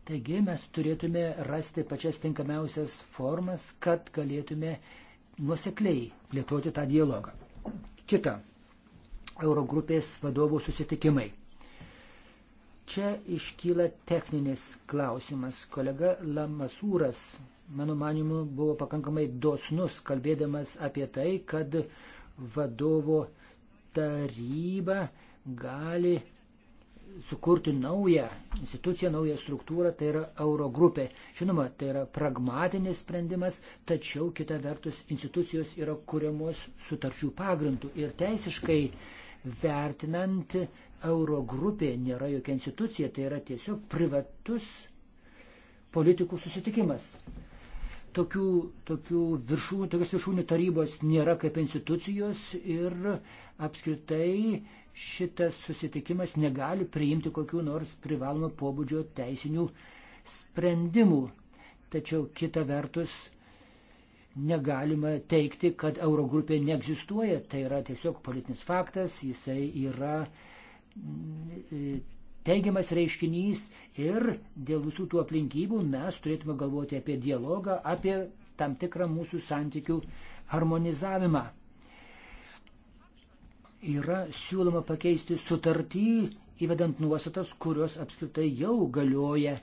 Taigi mes turėtume rasti pačias tinkamiausias formas, kad galėtume nuosekliai plėtoti tą dialogą. Kita. Eurogrupės vadovų susitikimai. Čia iškyla techninis klausimas. Kolega Lamasūras, mano manimu, buvo pakankamai dosnus, kalbėdamas apie tai, kad vadovo taryba gali sukurti naują instituciją, naują struktūrą, tai yra Eurogrupė. Žinoma, tai yra pragmatinis sprendimas, tačiau kita vertus institucijos yra kuriamos sutarčių pagrindų ir teisiškai vertinant euro grupė nėra jokia institucija, tai yra tiesiog privatus politikų susitikimas. Tokių, tokių viršūnių, tokios viršūnių tarybos nėra kaip institucijos ir apskritai šitas susitikimas negali priimti kokių nors privalomo pobūdžio teisinių sprendimų. Tačiau kita vertus negalima teikti, kad Eurogrupė neegzistuoja. Tai yra tiesiog politinis faktas, jisai yra uh, teigiamas reiškinys ir dėl visų tų aplinkybių mes turėtume galvoti apie dialogą, apie tam tikrą mūsų santykių harmonizavimą. Yra siūloma pakeisti sutartį, įvedant nuostatas, kurios apskritai jau galioja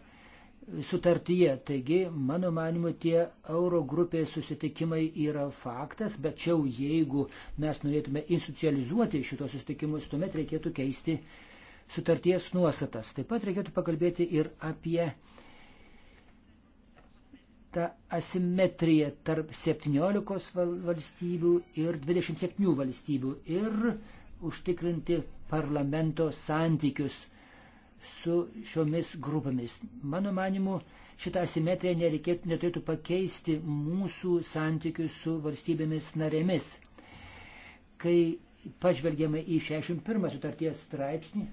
sutartyje. Taigi, mano manimu, tie euro grupės susitikimai yra faktas, bet čia jeigu mes norėtume institucializuoti šitos susitikimus, tuomet reikėtų keisti sutarties nuostatas. Taip pat reikėtų pakalbėti ir apie tą asimetriją tarp 17 valstybių ir 27 valstybių ir užtikrinti parlamento santykius su šiomis grupėmis. Mano manimu, šitą asimetriją nereikėtų, neturėtų pakeisti mūsų santykių su valstybėmis narėmis. Kai pažvelgiame į 61 sutarties straipsnį,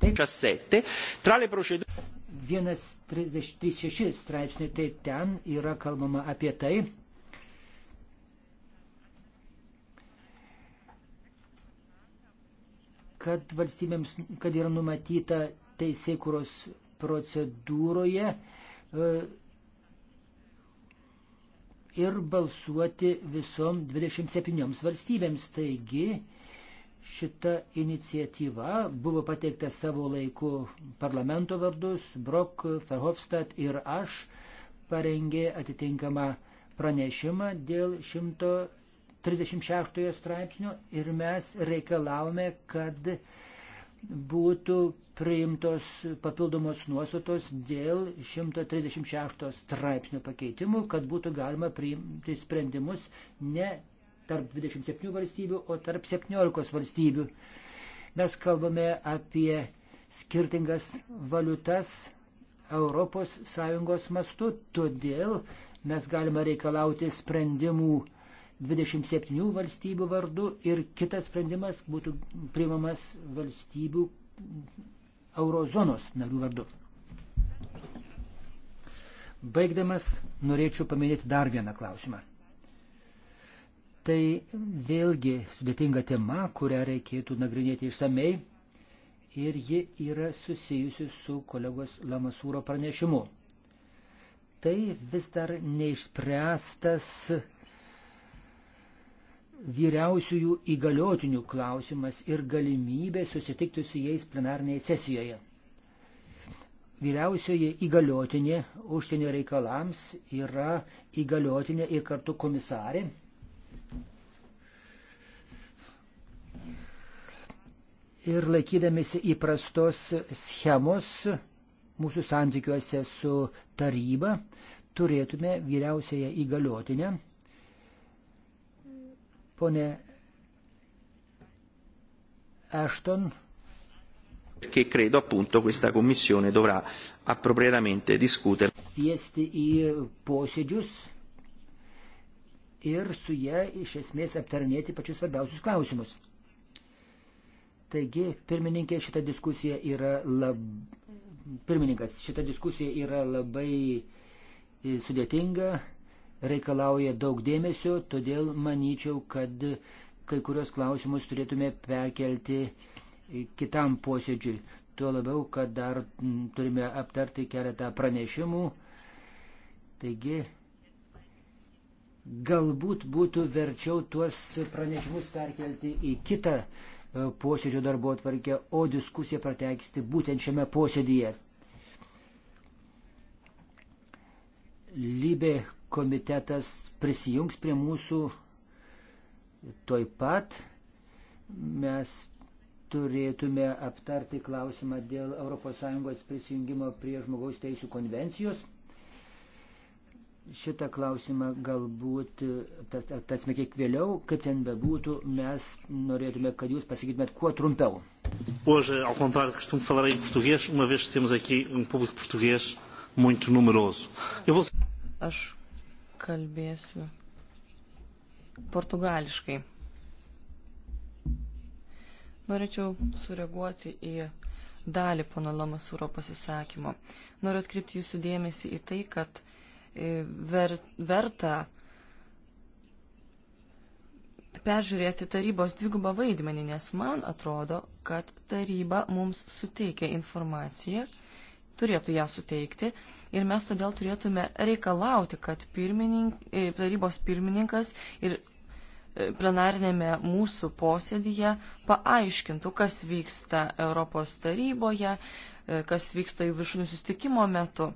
tai 136 straipsnį, tai ten yra kalbama apie tai, kad valstybėms, kad yra numatyta teisėkuros procedūroje e, ir balsuoti visom 27 valstybėms. Taigi šita iniciatyva buvo pateikta savo laiku parlamento vardus, Brok, Verhofstadt ir aš parengė atitinkamą pranešimą dėl 136 straipsnio ir mes reikalavome, kad būtų priimtos papildomos nuostatos dėl 136 straipsnio pakeitimų, kad būtų galima priimti sprendimus ne tarp 27 valstybių, o tarp 17 valstybių. Mes kalbame apie skirtingas valiutas ES mastu, todėl mes galime reikalauti sprendimų 27 valstybių vardu ir kitas sprendimas būtų priimamas valstybių eurozonos narių vardu. Baigdamas norėčiau paminėti dar vieną klausimą. Tai vėlgi sudėtinga tema, kurią reikėtų nagrinėti išsamei ir ji yra susijusi su kolegos Lamasūro pranešimu. Tai vis dar neišspręstas vyriausiųjų įgaliotinių klausimas ir galimybė susitikti su jais plenarnėje sesijoje. Vyriausioji įgaliotinė užsienio reikalams yra įgaliotinė ir kartu komisarė. Ir laikydamėsi įprastos schemos mūsų santykiuose su taryba, turėtume vyriausiąją įgaliotinę Pone Ashton. Che credo appunto questa commissione dovrà appropriatamente discutere. Kviesti į posėdžius ir su jie iš esmės aptarinėti pačius svarbiausius klausimus. Taigi, pirmininkė, šita diskusija yra lab... pirmininkas, šita diskusija yra labai e, sudėtinga, reikalauja daug dėmesio, todėl manyčiau, kad kai kurios klausimus turėtume perkelti kitam posėdžiui. Tuo labiau, kad dar turime aptarti keletą pranešimų. Taigi, galbūt būtų verčiau tuos pranešimus perkelti į kitą e, posėdžio darbo atvarkę, o diskusiją prateksti būtent šiame posėdyje. Lybė komitetas prisijungs prie mūsų toj pat. Mes turėtume aptarti klausimą dėl ES prisijungimo prie žmogaus teisų konvencijos. Šitą klausimą galbūt aptarsime kiek vėliau, kaip ten bebūtų, mes norėtume, kad jūs pasakytumėt kuo trumpiau. Hoje, ao contrário, costumo falar em português, uma vez que temos aqui um público português muito numeroso. Eu vou... Aš kalbėsiu portugališkai. Norėčiau sureaguoti į dalį pono Lamasūro pasisakymo. Noriu atkreipti jūsų dėmesį į tai, kad e, ver, verta peržiūrėti tarybos dvigubą vaidmenį, nes man atrodo, kad taryba mums suteikia informaciją turėtų ją suteikti ir mes todėl turėtume reikalauti, kad pirminink, e, tarybos pirmininkas ir e, plenarinėme mūsų posėdyje paaiškintų, kas vyksta Europos taryboje, e, kas vyksta jų viršūnių sustikimo metu.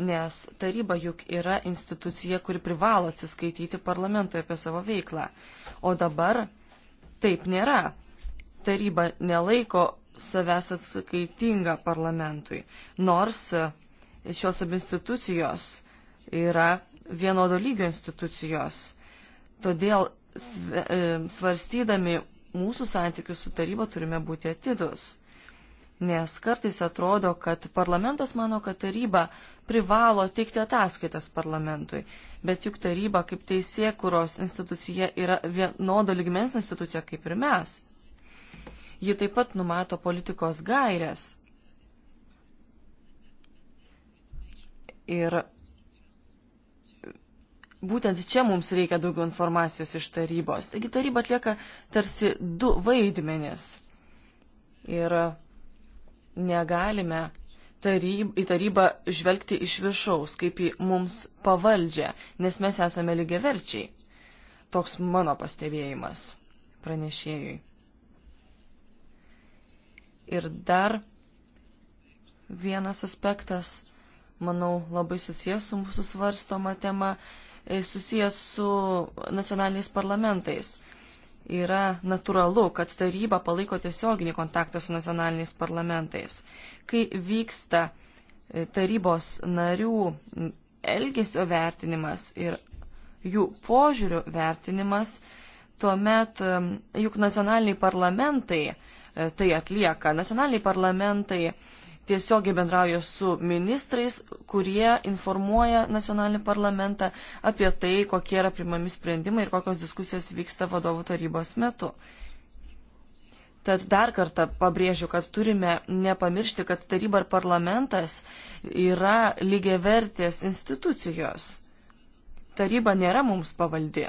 Nes taryba juk yra institucija, kuri privalo atsiskaityti parlamentui apie savo veiklą. O dabar taip nėra. Taryba nelaiko savęs atskaitinga parlamentui, nors šios abi institucijos yra vienodo lygio institucijos. Todėl e, svarstydami mūsų santykius su taryba turime būti atidus. Nes kartais atrodo, kad parlamentas mano, kad taryba privalo teikti ataskaitas parlamentui, bet juk taryba kaip teisėkuros institucija yra vienodo ligmens institucija kaip ir mes. Ji taip pat numato politikos gairias. Ir būtent čia mums reikia daugiau informacijos iš tarybos. Taigi taryba atlieka tarsi du vaidmenis. Ir negalime taryb, į tarybą žvelgti iš viršaus, kaip į mums pavaldžią, nes mes esame lygiaverčiai. Toks mano pastebėjimas pranešėjui. Ir dar vienas aspektas, manau, labai susijęs su mūsų svarstoma tema, e, susijęs su nacionaliniais parlamentais. Yra natūralu, kad taryba palaiko tiesioginį kontaktą su nacionaliniais parlamentais. Kai vyksta e, tarybos narių elgesio vertinimas ir jų požiūrių vertinimas, tuomet juk nacionaliniai parlamentai E, tai atlieka. Nacionaliniai parlamentai tiesiogiai bendrauja su ministrais, kurie informuoja nacionalinį parlamentą apie tai, kokie yra primami sprendimai ir kokios diskusijos vyksta vadovų tarybos metu. Tad dar kartą pabrėžiu, kad turime nepamiršti, kad taryba ir parlamentas yra lygiavertės institucijos. Taryba nėra mums pavaldi.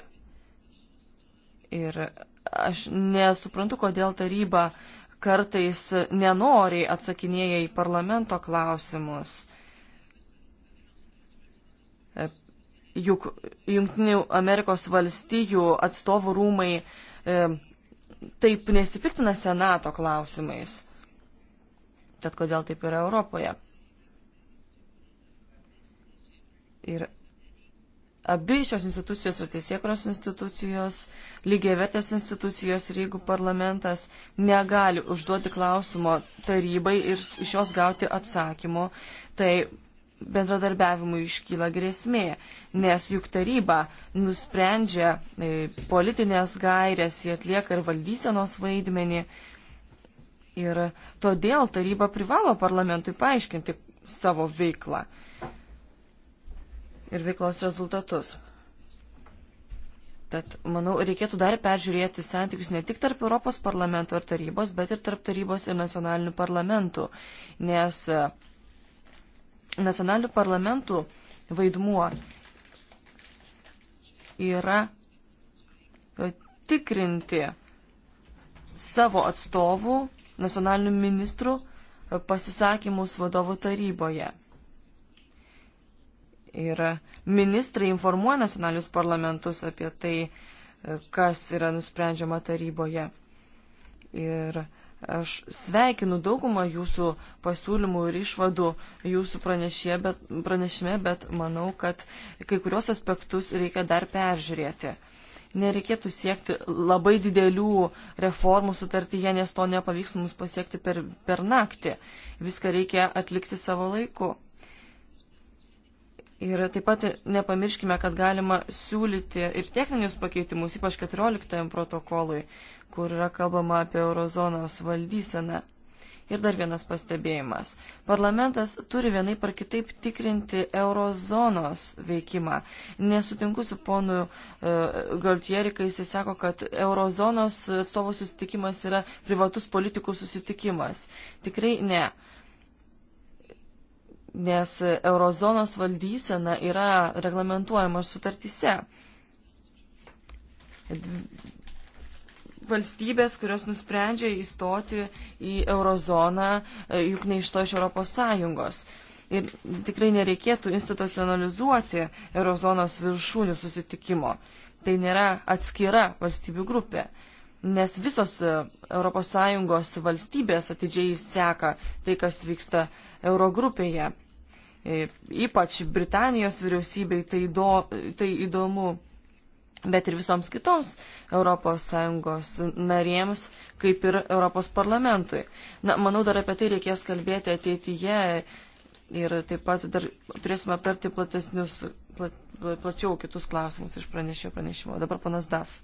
Ir aš nesuprantu, kodėl taryba kartais nenoriai atsakinėja į parlamento klausimus. Juk Junktinių Amerikos valstijų atstovų rūmai e, taip nesipiktina Senato klausimais. Tad kodėl taip yra Europoje? Ir abi šios institucijos yra teisėkros institucijos, lygiavetės institucijos ir jeigu parlamentas negali užduoti klausimo tarybai ir iš jos gauti atsakymo, tai bendradarbiavimui iškyla grėsmė, nes juk taryba nusprendžia e, politinės gairės, jie atlieka ir valdysenos vaidmenį. Ir todėl taryba privalo parlamentui paaiškinti savo veiklą ir veiklos rezultatus. Tad, manau, reikėtų dar peržiūrėti santykius ne tik tarp Europos parlamento ir tarybos, bet ir tarp tarybos ir nacionalinių parlamentų, nes e, nacionalinių parlamentų vaidmuo yra e, tikrinti savo atstovų, nacionalinių ministrų e, pasisakymus vadovų taryboje. Ir ministrai informuoja nacionalius parlamentus apie tai, e, kas yra nusprendžiama taryboje. Ir aš sveikinu daugumą jūsų pasiūlymų ir išvadų jūsų pranešė, bet, pranešime, bet manau, kad kai kurios aspektus reikia dar peržiūrėti. Nereikėtų siekti labai didelių reformų sutartyje, nes to nepavyks mums pasiekti per, per naktį. Viską reikia atlikti savo laiku. Ir taip pat nepamirškime, kad galima siūlyti ir techninius pakeitimus, ypač 14 protokolui, kur yra kalbama apie eurozonos valdyseną. Ir dar vienas pastebėjimas. Parlamentas turi vienai par kitaip tikrinti eurozonos veikimą. Nesutinku su ponu uh, Galtieri, kai jis sako, kad eurozonos atstovų susitikimas yra privatus politikų susitikimas. Tikrai ne. Uh, nes eurozonos valdysena yra reglamentuojama sutartyse. Valstybės, kurios nusprendžia įstoti į eurozoną, e, juk neišto iš Europos Sąjungos. Ir tikrai nereikėtų institucionalizuoti eurozonos viršūnių susitikimo. Tai nėra atskira valstybių grupė nes visos ES valstybės atidžiai seka tai, kas vyksta Eurogrupėje. E, ypač Britanijos vyriausybei tai, do, tai įdomu, bet ir visoms kitoms ES narėms, kaip ir Europos parlamentui. Na, manau, dar apie tai reikės kalbėti ateityje ir taip pat dar turėsime aptarti platesnius, plat, plačiau kitus klausimus iš pranešėjo pranešimo. Dabar panas Daf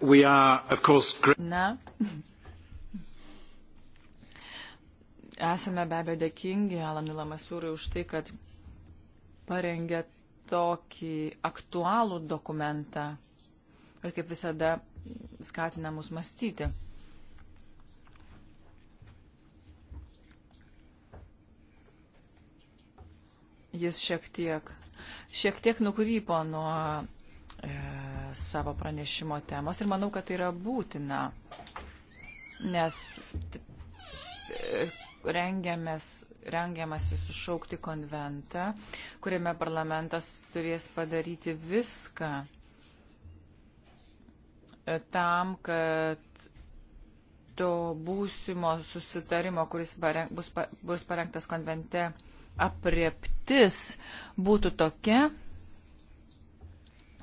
we are, of course, Na. Esame be abejo dėkingi Alanui Lamasūrui už tai, kad parengė tokį aktualų dokumentą ir kaip visada skatina mus mąstyti. Jis šiek tiek, šiek tiek nukrypo nuo e, savo pranešimo temos ir manau, kad tai yra būtina, nes rengiamės, rengiamasi sušaukti konventą, kuriame parlamentas turės padaryti viską tam, kad to būsimo susitarimo, kuris pareng, bus, bus parengtas konvente, apreptis būtų tokia,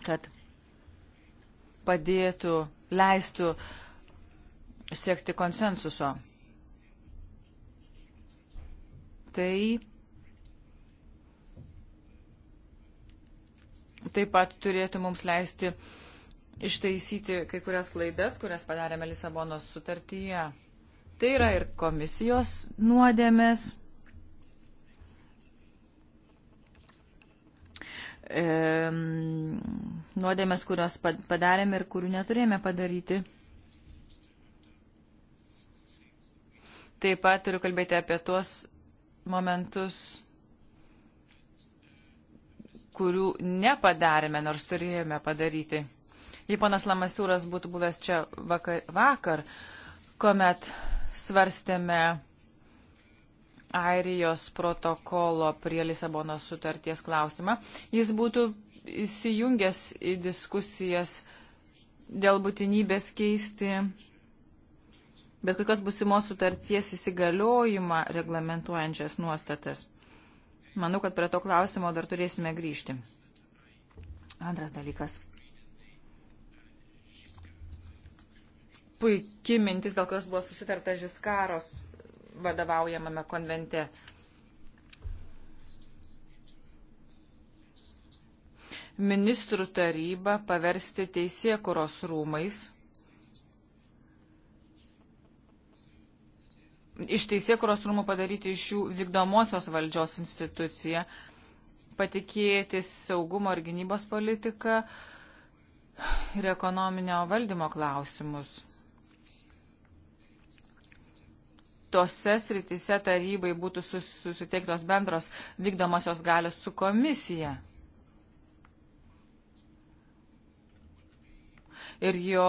kad padėtų, leistų siekti konsensuso. Tai taip pat turėtų mums leisti ištaisyti kai kurias klaidas, kurias padarėme Lisabonos sutartyje. Tai yra ir komisijos nuodėmės e, nuodėmės, kurios padarėme ir kurių neturėjome padaryti. Taip pat turiu kalbėti apie tuos momentus, kurių nepadarėme, nors turėjome padaryti. Jei ponas Lamasūras būtų buvęs čia vakar, vakar kuomet svarstėme Airijos protokolo prie Lisabonos sutarties klausimą, jis būtų įsijungęs į diskusijas dėl būtinybės keisti bet kokios busimos sutarties įsigaliojimą reglamentuojančias nuostatas. Manau, kad prie to klausimo dar turėsime grįžti. Antras dalykas. Puiki mintis, dėl kurios buvo susitarta Žiskaros vadovaujamame konvente. Ministrų tarybą paversti teisėkuros rūmais. Iš teisėkuros rūmų padaryti iš jų vykdomosios valdžios instituciją, patikėti saugumo ir gynybos politiką ir ekonominio valdymo klausimus. tose sritise tarybai būtų sus, suteiktos bendros vykdomosios galios su komisija. Ir jo,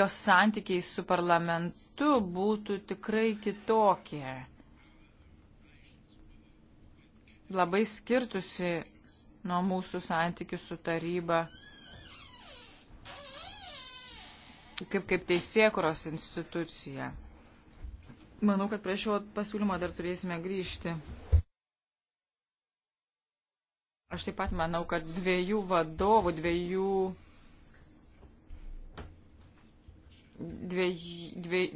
jos santykiai su parlamentu būtų tikrai kitokie. Labai skirtusi nuo mūsų santykių su taryba kaip, kaip teisėkuros institucija. Manau, kad prie šio pasiūlymo dar turėsime grįžti. Aš taip pat manau, kad dviejų vadovų, dviejų, dviejų,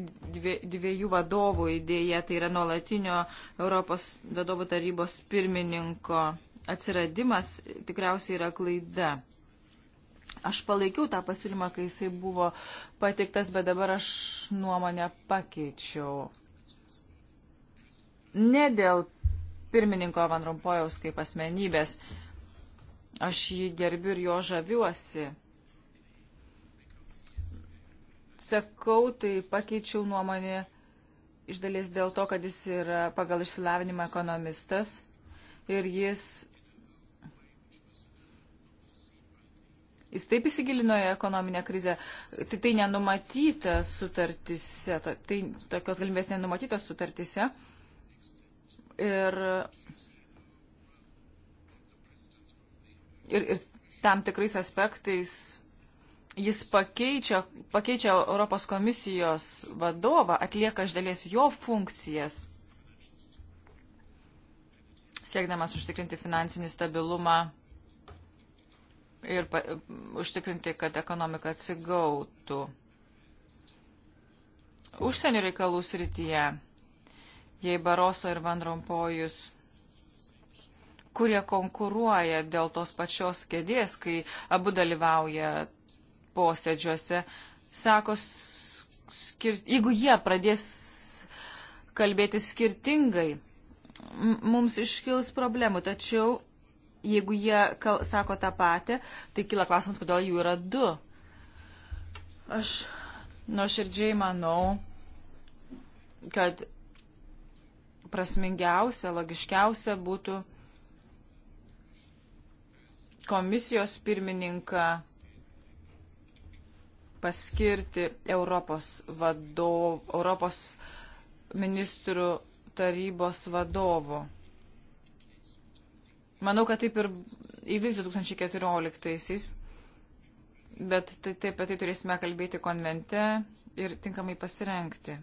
dviejų vadovų idėja, tai yra nuolatinio Europos vadovų tarybos pirmininko atsiradimas, tikriausiai yra klaida. Aš palaikiau tą pasiūlymą, kai jisai buvo pateiktas, bet dabar aš nuomonę pakeičiau ne dėl pirmininko Van Rompojaus kaip asmenybės. Aš jį gerbiu ir jo žaviuosi. Sakau, tai pakeičiau nuomonę iš dalies dėl to, kad jis yra pagal išsilavinimą ekonomistas ir jis, jis taip įsigilino į ekonominę krizę, tai tai nenumatyta sutartise, tai tokios galimybės nenumatytos sutartise. Tai ir, ir, ir tam tikrais aspektais jis pakeičia, pakeičia Europos komisijos vadovą, atlieka iš dalies jo funkcijas, siekdamas užtikrinti finansinį stabilumą ir pa, užtikrinti, kad ekonomika atsigautų. Užsienio reikalų srityje jei Baroso ir Van Rompojus kurie konkuruoja dėl tos pačios kėdės, kai abu dalyvauja posėdžiuose, sako, skir... jeigu jie pradės kalbėti skirtingai, mums iškils problemų, tačiau jeigu jie kal... sako tą patį, tai kyla klausimas, kodėl jų yra du. Aš nuoširdžiai manau, kad prasmingiausia, logiškiausia būtų komisijos pirmininką paskirti Europos, vadov, Europos ministrų tarybos vadovu. Manau, kad taip ir įvyks 2014-aisiais, bet tai, taip pat tai turėsime kalbėti konvente ir tinkamai pasirenkti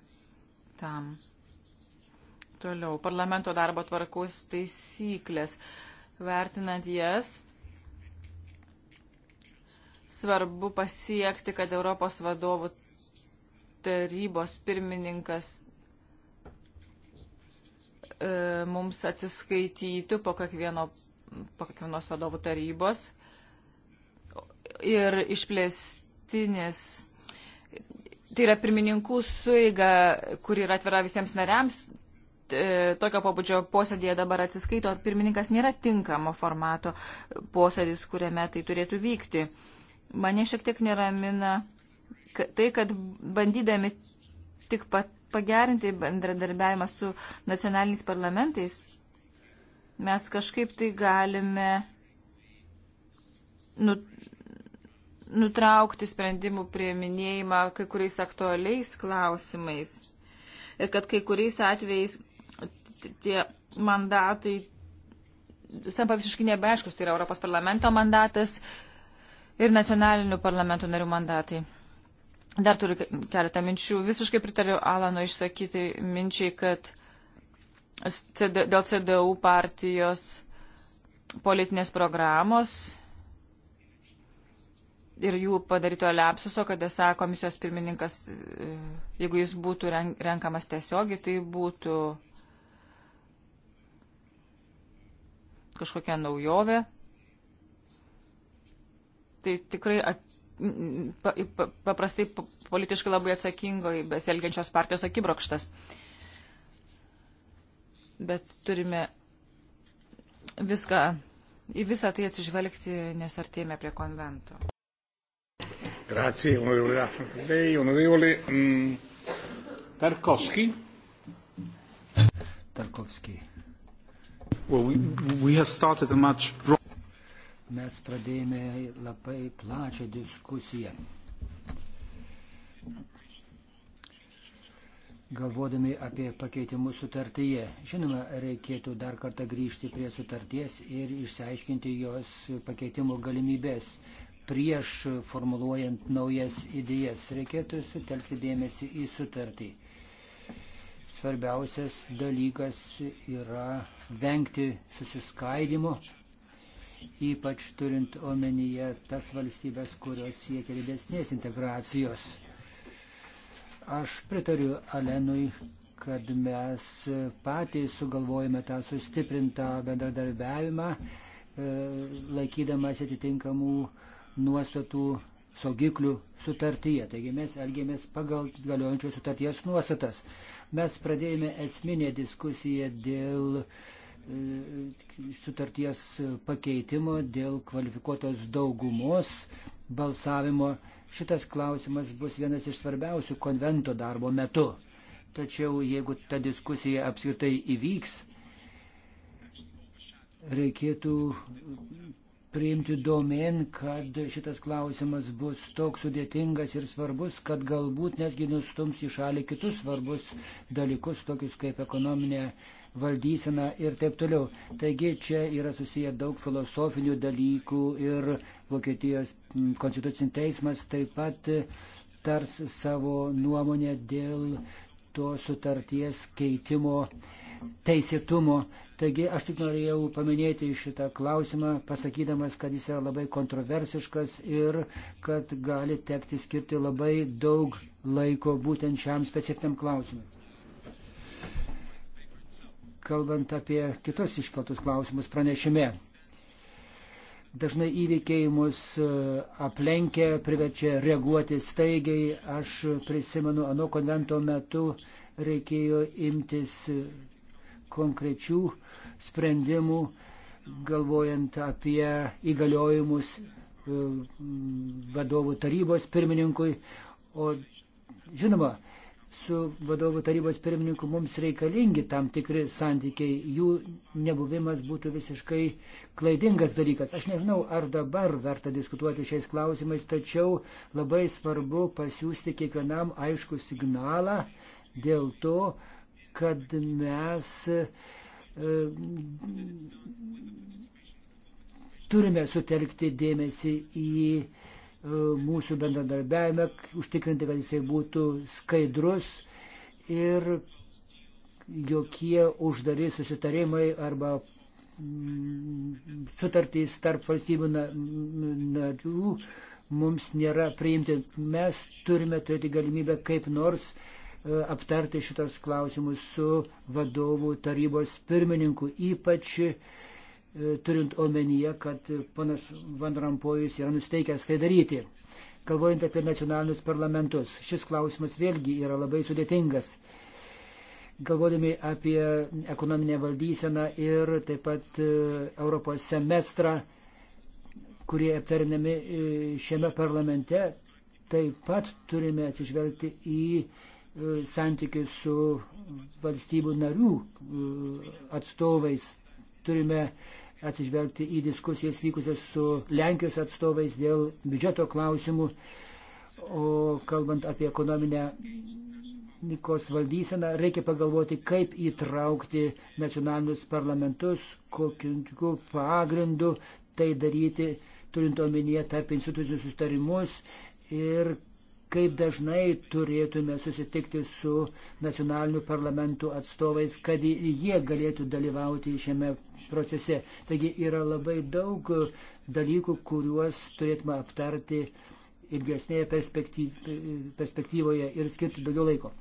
tam. Toliau, parlamento darbo tvarkos taisyklės. Vertinant jas, svarbu pasiekti, kad Europos vadovų tarybos pirmininkas e, mums atsiskaitytų po, kiekvieno, po kiekvienos vadovų tarybos ir išplėstinis. Tai yra pirmininkų suiga, kur yra atvira visiems nariams, E, tokio pabudžio posėdėje dabar atsiskaito, pirmininkas nėra tinkamo formato posėdis, kuriame tai turėtų vykti. Mane šiek tiek neramina tai, kad bandydami tik pagerinti bendradarbiavimą su nacionaliniais parlamentais, mes kažkaip tai galime nu, nutraukti sprendimų prieminėjimą kai kuriais aktualiais klausimais ir kad kai kuriais atvejais tie mandatai, sampa visiškai nebeaiškus, tai yra Europos parlamento mandatas ir nacionalinių parlamentų narių mandatai. Dar turiu keletą minčių. Visiškai pritariu Alano išsakyti minčiai, kad dėl CDU partijos politinės programos ir jų padaryto lepsuso, kad esą komisijos pirmininkas, e, jeigu jis būtų renkamas tiesiogiai, tai būtų kažkokia naujovė. Tai tikrai paprastai politiškai labai atsakingai besielgiančios partijos akibrokštas. Bet turime viską, į visą tai atsižvelgti, nes artėjame prie konvento. Grazie, onorevole Lei, onorevole Tarkovski. Mm, Tarkovski. Well, we, we have started a much Mes pradėjome labai plačią diskusiją. Galvodami apie pakeitimus sutartyje, žinoma, reikėtų dar kartą grįžti prie sutarties ir išsiaiškinti jos pakeitimo galimybės prieš formuluojant naujas idėjas. Reikėtų sutelkti dėmesį į sutartį svarbiausias dalykas yra vengti susiskaidimo, ypač turint omenyje tas valstybės, kurios siekia didesnės integracijos. Aš pritariu Alenui, kad mes patys sugalvojame tą sustiprintą bendradarbiavimą, e, laikydamas atitinkamų nuostatų saugiklių sutartyje. Taigi mes elgėmės pagal galiojančios sutarties nuostatas. Mes pradėjome esminę diskusiją dėl e, sutarties pakeitimo, dėl kvalifikuotos daugumos balsavimo. Šitas klausimas bus vienas iš svarbiausių konvento darbo metu. Tačiau jeigu ta diskusija apskritai įvyks, reikėtų priimti domen, kad šitas klausimas bus toks sudėtingas ir svarbus, kad galbūt netgi nustums į šalį kitus svarbus dalykus, tokius kaip ekonominė valdysena ir taip toliau. Taigi čia yra susiję daug filosofinių dalykų ir Vokietijos konstitucinis teismas taip pat tars savo nuomonę dėl to sutarties keitimo teisėtumo. Taigi aš tik norėjau paminėti šitą klausimą, pasakydamas, kad jis yra labai kontroversiškas ir kad gali tekti skirti labai daug laiko būtent šiam specifiniam klausimui. Kalbant apie kitus iškeltus klausimus pranešime. Dažnai įvykiai mus e, aplenkia, priverčia reaguoti staigiai. Aš prisimenu, ano konvento metu reikėjo imtis konkrečių sprendimų, galvojant apie įgaliojimus e, vadovų tarybos pirmininkui. O žinoma, su vadovų tarybos pirmininku mums reikalingi tam tikri santykiai, jų nebuvimas būtų visiškai klaidingas dalykas. Aš nežinau, ar dabar verta diskutuoti šiais klausimais, tačiau labai svarbu pasiūsti kiekvienam aišku signalą dėl to, kad mes e, turime sutelkti dėmesį į e, mūsų bendradarbiavimą, užtikrinti, kad jisai būtų skaidrus ir jokie uždari susitarimai arba mm, sutartys tarp valstybių narių mums nėra priimti. Mes turime turėti galimybę kaip nors aptarti šitos klausimus su vadovų tarybos pirmininku, ypač e, turint omenyje, kad panas Van Rampojus yra nusteikęs tai daryti. Kalvojant apie nacionalinius parlamentus, šis klausimas vėlgi yra labai sudėtingas. Galvodami apie ekonominę valdyseną ir taip pat e, Europos semestrą, kurie aptarinami e, šiame parlamente, taip pat turime atsižvelgti į santykius su valstybių narių e, atstovais. Turime atsižvelgti į diskusijas vykusias su Lenkijos atstovais dėl biudžeto klausimų. O kalbant apie ekonominę Nikos valdyseną, reikia pagalvoti, kaip įtraukti nacionalinius parlamentus, kokiu pagrindu tai daryti, turint omenyje tarp institucijų sustarimus ir kaip dažnai turėtume susitikti su nacionaliniu parlamentu atstovais, kad jie galėtų dalyvauti šiame procese. Taigi yra labai daug dalykų, kuriuos turėtume aptarti ilgesnėje perspektyvoje ir skirti daugiau laiko.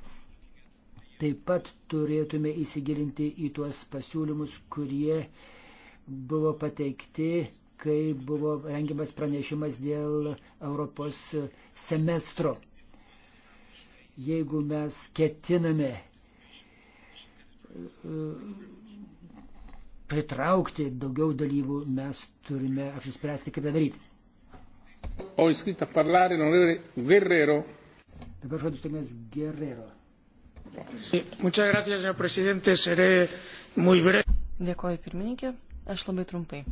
Taip pat turėtume įsigilinti į tuos pasiūlymus, kurie buvo pateikti kai buvo rengiamas pranešimas dėl Europos semestro. Jeigu mes ketiname e, pritraukti daugiau dalyvų, mes turime apsispręsti, kaip tai daryti. O įskaitą parlare, norėjau, Guerrero. Dabar žodis turime Guerrero. Muchas gracias, señor presidente. Seré muy breve. Dėkoju, pirmininkė. Aš labai trumpai.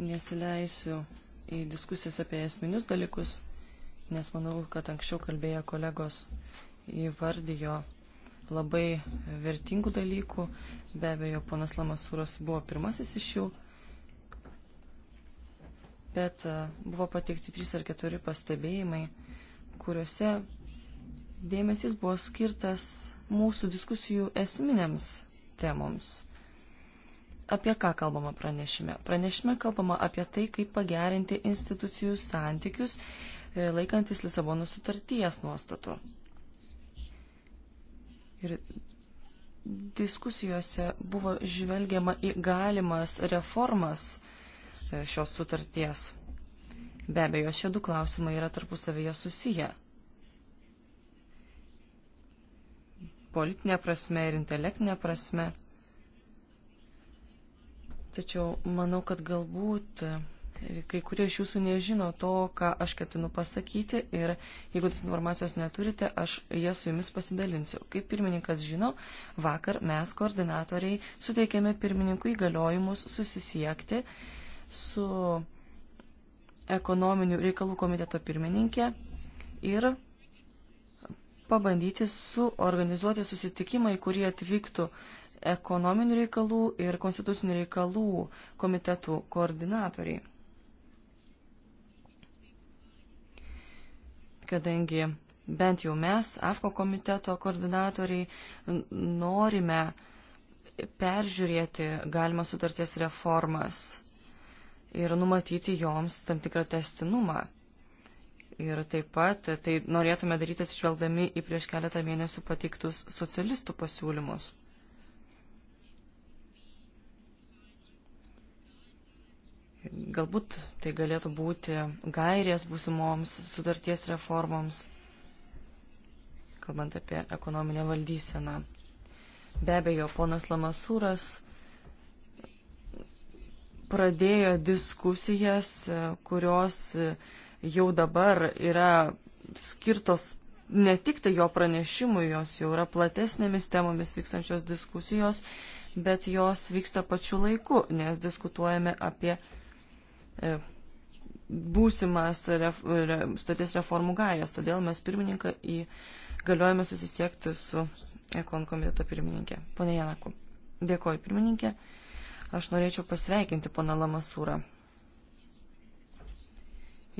nesileisiu į diskusijas apie esminius dalykus, nes manau, kad anksčiau kalbėję kolegos įvardijo labai vertingų dalykų. Be abejo, ponas Lamasūros buvo pirmasis iš jų, bet e, buvo pateikti trys ar keturi pastebėjimai, kuriuose dėmesys buvo skirtas mūsų diskusijų esminėms temoms apie ką kalbama pranešime? Pranešime kalbama apie tai, kaip pagerinti institucijų santykius e, laikantis Lisabono sutarties nuostatų. Ir diskusijose buvo žvelgiama į galimas reformas e, šios sutarties. Be abejo, šie du klausimai yra tarpusavėje susiję. Politinė prasme ir intelektinė prasme – Tačiau manau, kad galbūt e, kai kurie iš jūsų nežino to, ką aš ketinu pasakyti ir jeigu tos informacijos neturite, aš ją su jumis pasidalinsiu. Kaip pirmininkas žino, vakar mes koordinatoriai suteikėme pirmininkui įgaliojimus susisiekti su ekonominių reikalų komiteto pirmininkė ir pabandyti suorganizuoti susitikimą, į kurį atvyktų uh, ekonominių reikalų ir konstitucinių reikalų komitetų koordinatoriai. Kadangi bent jau mes, AFKO komiteto koordinatoriai, norime peržiūrėti galima sutarties reformas ir numatyti joms tam tikrą testinumą. Ir taip pat tai norėtume daryti atsižvelgdami į prieš keletą mėnesių pateiktus socialistų pasiūlymus. Galbūt tai galėtų būti gairės būsimoms sudarties reformoms, kalbant apie ekonominę valdyseną. Be abejo, ponas Lamasūras pradėjo diskusijas, kurios jau dabar yra skirtos ne tik tai jo pranešimui, jos jau yra platesnėmis temomis vykstančios diskusijos, bet jos vyksta pačiu laiku, nes diskutuojame apie E, būsimas ref, re, stoties reformų gairės. Todėl mes pirmininką įgaliojame susisiekti su Ekon komiteto pirmininkė. Pone Janaku, dėkoju pirmininkė. Aš norėčiau pasveikinti pana Lamasūrą.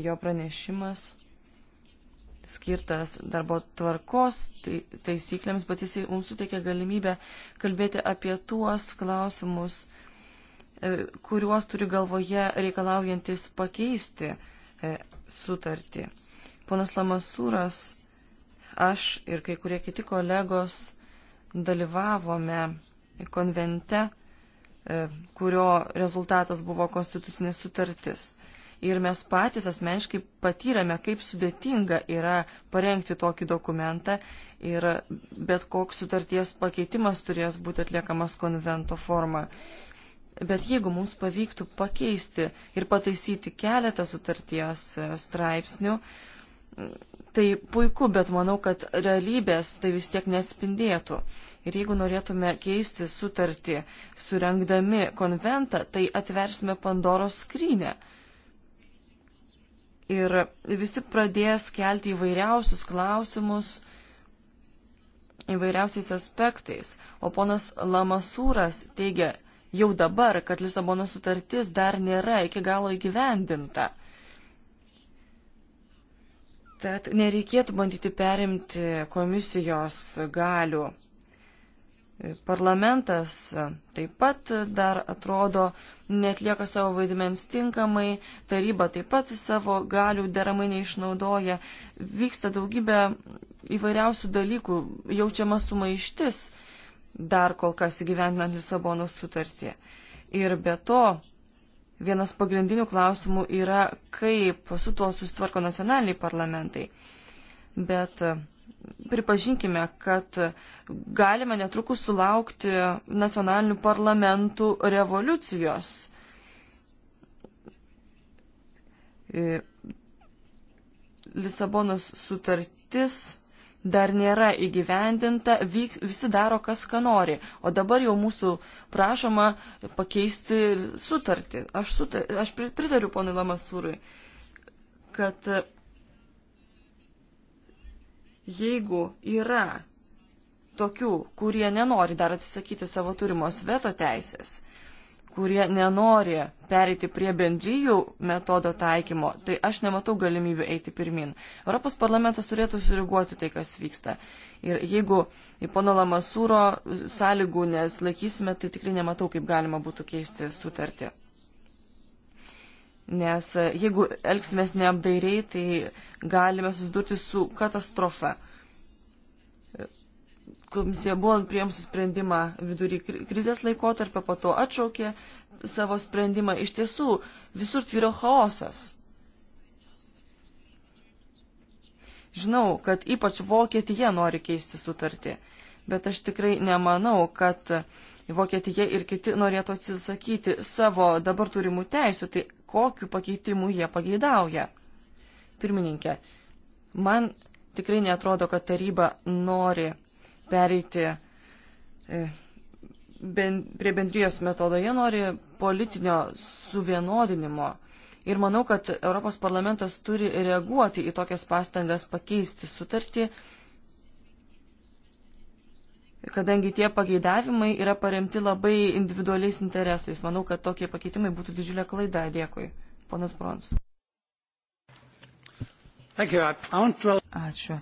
Jo pranešimas skirtas darbo tvarkos tai, taisyklėms, bet jisai mums suteikia galimybę kalbėti apie tuos klausimus, E, kuriuos turi galvoje reikalaujantis pakeisti e, sutartį. Ponas Lamasūras, aš ir kai kurie kiti kolegos dalyvavome konvente, e, kurio rezultatas buvo konstitucinė sutartis ir mes patys asmeniškai patyrėme, kaip sudėtinga yra parengti tokį dokumentą ir bet koks sutarties pakeitimas turės būti atliekamas konvento forma. Bet jeigu mums pavyktų pakeisti ir pataisyti keletą sutarties e, straipsnių, tai puiku, bet manau, kad realybės tai vis tiek nespindėtų. Ir jeigu norėtume keisti sutartį, surengdami konventą, tai atversime Pandoros skrynę. Ir visi pradės kelti įvairiausius klausimus įvairiausiais aspektais. O ponas Lamasūras teigia, jau dabar, kad Lisabono sutartis dar nėra iki galo įgyvendinta. Tad nereikėtų bandyti perimti komisijos galių. Parlamentas taip pat dar atrodo netlieka savo vaidmens tinkamai, taryba taip pat savo galių deramai neišnaudoja, vyksta daugybė įvairiausių dalykų, jaučiama sumaištis dar kol kas įgyvendinant Lisabonos sutartį. Ir be to, vienas pagrindinių klausimų yra, kaip su tuo susitvarko nacionaliniai parlamentai. Bet e, pripažinkime, kad galime netrukus sulaukti nacionalinių parlamentų revoliucijos. E, Lisabonos sutartis dar nėra įgyvendinta, vyk, visi daro kas ką nori. O dabar jau mūsų prašoma pakeisti sutartį. Aš, sutar, aš pritariu ponui Lamasūrui, kad jeigu yra tokių, kurie nenori dar atsisakyti savo turimos veto teisės, kurie nenori pereiti prie bendryjų metodo taikymo, tai aš nematau galimybių eiti pirmin. Europos parlamentas turėtų sureaguoti tai, kas vyksta. Ir jeigu į pono Lamasūro sąlygų neslaikysime, tai tikrai nematau, kaip galima būtų keisti sutartį. Nes e, jeigu elgsimės neapdairiai, tai galime susidurti su katastrofe komisija buvo priėmusi sprendimą vidury krizės laikotarpio, po to atšaukė savo sprendimą. Iš tiesų, visur tvyro chaosas. Žinau, kad ypač Vokietija nori keisti sutartį, bet aš tikrai nemanau, kad Vokietija ir kiti norėtų atsisakyti savo dabar turimų teisų, tai kokiu pakeitimu jie pageidauja. Pirmininkė, man tikrai netrodo, kad taryba nori pereiti e, ben, prie bendrijos metodo, jie nori politinio suvienodinimo. Ir manau, kad Europos parlamentas turi reaguoti į tokias pastangas pakeisti sutartį, kadangi tie pageidavimai yra paremti labai individualiais interesais. Manau, kad tokie pakeitimai būtų didžiulė klaida. Dėkui. Ponas Brons. Ačiū.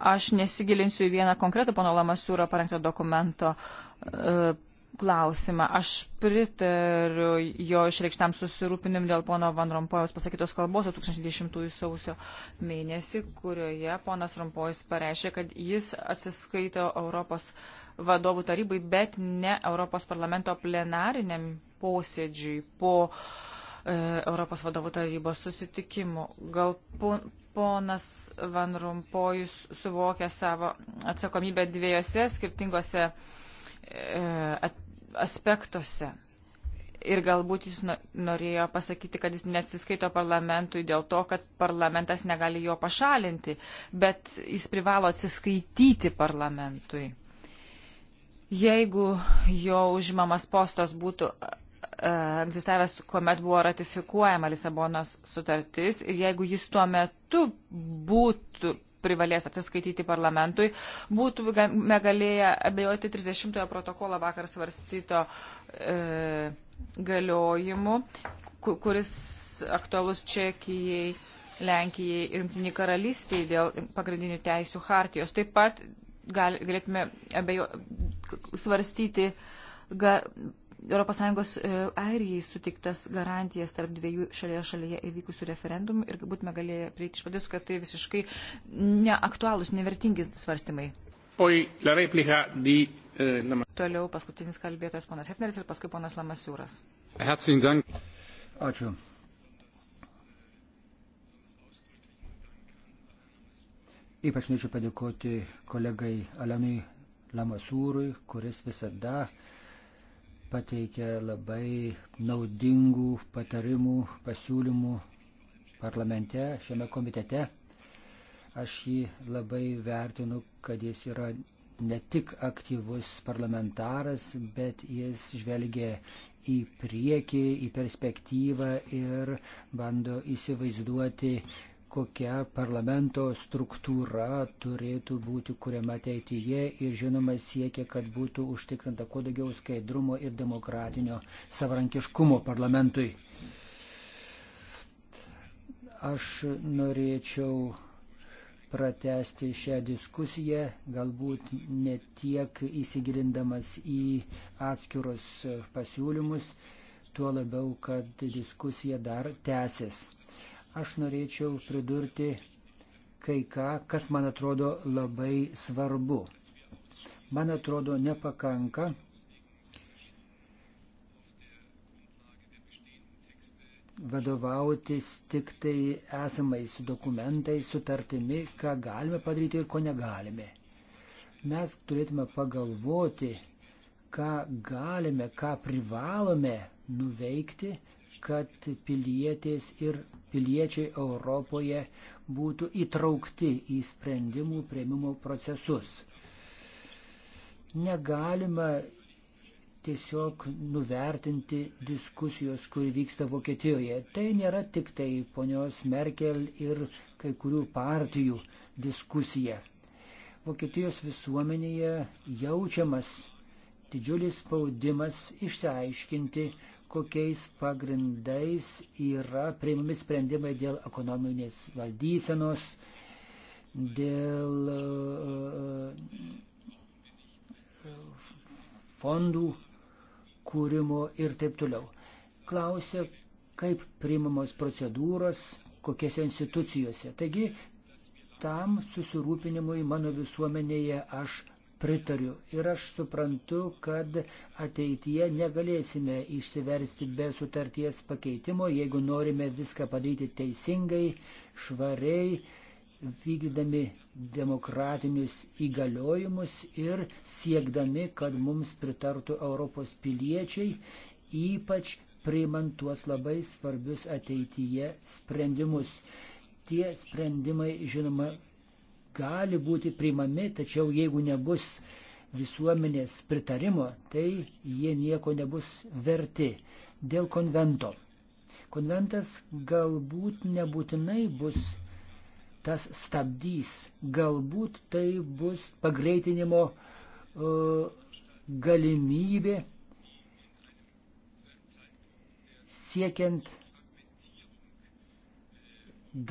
Aš nesigilinsiu į vieną konkretų pono Lamasūro parengto dokumento e, klausimą. Aš pritariu jo išreikštam susirūpinim dėl pono Van Rompojaus pasakytos kalbos 2010 sausio mėnesį, kurioje ponas Rompojas pareiškė, kad jis atsiskaito Europos vadovų tarybai, bet ne Europos parlamento plenariniam posėdžiui po e, Europos vadovų tarybos susitikimo. Gal ponas Van Rumpojus suvokia savo atsakomybę dviejose skirtingose e, aspektuose. Ir galbūt jis norėjo pasakyti, kad jis neatsiskaito parlamentui dėl to, kad parlamentas negali jo pašalinti, bet jis privalo atsiskaityti parlamentui. Jeigu jo užimamas postas būtų egzistavęs, kuomet buvo ratifikuojama Lisabonos sutartis ir jeigu jis tuo metu būtų privalės atsiskaityti parlamentui, būtume galėję abejoti 30-ojo protokolo vakar svarstyto e, galiojimu, kuris aktualus Čekijai, Lenkijai ir Junktinį karalystiai dėl pagrindinių teisių hartijos. Taip pat gal, galėtume abejo, svarstyti ga, ES e, Airijai sutiktas garantijas tarp dviejų šalyje šalyje įvykusių referendumų ir būtume galėję prieiti išvadus, kad tai visiškai neaktualūs, nevertingi svarstymai. Poi, di, eh, Toliau paskutinis kalbėtojas ponas Hefneris ir paskui ponas Lamasiūras. Ačiū. Ypač norėčiau padėkoti kolegai Alenui Lamasūrui, kuris visada uh, pateikė labai naudingų patarimų, pasiūlymų parlamente, šiame komitete. Aš jį labai vertinu, kad jis yra ne tik aktyvus parlamentaras, bet jis žvelgia į priekį, į perspektyvą ir bando įsivaizduoti kokia parlamento struktūra turėtų būti kuriama ateityje ir žinoma siekia, kad būtų užtikrinta kuo daugiau skaidrumo ir demokratinio savarankiškumo parlamentui. Aš norėčiau pratesti šią diskusiją, galbūt ne tiek įsigilindamas į atskirus pasiūlymus, tuo labiau, kad diskusija dar tęsis. Aš norėčiau pridurti kai ką, kas man atrodo labai svarbu. Man atrodo nepakanka vadovautis tik tai esamais dokumentais, sutartimi, ką galime padaryti ir ko negalime. Mes turėtume pagalvoti, ką galime, ką privalome nuveikti kad pilietės ir piliečiai Europoje būtų įtraukti į sprendimų prieimimo procesus. Negalima tiesiog nuvertinti diskusijos, kuri vyksta Vokietijoje. Tai nėra tik tai ponios Merkel ir kai kurių partijų diskusija. Vokietijos visuomenėje jaučiamas didžiulis spaudimas išsiaiškinti, kokiais pagrindais yra priimami sprendimai dėl ekonominės valdysenos, dėl e, e, fondų kūrimo ir taip toliau. Klausia, kaip priimamos procedūros, kokiose institucijose. Taigi, tam susirūpinimui mano visuomenėje aš pritariu ir aš suprantu, kad ateityje negalėsime išsiversti be sutarties pakeitimo, jeigu norime viską padaryti teisingai, švariai, vykdydami demokratinius įgaliojimus ir siekdami, kad mums pritartų Europos piliečiai, ypač priimant tuos labai svarbius ateityje sprendimus. Tie sprendimai, žinoma, gali būti priimami, tačiau jeigu nebus visuomenės pritarimo, tai jie nieko nebus verti dėl konvento. Konventas galbūt nebūtinai bus tas stabdys, galbūt tai bus pagreitinimo uh, galimybė siekiant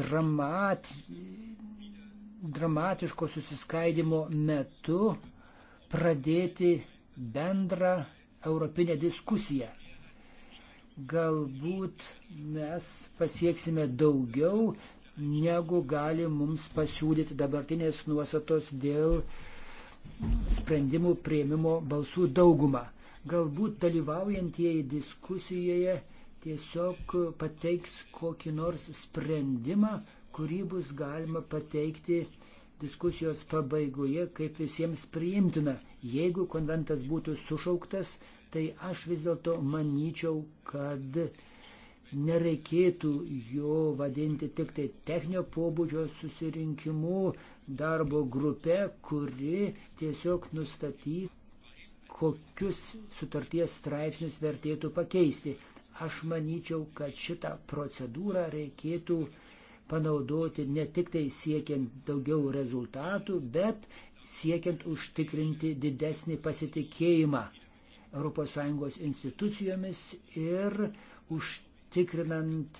dramat, dramatiško susiskaidimo metu pradėti bendrą europinę diskusiją. Galbūt mes pasieksime daugiau, negu gali mums pasiūlyti dabartinės nuostatos dėl sprendimų prieimimo balsų daugumą. Galbūt dalyvaujantieji diskusijoje tiesiog pateiks kokį nors sprendimą, kurį bus galima pateikti diskusijos pabaigoje kaip visiems priimtina. Jeigu konventas būtų sušauktas, tai aš vis dėlto manyčiau, kad nereikėtų jo vadinti tik tai techninio pobūdžio susirinkimu darbo grupė, kuri tiesiog nustatys, kokius sutarties straipsnius vertėtų pakeisti. Aš manyčiau, kad šitą procedūrą reikėtų uh, panaudoti ne tik tai siekiant daugiau rezultatų, bet siekiant užtikrinti didesnį pasitikėjimą ES institucijomis ir užtikrinant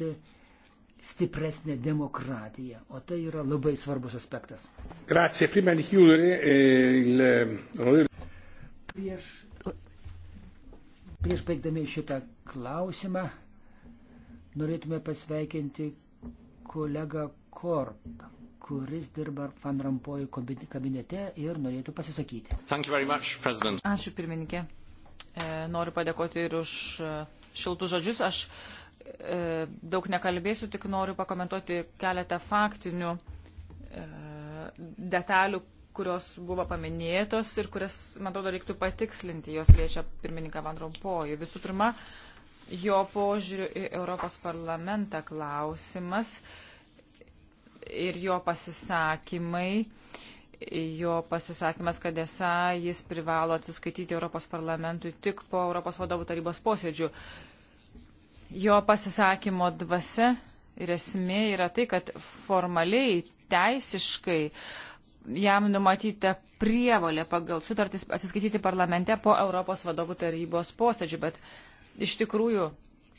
stipresnė demokratija, o tai yra labai svarbus aspektas. Grazie, prima di chiudere eh, il... Prieš, prieš baigdami šitą klausimą norėtume pasveikinti kolega Korp, kuris dirba Van Rampoj kabinete ir norėtų pasisakyti. Much, President. Ačiū pirmininkė. E, noriu padėkoti ir už e, šiltus žodžius. Aš e, daug nekalbėsiu, tik noriu pakomentuoti keletą faktinių detalių, kurios buvo paminėtos ir kurias, man atrodo, reiktų patikslinti, jos liečia pirmininką Van Rompojų. Visų pirma, uh, jo požiūrių į Europos parlamentą klausimas ir jo pasisakymai, jo pasisakymas, kad esą jis privalo atsiskaityti Europos parlamentui tik po Europos vadovų tarybos posėdžių. Jo pasisakymo dvasia ir esmė yra tai, kad formaliai, teisiškai jam numatyta prievalė pagal sutartis atsiskaityti parlamente po Europos vadovų tarybos posėdžių, bet iš tikrųjų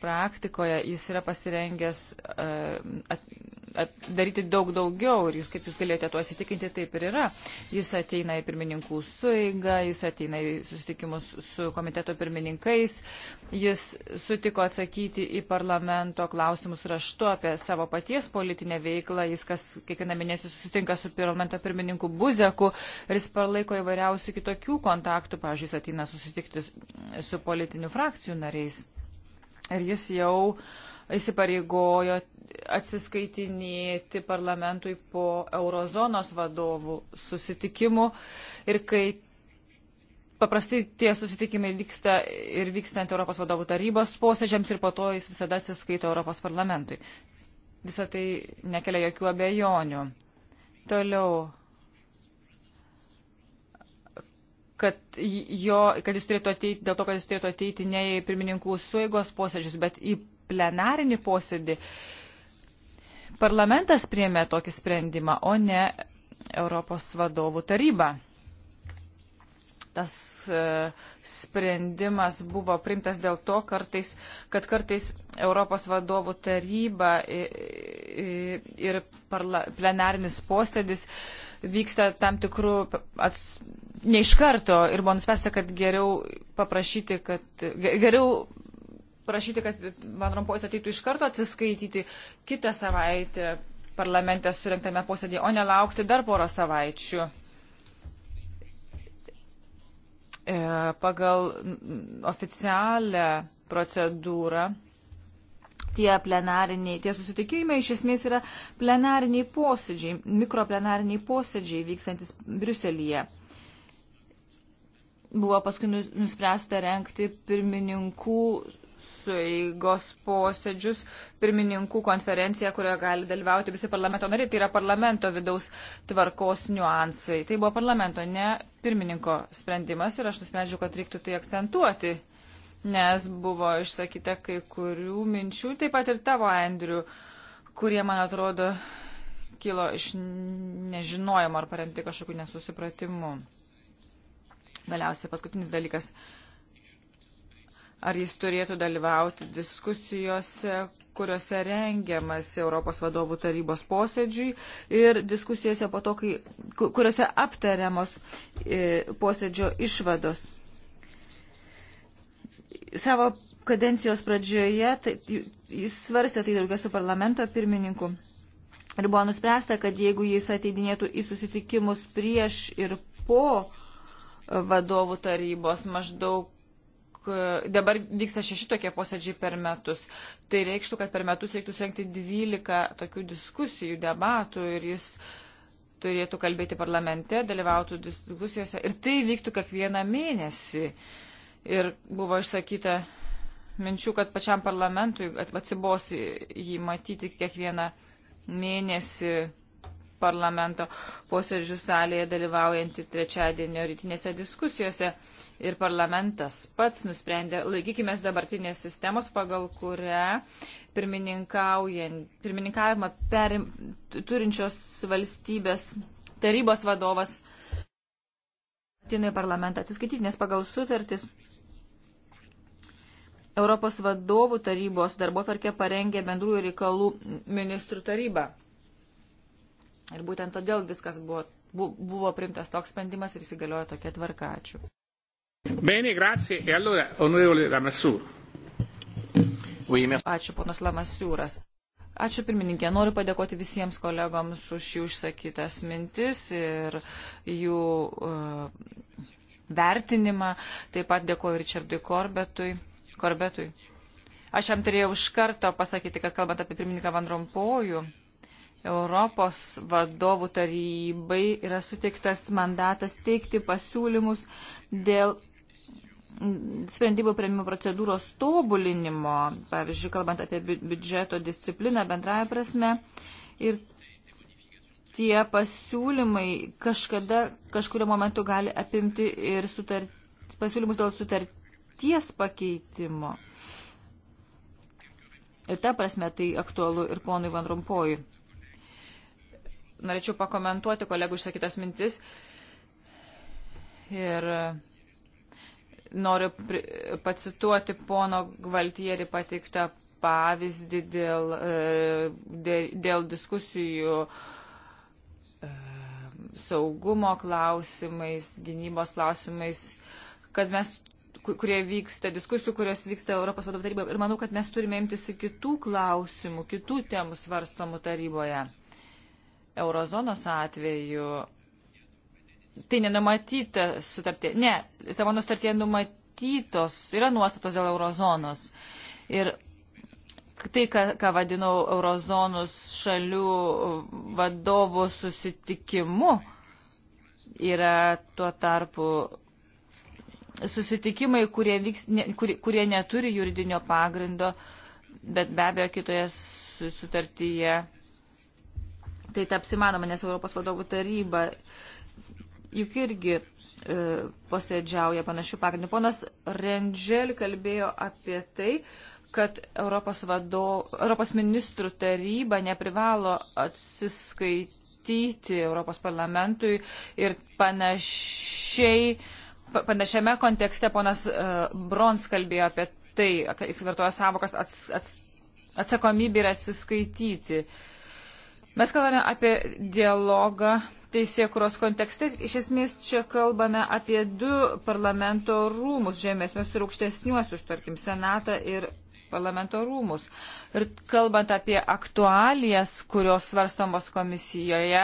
praktikoje jis yra pasirengęs e, at, at, daryti daug daugiau ir jūs, kaip jūs galėjote tuo įsitikinti, taip ir yra. Jis ateina į pirmininkų suigą, jis ateina į susitikimus su komiteto pirmininkais, jis sutiko atsakyti į parlamento klausimus raštu apie savo paties politinę veiklą, jis kas kiekvieną mėnesį susitinka su parlamento pirmininku Buzeku ir jis palaiko įvairiausių kitokių kontaktų, pavyzdžiui, jis ateina susitikti su politinių frakcijų nariais ir jis jau įsipareigojo atsiskaitinėti parlamentui po eurozonos vadovų susitikimų ir kai paprastai tie susitikimai vyksta ir vykstant Europos vadovų tarybos posėdžiams ir po to jis visada atsiskaito Europos parlamentui. Visą tai nekelia jokių abejonių. Toliau kad, jo, kad jis turėtų ateiti, dėl to, kad jis turėtų ateiti ne į pirmininkų sueigos posėdžius, bet į plenarinį posėdį. Parlamentas priemė tokį sprendimą, o ne Europos vadovų taryba. Tas e, sprendimas buvo primtas dėl to, kartais, kad kartais Europos vadovų taryba ir plenarinis posėdis vyksta tam tikrų ats, ne iš karto ir buvo nuspręsta, kad geriau paprašyti, kad geriau prašyti, kad Van Rompojus ateitų iš karto atsiskaityti kitą savaitę parlamente surinktame posėdėje, o nelaukti dar porą savaičių. E, pagal oficialią procedūrą tie plenariniai, tie susitikimai iš esmės yra plenariniai posėdžiai, mikroplenariniai posėdžiai vykstantis Briuselyje buvo paskui nuspręsta renkti pirmininkų sueigos posėdžius, pirmininkų konferenciją, kurioje gali dalyvauti visi parlamento nariai. Tai yra parlamento vidaus tvarkos niuansai. Tai buvo parlamento, ne pirmininko sprendimas ir aš nusprendžiau, kad reiktų tai akcentuoti, nes buvo išsakyta kai kurių minčių, taip pat ir tavo, Andriu, kurie, man atrodo, kilo iš nežinojimo ar paremti kažkokiu nesusipratimu. Galiausiai paskutinis dalykas. Ar jis turėtų dalyvauti diskusijose, kuriuose rengiamas Europos vadovų tarybos posėdžiui ir diskusijose po to, kai, kuriuose aptariamos e, posėdžio išvados? Savo kadencijos pradžioje tai, jis svarstė tai draugė su parlamento pirmininku. Ir buvo nuspręsta, kad jeigu jis ateidinėtų į susitikimus prieš ir po vadovų tarybos maždaug e, dabar vyksta šeši tokie posėdžiai per metus. Tai reikštų, kad per metus reiktų surenkti 12 tokių diskusijų, debatų ir jis turėtų kalbėti parlamente, dalyvautų diskusijose ir tai vyktų kiekvieną mėnesį. Ir buvo išsakyta minčių, kad pačiam parlamentui atsibosi jį matyti kiekvieną mėnesį parlamento posėdžių salėje dalyvaujantį trečiadienio rytinėse diskusijose. Ir parlamentas pats nusprendė, laikykime dabartinės sistemos, pagal kurią pirmininkavimą perim, turinčios valstybės tarybos vadovas atina į parlamentą atsiskaityti, nes pagal sutartis Europos vadovų tarybos darbo tvarkė parengė bendrųjų reikalų ministrų tarybą. Ir būtent todėl viskas buvo, buvo primtas toks sprendimas ir įsigaliojo tokia tvarka. Ačiū. Bene, grazie. E allora, onorevole Lamassur. Ačiū, ponas Lamassiūras. Ačiū pirmininkė, noriu padėkoti visiems kolegoms už jų išsakytas mintis ir jų uh, vertinimą. Taip pat dėkoju Richardui Korbetui. Korbetui. Aš jam turėjau iš karto pasakyti, kad kalbant apie pirmininką Van Rompojų, Europos vadovų tarybai yra suteiktas mandatas teikti pasiūlymus dėl sprendimų prieimimo procedūros tobulinimo, pavyzdžiui, kalbant apie biudžeto discipliną bendrąją prasme. Ir tie pasiūlymai kažkada, kažkurio momentu gali apimti ir sutart, pasiūlymus dėl sutarties pakeitimo. Ir ta prasme tai aktualu ir ponui Van Rompojui norėčiau pakomentuoti kolegų išsakytas mintis ir e, noriu pacituoti pono Gvaltierį patiktą pavyzdį dėl, e, dėl, dėl diskusijų e, saugumo klausimais, gynybos klausimais, kad mes kurie vyksta, diskusijų, kurios vyksta Europos vadovų taryboje. Ir manau, kad mes turime imtis kitų klausimų, kitų temų svarstamų taryboje eurozonos atveju tai nenumatyta sutartė. Ne, Lisabono sutartė numatytos, yra nuostatos dėl eurozonos. Ir tai, ką, ką vadinau eurozonos šalių vadovų susitikimu, yra tuo tarpu susitikimai, kurie, vyks, ne, kurie, kurie neturi juridinio pagrindo, bet be abejo kitoje sutartyje tai taps įmanoma, nes Europos vadovų taryba juk irgi e, posėdžiauja panašių pagrindų. Ponas Rendžel kalbėjo apie tai, kad Europos, vado, Europos ministrų taryba neprivalo atsiskaityti Europos parlamentui ir panašiai, panašiame kontekste ponas e, Brons kalbėjo apie tai, kad jis vartoja savokas ats, ats, atsakomybė ir atsiskaityti. E, Mes kalbame apie dialogą teisėkuros kontekste. Iš esmės čia kalbame apie du parlamento rūmus, žemesnius ir aukštesniuosius, tarkim, senatą ir parlamento rūmus. Ir kalbant apie aktualijas, kurios svarstamos komisijoje,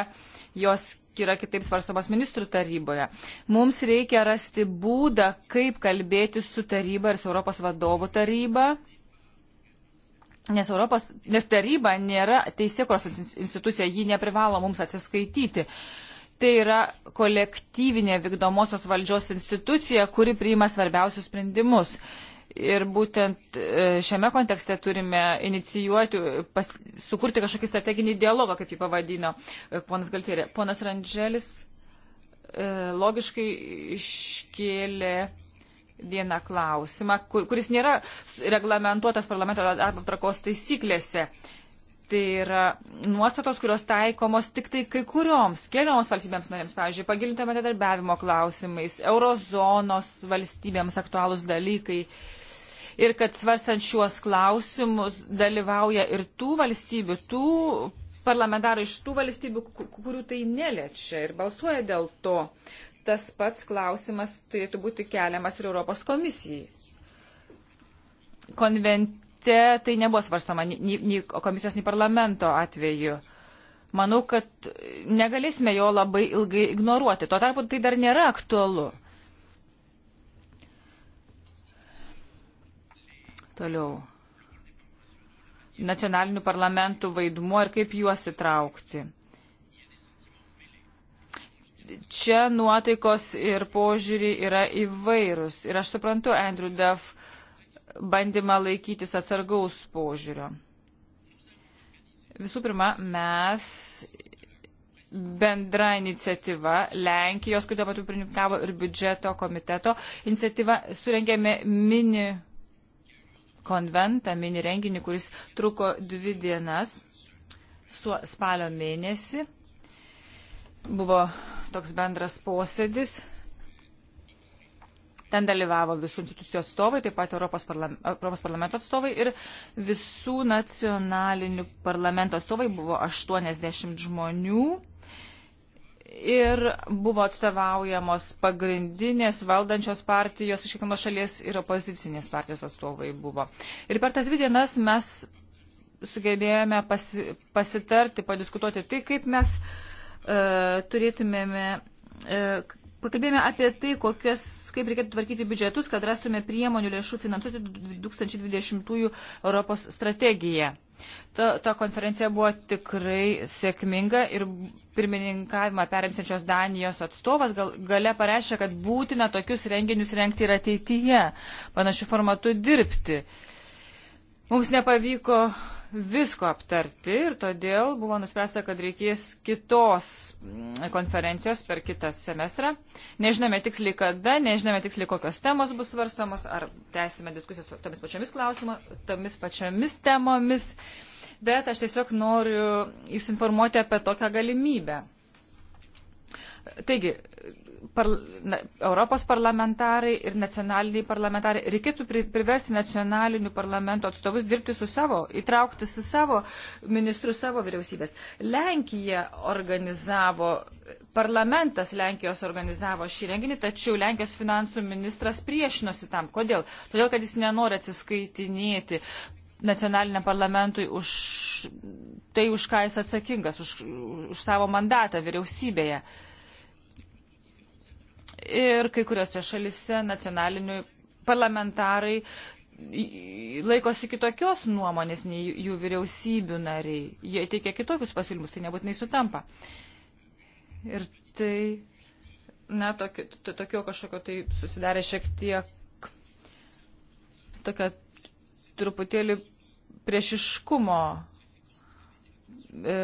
jos yra kitaip svarstamos ministrų taryboje. Mums reikia rasti būdą, kaip kalbėti su taryba ir su Europos vadovų taryba Nes Europos, nes taryba nėra teisėkros institucija, ji neprivalo mums atsiskaityti. Tai yra kolektyvinė vykdomosios valdžios institucija, kuri priima svarbiausius sprendimus. Ir būtent e, šiame kontekste turime inicijuoti, pas, sukurti kažkokį strateginį dialogą, kaip jį pavadino e, ponas Galtierė. Ponas Randželis e, logiškai iškėlė vieną klausimą, kur, kuris nėra reglamentuotas parlamento darbo tvarkos taisyklėse. Tai yra nuostatos, kurios taikomos tik tai kai kurioms, kelioms valstybėms narėms, pavyzdžiui, pagilinto bendradarbiavimo klausimais, eurozonos valstybėms aktualūs dalykai. Ir kad svarstant šiuos klausimus dalyvauja ir tų valstybių, tų parlamentarai iš tų valstybių, kurių tai neliečia ir balsuoja dėl to tas pats klausimas turėtų būti keliamas ir Europos komisijai. Konvente tai nebuvo svarstama nei, nei komisijos, nei parlamento atveju. Manau, kad negalėsime jo labai ilgai ignoruoti. Tuo tarpu tai dar nėra aktualu. Toliau. Nacionalinių parlamentų vaidmuo ir kaip juos įtraukti čia nuotaikos ir požiūrį yra įvairūs. Ir aš suprantu Andrew Duff bandymą laikytis atsargaus požiūrio. Visų pirma, mes bendra iniciatyva Lenkijos, kai tuo metu pirmininkavo ir biudžeto komiteto iniciatyva, surengėme mini konventą, mini renginį, kuris truko dvi dienas su spalio mėnesį. Buvo toks bendras posėdis. Ten dalyvavo visų institucijų atstovai, taip pat Europos, parlam, Europos parlamento atstovai ir visų nacionalinių parlamento atstovai buvo 80 žmonių ir buvo atstovaujamos pagrindinės valdančios partijos iš kiekvienos šalies ir opozicinės partijos atstovai buvo. Ir per tas dvi dienas mes sugebėjome pasi, pasitarti, padiskutuoti tai, kaip mes uh, E, turėtumėme, e, pakalbėjome apie tai, kokias, kaip reikėtų tvarkyti biudžetus, kad rastume priemonių lėšų finansuoti 2020 Europos strategiją. Ta, ta konferencija buvo tikrai sėkminga ir pirmininkavimą perimsiančios Danijos atstovas gal, gale pareiškia, kad būtina tokius renginius rengti ir ateityje, panašių formatų dirbti. Uh, Mums nepavyko visko aptarti ir todėl buvo nuspręsta, kad reikės kitos mm, konferencijos per kitą semestrą. Nežinome tiksliai kada, nežinome tiksliai kokios temos bus svarstamos, ar tęsime diskusijas su tomis pačiomis klausimus, tomis pačiomis temomis, bet aš tiesiog noriu jūs informuoti apie tokią galimybę. Taigi, par, na, Europos parlamentarai ir nacionaliniai parlamentarai. Reikėtų pri, priversti nacionalinių parlamento atstovus dirbti su savo, įtraukti su savo ministrus, savo vyriausybės. Lenkija organizavo, parlamentas Lenkijos organizavo šį renginį, tačiau Lenkijos finansų ministras priešinosi tam. Kodėl? Todėl, kad jis nenori atsiskaitinėti nacionaliniam parlamentui už tai, už ką jis atsakingas, už, už savo mandatą vyriausybėje. Uh, ir kai kuriuose šalise nacionalinių parlamentarai laikosi kitokios nuomonės nei jų vyriausybių nariai. Jie teikia kitokius pasiūlymus, tai nebūtinai sutampa. Ir tai, na, tokio, tokio kažkokio tai susidarė šiek tiek tokio truputėlį priešiškumo e,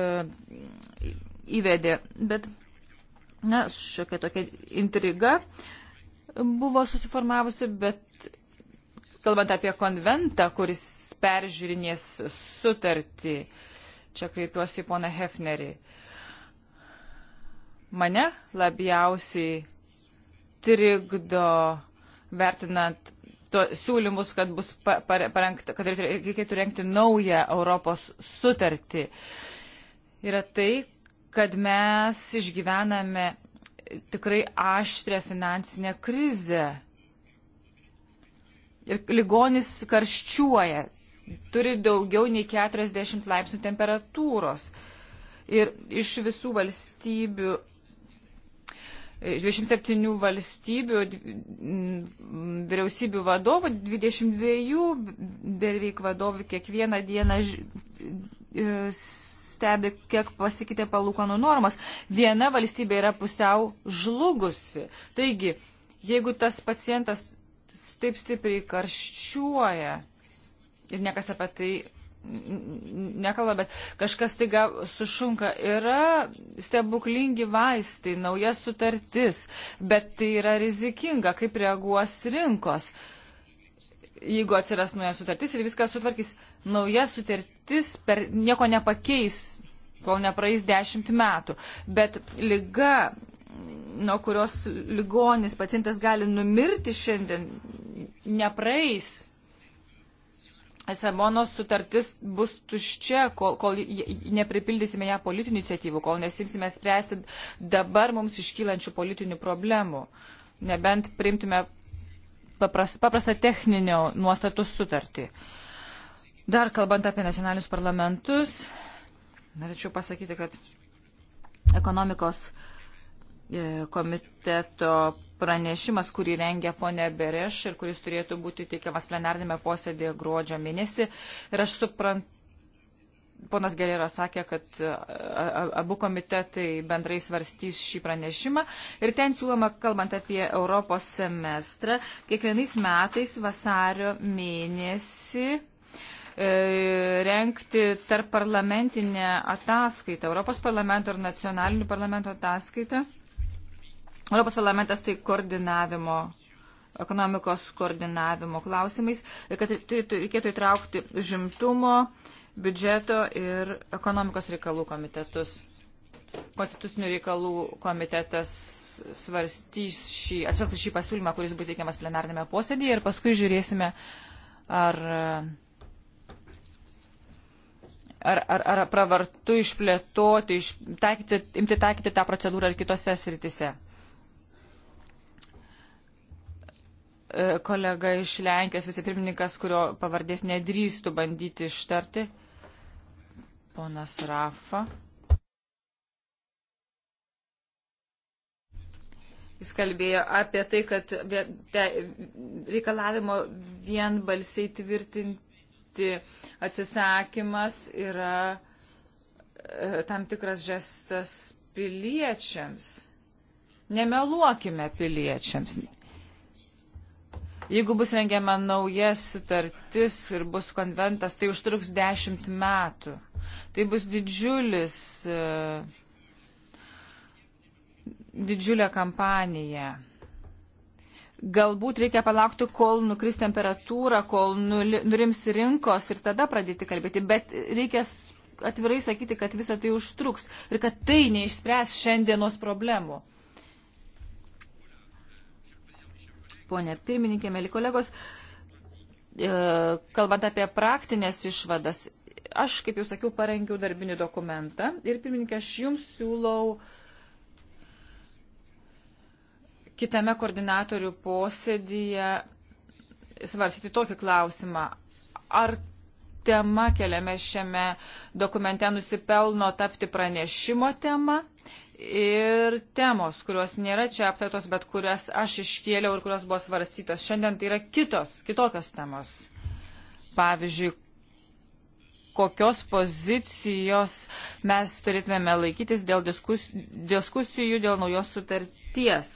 įvedė. Bet na, šiokia tokia intriga buvo susiformavusi, bet kalbant apie konventą, kuris peržiūrinės sutartį, čia kreipiuosi į poną Hefnerį. Mane labiausiai trikdo vertinant to, siūlymus, kad, bus parengta, kad reikėtų rengti naują Europos sutartį. Yra tai, kad mes išgyvename tikrai aštrę finansinę krizę. Ir ligonis karščiuoja, turi daugiau nei 40 laipsnių temperatūros. Ir iš visų valstybių, iš 27 valstybių vyriausybių vadovų, 22 beveik vadovų kiekvieną dieną e, stebi, kiek pasikeitė palūkanų normos. Viena valstybė yra pusiau žlugusi. Taigi, jeigu tas pacientas taip stipriai karščiuoja ir niekas apie tai nekalba, bet kažkas taiga sušunka. Yra stebuklingi vaistai, nauja sutartis, bet tai yra rizikinga, kaip reaguos rinkos. Uh, jeigu atsiras nauja sutartis ir viskas sutvarkys. Nauja sutartis per nieko nepakeis, kol nepraeis dešimt metų. Bet lyga, nuo kurios ligonis pacientas gali numirti šiandien, nepraeis. Esamonos sutartis bus tuščia, kol, kol nepripildysime ją politinių iniciatyvų, kol nesimsime spręsti dabar mums iškylančių politinių problemų. Nebent primtume papras, paprastą techninio nuostatų sutartį. Dar kalbant apie nacionalinius parlamentus, norėčiau pasakyti, kad ekonomikos e, komiteto pranešimas, kurį rengia ponė Bereš ir kuris turėtų būti teikiamas plenarnėme posėdėje gruodžio mėnesį. Ir aš suprantu, ponas Gerėra sakė, kad e, abu komitetai bendrai svarstys šį pranešimą ir ten siūloma, kalbant apie Europos semestrą, kiekvienais metais vasario mėnesį e, renkti tarp parlamentinę ataskaitą, Europos parlamento ir nacionalinių parlamento ataskaitą. Europos parlamentas tai koordinavimo ekonomikos koordinavimo klausimais ir kad tai, tai reikėtų įtraukti žimtumo, uh, biudžeto ir ekonomikos reikalų komitetus. Konstitucinių reikalų komitetas svarstys šį, atsiprašau, šį pasiūlymą, kuris bus teikiamas plenarnėme posėdėje ir paskui žiūrėsime, ar, ar, ar, ar pravartu išplėtoti, iš, taikyti, imti taikyti tą procedūrą ir kitose sritise. E, kolega iš Lenkijos vicepirmininkas, kurio pavardės nedrįstų bandyti ištarti, ponas Rafa. Jis kalbėjo apie tai, kad reikalavimo vienbalsiai tvirtinti atsisakymas yra e, tam tikras žestas piliečiams. Nemeluokime piliečiams. Jeigu bus rengiama nauja sutartis ir bus konventas, tai užtruks dešimt metų. Tai bus didžiulis, e, didžiulė kampanija. Galbūt reikia palaukti, kol nukris temperatūra, kol nurims rinkos ir tada pradėti kalbėti, bet reikia atvirai sakyti, kad visa tai užtruks ir kad tai neišspręs šiandienos problemų. Pone pirmininkė, mėly kolegos, e, kalbant apie praktinės išvadas, Aš, kaip jau sakiau, parengiau darbinį dokumentą ir pirmininkė, aš jums siūlau kitame koordinatorių posėdyje svarsyti tokį klausimą. Ar tema keliame šiame dokumente nusipelno tapti pranešimo tema ir temos, kurios nėra čia aptartos, bet kurias aš iškėliau ir kurios buvo svarstytos. Šiandien tai yra kitos, kitokios temos. Pavyzdžiui, kokios pozicijos mes turėtumėme laikytis dėl diskusijų, diskusijų dėl naujos sutarties.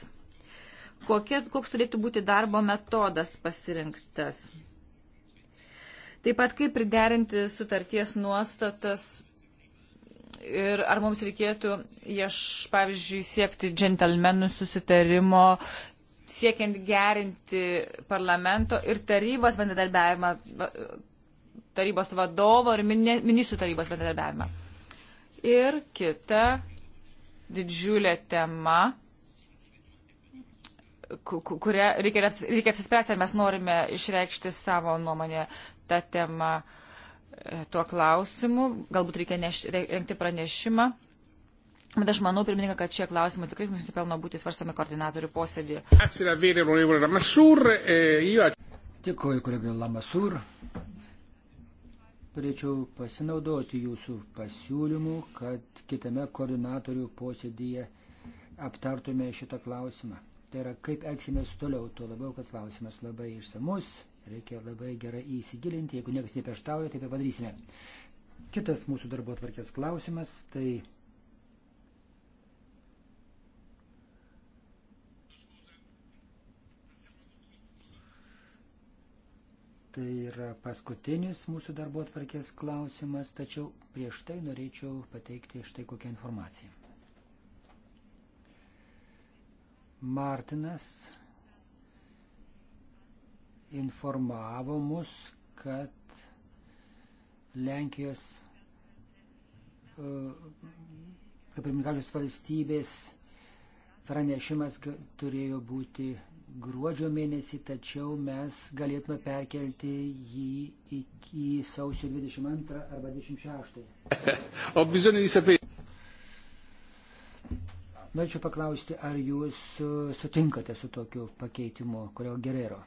Kokie, koks turėtų būti darbo metodas pasirinktas. Taip pat kaip priderinti sutarties nuostatas ir ar mums reikėtų, aš, pavyzdžiui, siekti džentelmenų susitarimo, siekiant gerinti parlamento ir tarybos bendradarbiavimą tarybos vadovo ir ministrų tarybos bendradarbiavimą. Ir kita didžiulė tema, kurią reikia, reikia apsispręsti, ar mes norime išreikšti savo nuomonę tą temą e, tuo klausimu. Galbūt reikia neš, rengti pranešimą. Bet aš manau, pirmininkai, kad šie klausimai tikrai nusipelno būti svarstami koordinatorių posėdėje. Dėkuoju, kolegai Lamasur. Turėčiau pasinaudoti jūsų pasiūlymu, kad kitame koordinatorių posėdėje aptartume šitą klausimą. Tai yra, kaip elgsimės toliau, tuo labiau, kad klausimas labai išsamus, reikia labai gerai įsigilinti, jeigu niekas nepeštauja, taip ir padarysime. Kitas mūsų darbo atvarkės klausimas, tai Tai yra paskutinis mūsų darbo atvarkės klausimas, tačiau prieš tai norėčiau pateikti štai kokią informaciją. Martinas informavo mus, kad Lenkijos e, kaip ir Mikalius valstybės pranešimas turėjo būti gruodžio mėnesį, tačiau mes galėtume perkelti jį iki sausio 22 arba 26. O bizonai įsapė. Norėčiau paklausti, ar jūs e, sutinkate su tokiu pakeitimu, kurio gerero?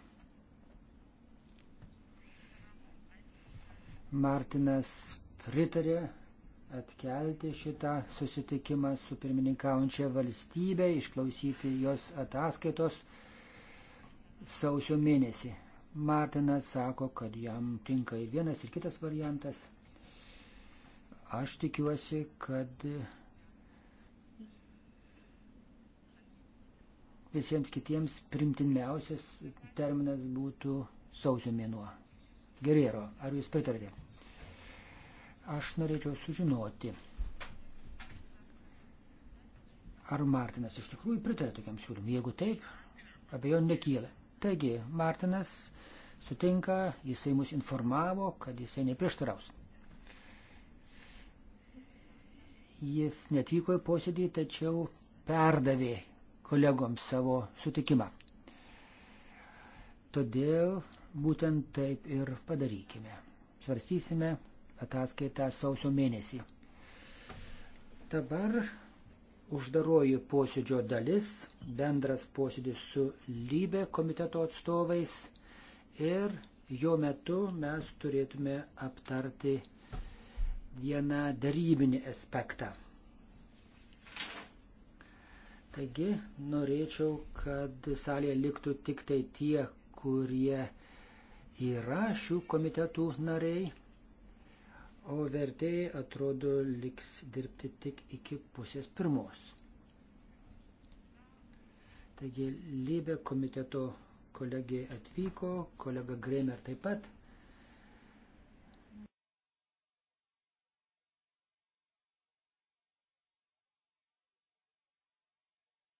Martinas pritarė atkelti šitą susitikimą su pirmininkaujančia valstybė, išklausyti jos ataskaitos sausio mėnesį. Martinas sako, kad jam tinka ir vienas, ir kitas variantas. Aš tikiuosi, kad visiems kitiems primtiniausias terminas būtų sausio mėnuo. Gerėro, ar jūs pritarėte? Aš norėčiau sužinoti, ar Martinas iš tikrųjų pritarė tokiam siūlymui. Jeigu taip, abejonių nekyla. Taigi, Martinas sutinka, jisai mus informavo, kad jisai neprieštaraus. Jis netvyko į posėdį, tačiau perdavė kolegoms savo sutikimą. Todėl būtent taip ir padarykime. Svarstysime ataskaitą sausio mėnesį. Dabar uždaroji posėdžio dalis, bendras posėdis su lybė komiteto atstovais ir jo metu mes turėtume aptarti vieną darybinį aspektą. Taigi norėčiau, kad salėje liktų tik tai tie, kurie yra šių komitetų nariai o vertėjai atrodo liks dirbti tik iki pusės pirmos. Taigi lybė komiteto kolegija atvyko, kolega Gremer taip pat.